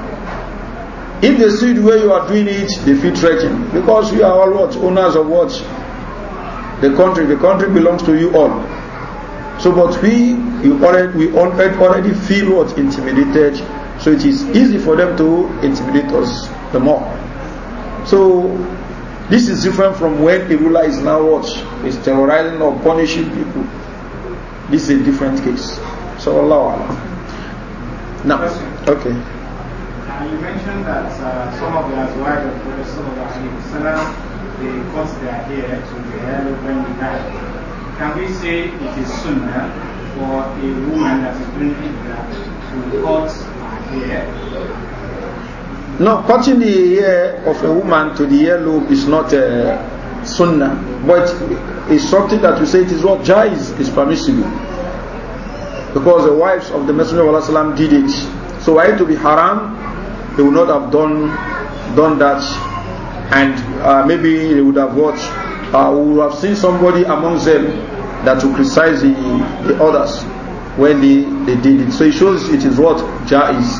If they see the way you are doing it, they feel threatened. Because you are all what? Owners of what? The country. The country belongs to you all. So, but we, you already, we already feel what? Intimidated. So it is easy for them to intimidate us the more. So This is different from when a ruler is now what? Is terrorizing or punishing people. This is a different case. So Allah Allah. Now, okay. you mentioned that uh, some of the Azwaj of Prophet Sallallahu they cut their hair to the hair when they die. Can we say it is sunnah for a woman that is doing that to cut her hair now, cutting the hair of a woman to the earlobe is not a sunnah, but it's something that we say it is what jais is permissible. Because the wives of the Messenger of Allah did it. So, why to be haram? They would not have done done that. And uh, maybe they would have watched, uh, would have seen somebody among them that would criticize the, the others when they, they did it. So it shows it is what jais.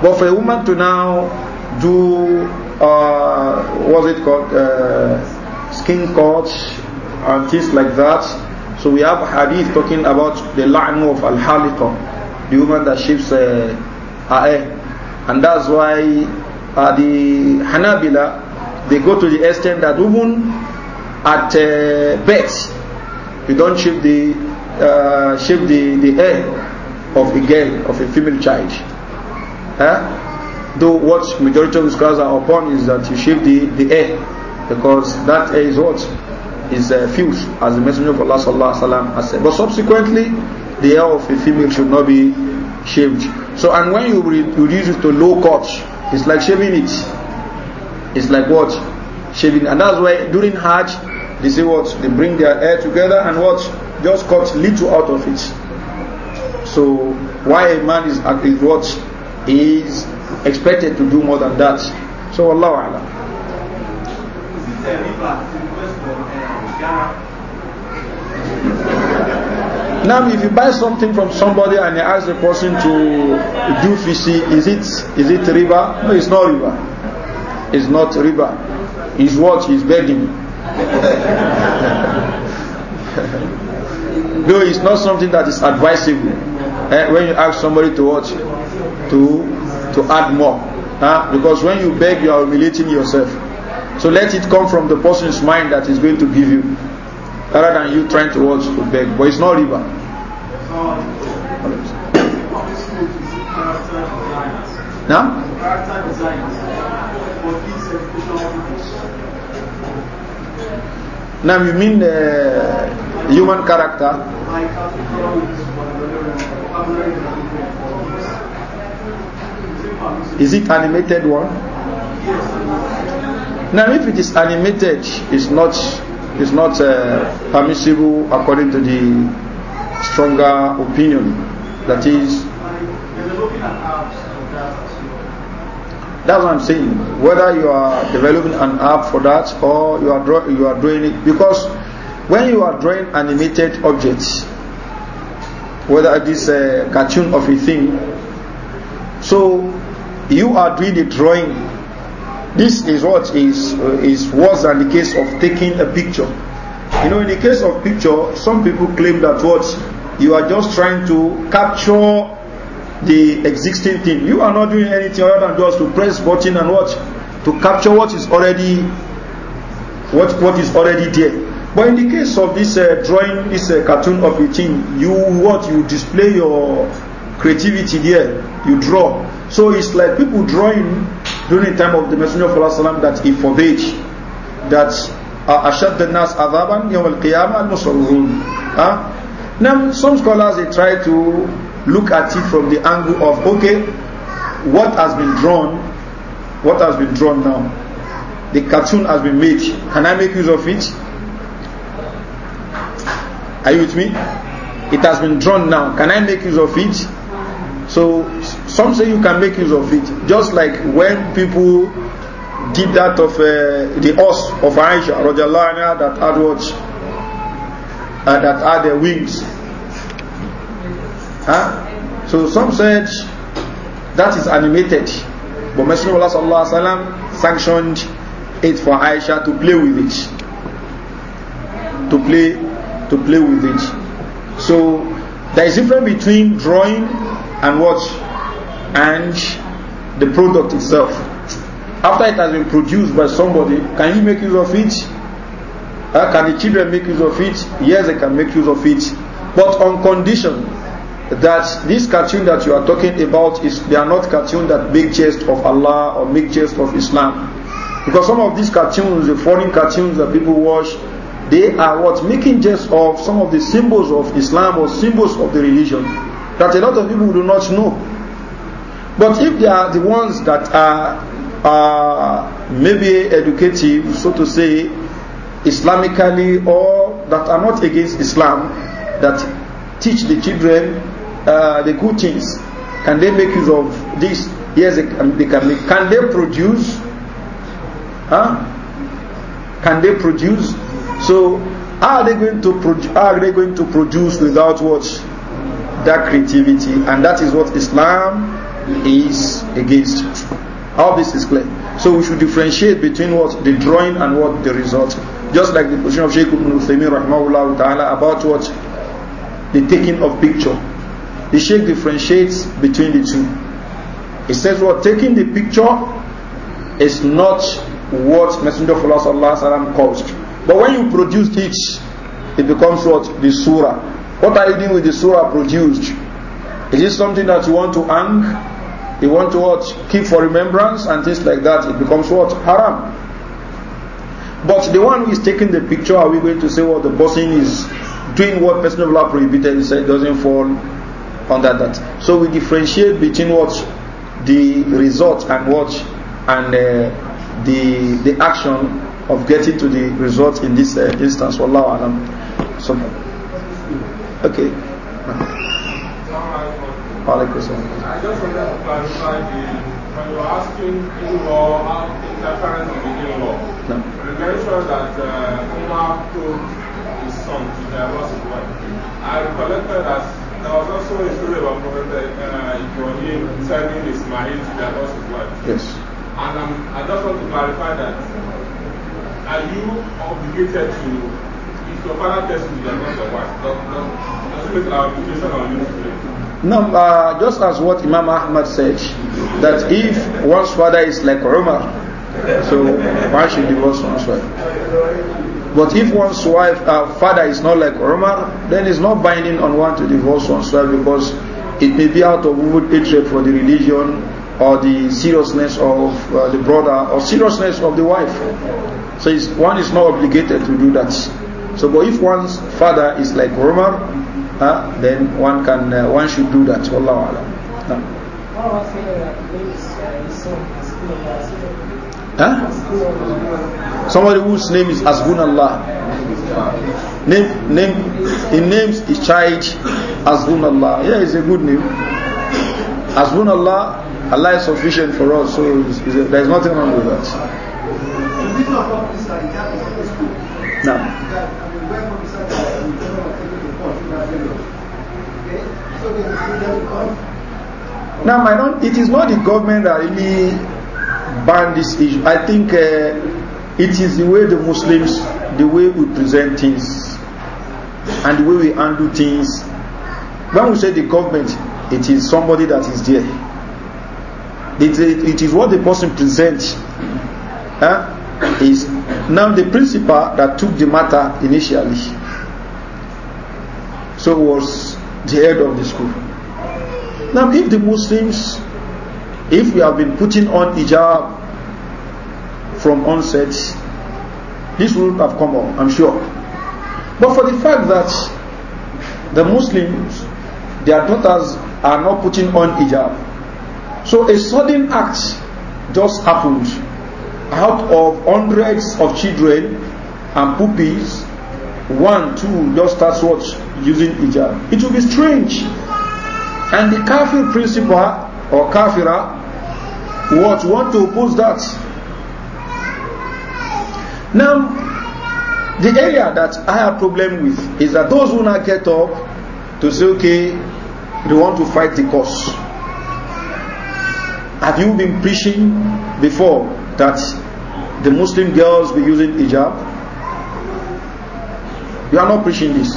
But for a woman to now do uh, what's it called uh, skin cuts and things like that so we have hadith talking about the la'nu of al-haliqa the woman that shaves uh, her hair and that's why uh, the Hanabila they go to the extent that women at uh, birth you don't shave the uh, shave the, the hair of a girl of a female child huh? Though what majority of the scholars are upon is that you shave the, the hair because that hair is what? Is uh, fused as the Messenger of Allah sallallahu alaihi wasallam has said. But subsequently, the hair of a female should not be shaved. So and when you reduce it to low cut, it's like shaving it. It's like what? Shaving. And that's why during Hajj, they say what? They bring their hair together and what? Just cut little out of it. So why a man is, is what? Is expected to do more than that. So Allah Alam. Now, if you buy something from somebody and you ask the person to do fishing, is it is it riba? No, it's not riba. It's not riba. He's what? He's begging. No, it's not something that is advisable. Eh, when you ask somebody to watch, to to add more. Huh? Because when you beg, you are humiliating yourself. So let it come from the person's mind that is going to give you, rather than you trying to watch to beg. But it's not riba. Now? Now you mean uh, human character? Is it animated one? Now, if it is animated, it's not it's not uh, permissible according to the stronger opinion. That is, that's what I'm saying. Whether you are developing an app for that or you are draw, you are doing it because when you are drawing animated objects, whether it is a uh, cartoon of a thing, so you are doing the drawing this is what is uh, is worse than the case of taking a picture you know in the case of picture some people claim that what you are just trying to capture the existing thing you are not doing anything other than just to press button and watch to capture what is already what what is already there but in the case of this uh, drawing this uh, cartoon of a thing you what you display your creativity there. You draw. So it's like people drawing during the time of the Messenger of Allah that he forbade that أشد الناس عذابا يوم القيامة المصلون ah. Now some scholars they try to look at it from the angle of okay what has been drawn what has been drawn now the cartoon has been made can I make use of it are you with me it has been drawn now can I make use of it So some say you can make use of it. Just like when people did that of uh, the horse of Aisha anha, that had what? Uh, that had their wings. Huh? So some said that is animated. But Messenger of Allah sanctioned it for Aisha to play with it. To play to play with it. So there is difference between drawing and what? And the product itself. After it has been produced by somebody, can you make use of it? Uh, can the children make use of it? Yes, they can make use of it. But on condition that this cartoon that you are talking about is they are not cartoon that make jest of Allah or make jest of Islam. Because some of these cartoons, the foreign cartoons that people watch, they are what making jest of some of the symbols of Islam or symbols of the religion that a lot of people do not know. But if they are the ones that are, are uh, maybe educative, so to say, Islamically or that are not against Islam, that teach the children uh, the good things, can they make use of this? Yes, they can, they can make. Can they produce? Huh? Can they produce? So, are they going to produce? Are they going to produce without what? that creativity, and that is what Islam is against. All this is clear. So we should differentiate between what the drawing and what the result. Just like the position of Sheikh Ibn Uthaymeen rahmahullah ta'ala about what the taking of picture. The Sheikh differentiates between the two. He says what taking the picture is not what Messenger of Allah sallallahu caused. But when you produce it, it becomes what the surah what are you doing with the surah produced? Is it something that you want to hang? You want to what? Keep for remembrance and things like that. It becomes what? Haram. But the one who is taking the picture, are we going to say, well, the person is doing what person of law prohibited, so it doesn't fall under that. So we differentiate between what the result and what and uh, the the action of getting to the result in this uh, instance. Wallahu alam. So, Okay. I just wanted to clarify when you're asking in law how interference with in law, no. you mentioned that uh, Omar told his son to divorce his wife. I recollected that there was also a story about Prophet uh, Ibrahim telling Ismail to divorce his wife. Yes. And um, I just want to clarify that are you obligated to No, uh, just as what Imam Ahmad said, that if one's father is like Umar, so one should divorce one's wife. But if one's wife, uh, father is not like Umar, then it's not binding on one to divorce one's wife because it may be out of hatred for the religion or the seriousness of uh, the brother or seriousness of the wife. So one is not obligated to do that. So, but if one's father is like Umar, uh, then one can uh, one should do that. Wallahu alam. Huh? Somebody whose name is Asbun Allah. Name, name, he names his child Asbun Allah. Yeah, it's a good name. Asbun Allah, Allah is sufficient for us, so it's, it's a, there's nothing wrong with that. Now. Now, my non, it is not the government that really banned this issue. I think uh, it is the way the Muslims, the way we present things, and the way we handle things. When we say the government, it is somebody that is there. It, it, it is what the person presents. Huh? Is now the principal that took the matter initially. So was the head of the school. Now, if the Muslims, if we have been putting on hijab from onset, this wouldn't have come up, I'm sure. But for the fact that the Muslims, their daughters are not putting on hijab, so a sudden act just happened out of hundreds of children and puppies one, two, just starts what? Using hijab. It will be strange. And the kafir principle or kafira, what want to oppose that? Now, the area that I have problem with is that those who now get up to say, okay, they want to fight the cause. Have you been preaching before that the Muslim girls be using hijab? You are not preaching this.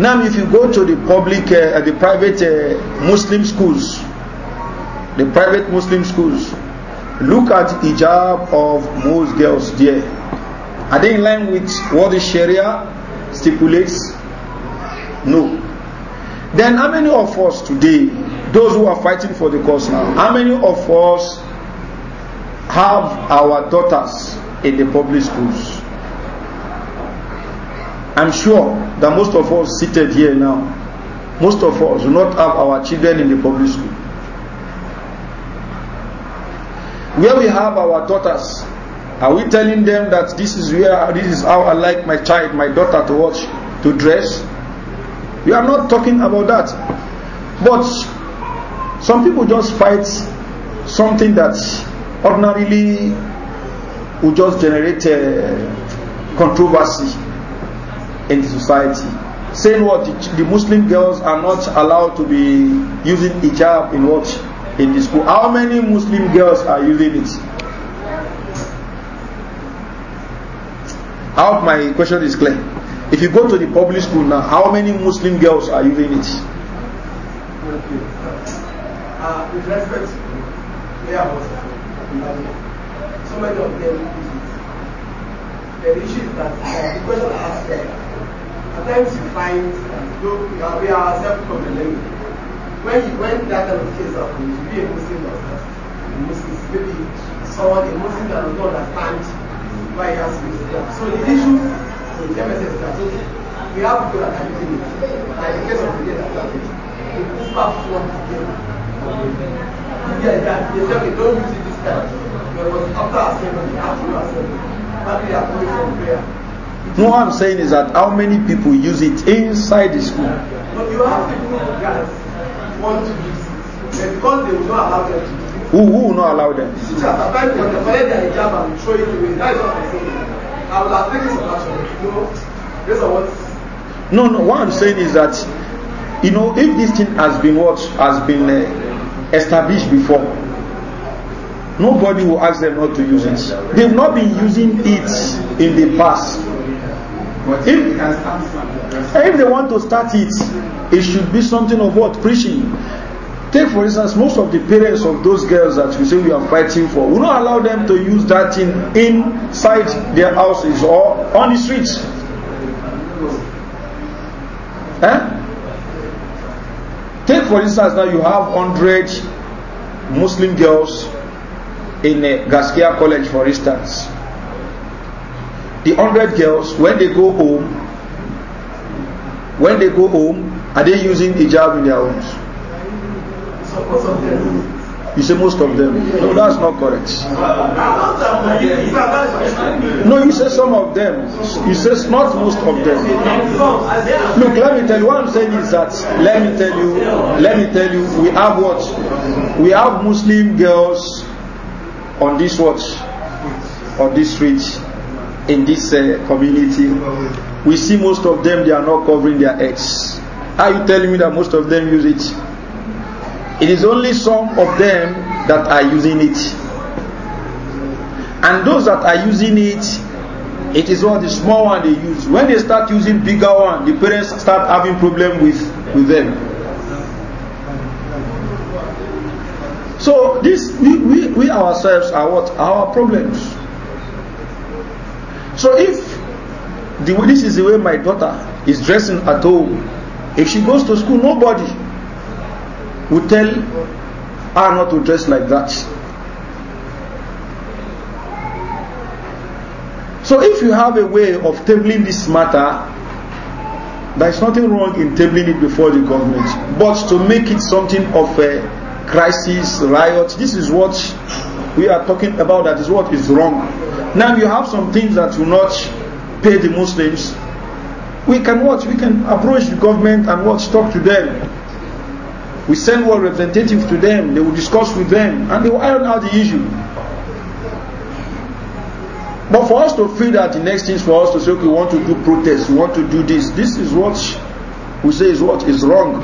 Now, if you go to the public, uh, the private uh, Muslim schools, the private Muslim schools, look at hijab of most girls there. Are they in line with what the Sharia stipulates? No. Then, how many of us today, those who are fighting for the cause now, how many of us have our daughters in the public schools? I'm sure that most of us seated here now, most of us do not have our children in the public school. Where we have our daughters, are we telling them that this is where this is how I like my child, my daughter to watch, to dress? We are not talking about that. But some people just fight something that ordinarily would just generate uh, controversy in the society. Saying what the Muslim girls are not allowed to be using hijab in what in the school. How many Muslim girls are using it? How? my question is clear. If you go to the public school now, how many Muslim girls are using it? Okay. Uh, with respect, where I was so many of them The issue that uh, the question asked sometimes you find though we are ourselves from the language. When you, when that kind of case happens, you be a Muslim yourself. Muslims, maybe someone a Muslim that does not understand why he has to use So the issue with MSS is that we have people that are using it. Like the case of the that are it. The people want to get India is that they tell me don't use it this time. But after assembly, after assembly, after they are coming from prayer what I'm saying is that how many people use it inside the school? But you have people who want to use it, because they will not allow them to who, who will not allow them? Teachers are trying to understand their hijab and throw it away. That is what I'm saying. I will have taken some action. You know, based on what. No, no. What I'm saying is that, you know, if this thing has been what has been uh, established before, Nobody will ask them not to use it. They've not been using it in the past. If, if they want to start it, it should be something of what? Preaching. Take for instance, most of the parents of those girls that we say we are fighting for, we don't allow them to use that thing inside their houses or on the streets. Eh? Take for instance, now you have hundred Muslim girls in uh, Gaskia College, for instance, the hundred girls, when they go home, when they go home, are they using hijab in their homes? You say most of them. No, that's not correct. No, you say some of them. You say not most of them. Look, let me tell you what I'm saying is that let me tell you, let me tell you, we have what? We have Muslim girls on this watch, on this street, in this uh, community, we see most of them, they are not covering their heads. Are you telling me that most of them use it? It is only some of them that are using it. And those that are using it, it is all the small one they use. When they start using bigger one, the parents start having problem with, with them. So this we, we, we ourselves are what? Our problems. So if the way, this is the way my daughter is dressing at home, if she goes to school, nobody will tell her not to dress like that. So if you have a way of tabling this matter, there is nothing wrong in tabling it before the government, but to make it something of a crisis, riots. This is what we are talking about. That is what is wrong. Now you have some things that will not pay the Muslims. We can watch. We can approach the government and watch. Talk to them. We send our representative to them. They will discuss with them and they will iron out the issue. But for us to feel that the next thing is for us to say, okay, we want to do protests, we want to do this. This is what we say is what is wrong.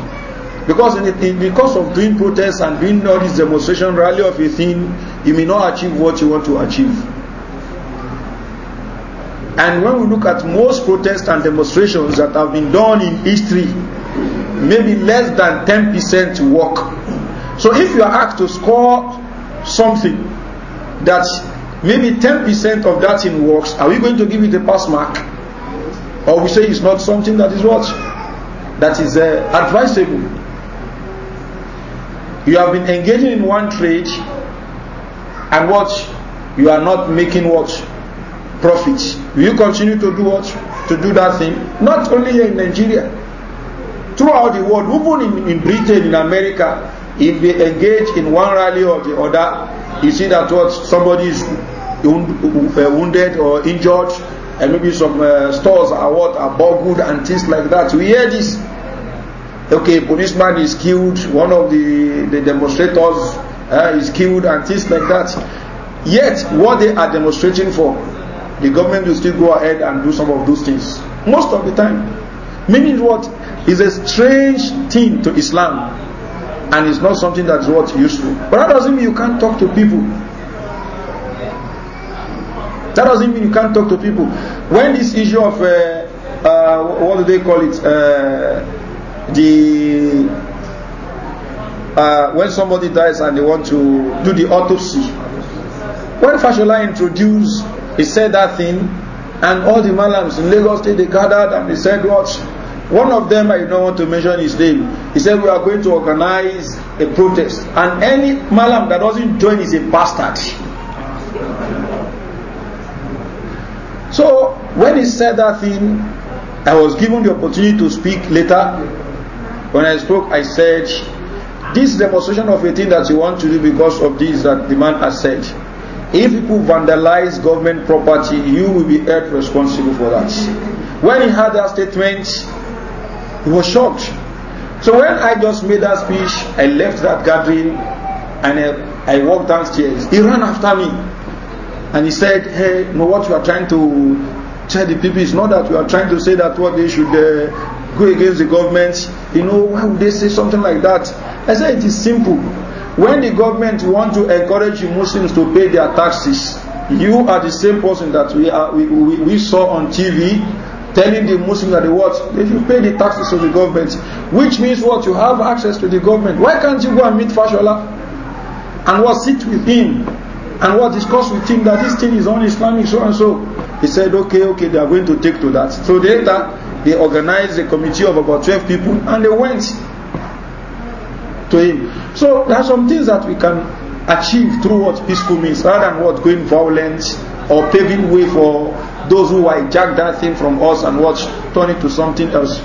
Because in, in, because of doing protests and doing all this demonstration rally of a thing, you may not achieve what you want to achieve. And when we look at most protests and demonstrations that have been done in history, maybe less than ten percent work. So if you are asked to score something that maybe ten percent of that thing works, are we going to give it a pass mark? Or we say it's not something that is worth That is uh, advisable. You have been engaging in one trade and what? You are not making what? Profit. Will you continue to do what? To do that thing? Not only here in Nigeria. Throughout the world, even in, in Britain, in America, if they engage in one rally or the other, you see that what somebody is uh, wounded or injured, and maybe some uh, stores are what are boggled and things like that. We hear this okay, policeman is killed, one of the, the demonstrators uh, is killed, and things like that. Yet, what they are demonstrating for, the government will still go ahead and do some of those things. Most of the time. Meaning what is a strange thing to Islam and it's not something that's what useful. But that doesn't mean you can't talk to people. That doesn't mean you can't talk to people. When this issue of, uh, uh, what do they call it? Uh, the uh, when somebody dies and they want to do the autopsy, when Fashola introduce? he said that thing, and all the malams in Lagos State they gathered and they said what. One of them, I don't want to mention his name, he said, We are going to organize a protest. And any malam that doesn't join is a bastard. So, when he said that thing, I was given the opportunity to speak later. When I spoke, I said, this demonstration of a thing that you want to do because of this that the man has said. If people vandalize government property, you will be held responsible for that. When he heard that statement, he was shocked. So when I just made that speech, I left that gathering and I, I walked downstairs. He ran after me and he said, Hey, you know what you are trying to tell the people is not that you are trying to say that what they should uh, go against the government. You know, why would they say something like that? I said it is simple. When the government want to encourage Muslims to pay their taxes, you are the same person that we, are, we, we, we saw on TV telling the Muslims that they what? if you pay the taxes of the government. Which means what? You have access to the government. Why can't you go and meet Fashola and what sit with him and what discuss with him that this thing is un-Islamic so and so? He said, okay, okay, they are going to take to that. So later, they organized a committee of about twelve people and they went to him. So there are some things that we can achieve through what peaceful means rather than what going violent or paving way for those who hijack that thing from us and what turn it to something else.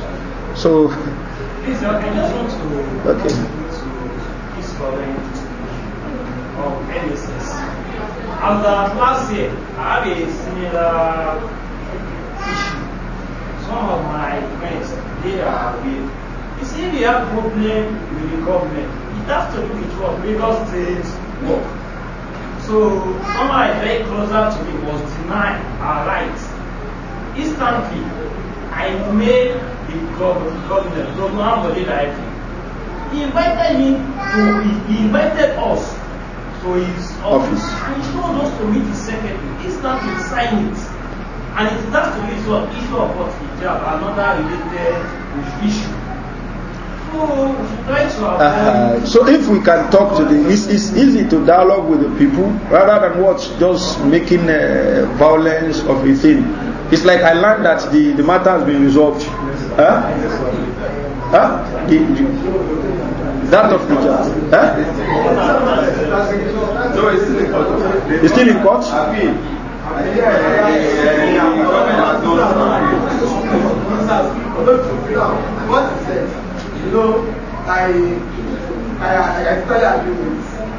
So, okay. After last year, I had a similar some of my friends, they are with. You see, we have problem with the government. It has to do with what Lagos State work. So someone is very closer to me was denied our rights. Instantly, I made the government. governor, Governor Modi Daifi. He invited me. to, he invited us to his office, office. and he told us to meet the secretary. Instantly, sign it. And it is that to me issue issue of what hijab, another related issue. So, we try to uh, uh so if we can talk to the, it's, it's easy to dialogue with the people rather than what's just making uh, violence of a thing. It's like I learned that the, the matter has been resolved. Huh? Huh? The, the, that of hijab. Huh? It's It's still in court? What he said, you know, I, I, I, I totally agree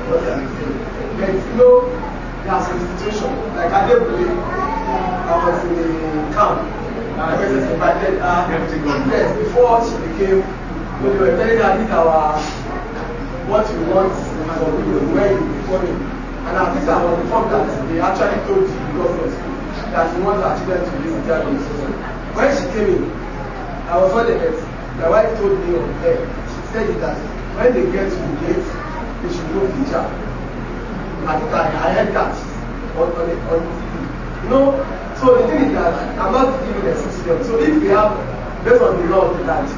what he said. But you know, there are some like I didn't I was in a camp. My was invited Yes, before she became, when they were telling her our, what you want where you performing. And at least I was informed that they actually told you girlfriend that he wanted to achieve to live without the decision. When she came in, I was on the bed. My wife told me on air, she said that when they get to the gate, they should go to the job. At the I heard that on, on, the, on the TV. You know, so the thing is that I'm not giving a system. So if we have, based on the law of the land,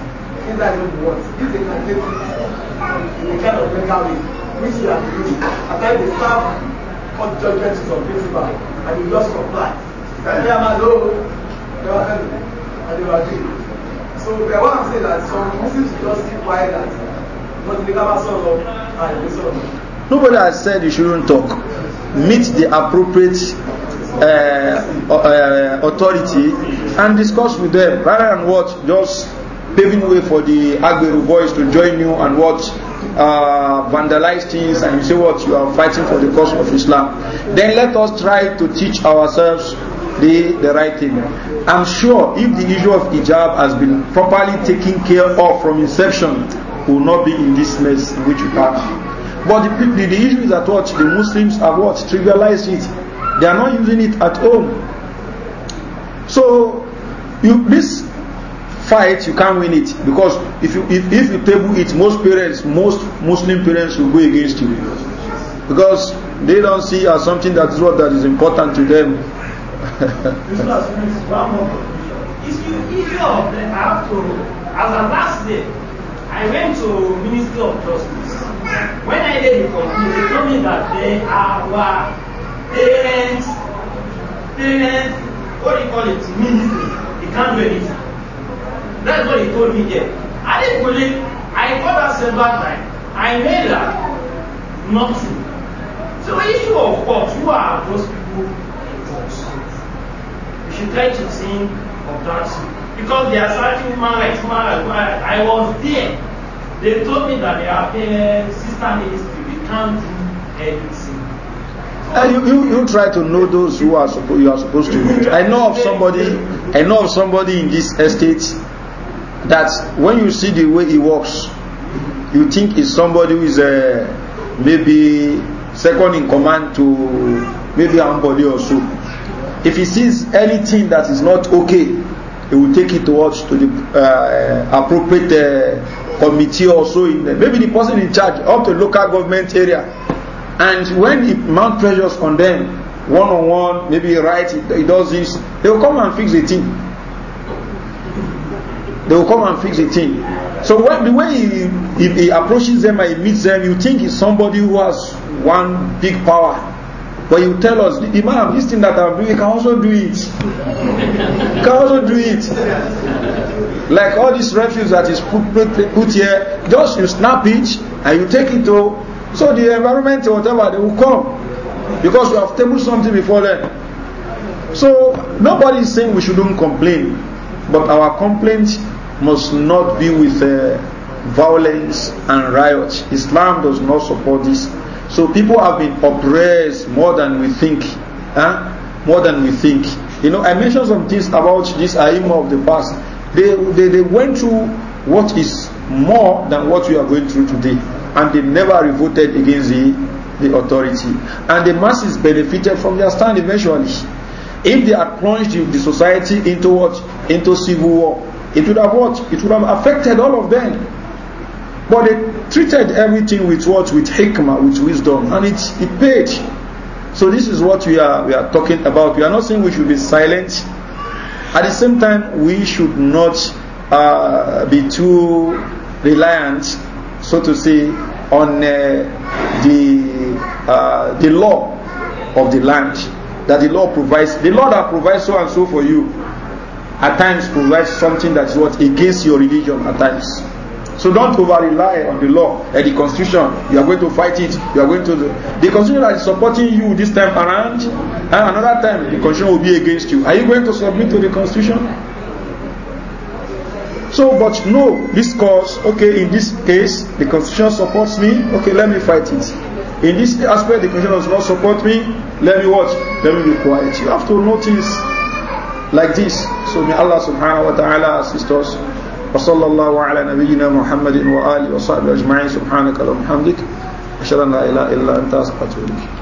things that we want, if they can take it in a kind of legal way, which we are doing, at times they serve court judgments on principle and you just comply. And yeah, man, no, they were telling and they are doing So the one to say that some Muslims just keep quiet that, but they never saw them, and they saw them. Nobody has said you shouldn't talk. Meet the appropriate uh, uh, uh, authority and discuss with them rather than what just paving way for the Agberu boys to join you and what uh, vandalize things and you say what you are fighting for the cause of Islam, then let us try to teach ourselves the, the right thing. I'm sure if the issue of hijab has been properly taken care of from inception, will not be in this mess in which we are. But the, the, the issue is that what the Muslims have what trivialized it. They are not using it at home. So you, this fight, you can't win it. Because if you, if, if you table it, most parents, most Muslim parents will go against you. Because they don't see as something that is what that is important to them. if you, if you have after as a last day, I went to Ministry of Justice. When I did the complaint, they told me that they are our parents, parents, what do you call it, ministry. They can't do anything. That's what he told me there. I didn't believe. I got that same silver knife. I made that nothing. So the issue of what? who are those people involved? We should try to think of that because they are starting human rights, human rights. I, I was there. They told me that they are uh, sister ministry. We can't do anything. And you, you, you try to know those who are suppo- you are supposed to meet. I know of somebody I know of somebody in this estate that when you see the way he walks, you think is somebody who is uh, maybe second in command to maybe somebody or so. If he sees anything that is not okay, he will take it towards to the uh, appropriate uh, committee or so. In the, maybe the person in charge of the local government area. And when it mount pressures on them, one on one, maybe he right, he does this, they will come and fix the thing. They will come and fix the thing. So when, the way he, he, he approaches them and he meets them, you think he's somebody who has one big power. But you tell us, Imam, this thing that I'm doing, you can also do it. You can also do it. Like all this refuse that is put, put, put here, just you snap it and you take it to. So the environment or whatever, they will come. Because we have tabled something before them. So nobody is saying we shouldn't complain. But our complaint must not be with uh, violence and riots. Islam does not support this. So people have been oppressed more than we think. Huh? More than we think. You know, I mentioned some things about this Aima of the past. They, they, they went through what is more than what we are going through today. And they never revolted against the, the authority. And the masses benefited from their stand eventually. If they had plunged the society into what? Into civil war It would have what? It would have affected all of them. But they treated everything with what? With hikmah, with wisdom. And it, it paid. So this is what we are, we are talking about. We are not saying we should be silent. At the same time, we should not uh, be too reliant, so to say, on uh, the, uh, the law of the land. That the law provides, the law that provides so and so for you at times provides something that is what against your religion at times. So don't over rely on the law and the constitution. You are going to fight it. You are going to the, the constitution that is supporting you this time around, and another time the constitution will be against you. Are you going to submit to the constitution? So, but no, this cause, okay, in this case, the constitution supports me, okay, let me fight it. In this aspect, the constitution does not support me, let me what? Let me be quiet. You have to notice like this. So may Allah subhanahu wa ta'ala assist us. وصلى الله على نبينا محمد وآله وصحبه أجمعين سبحانك اللهم وبحمدك أشهد أن لا إله إلا أنت أستغفرك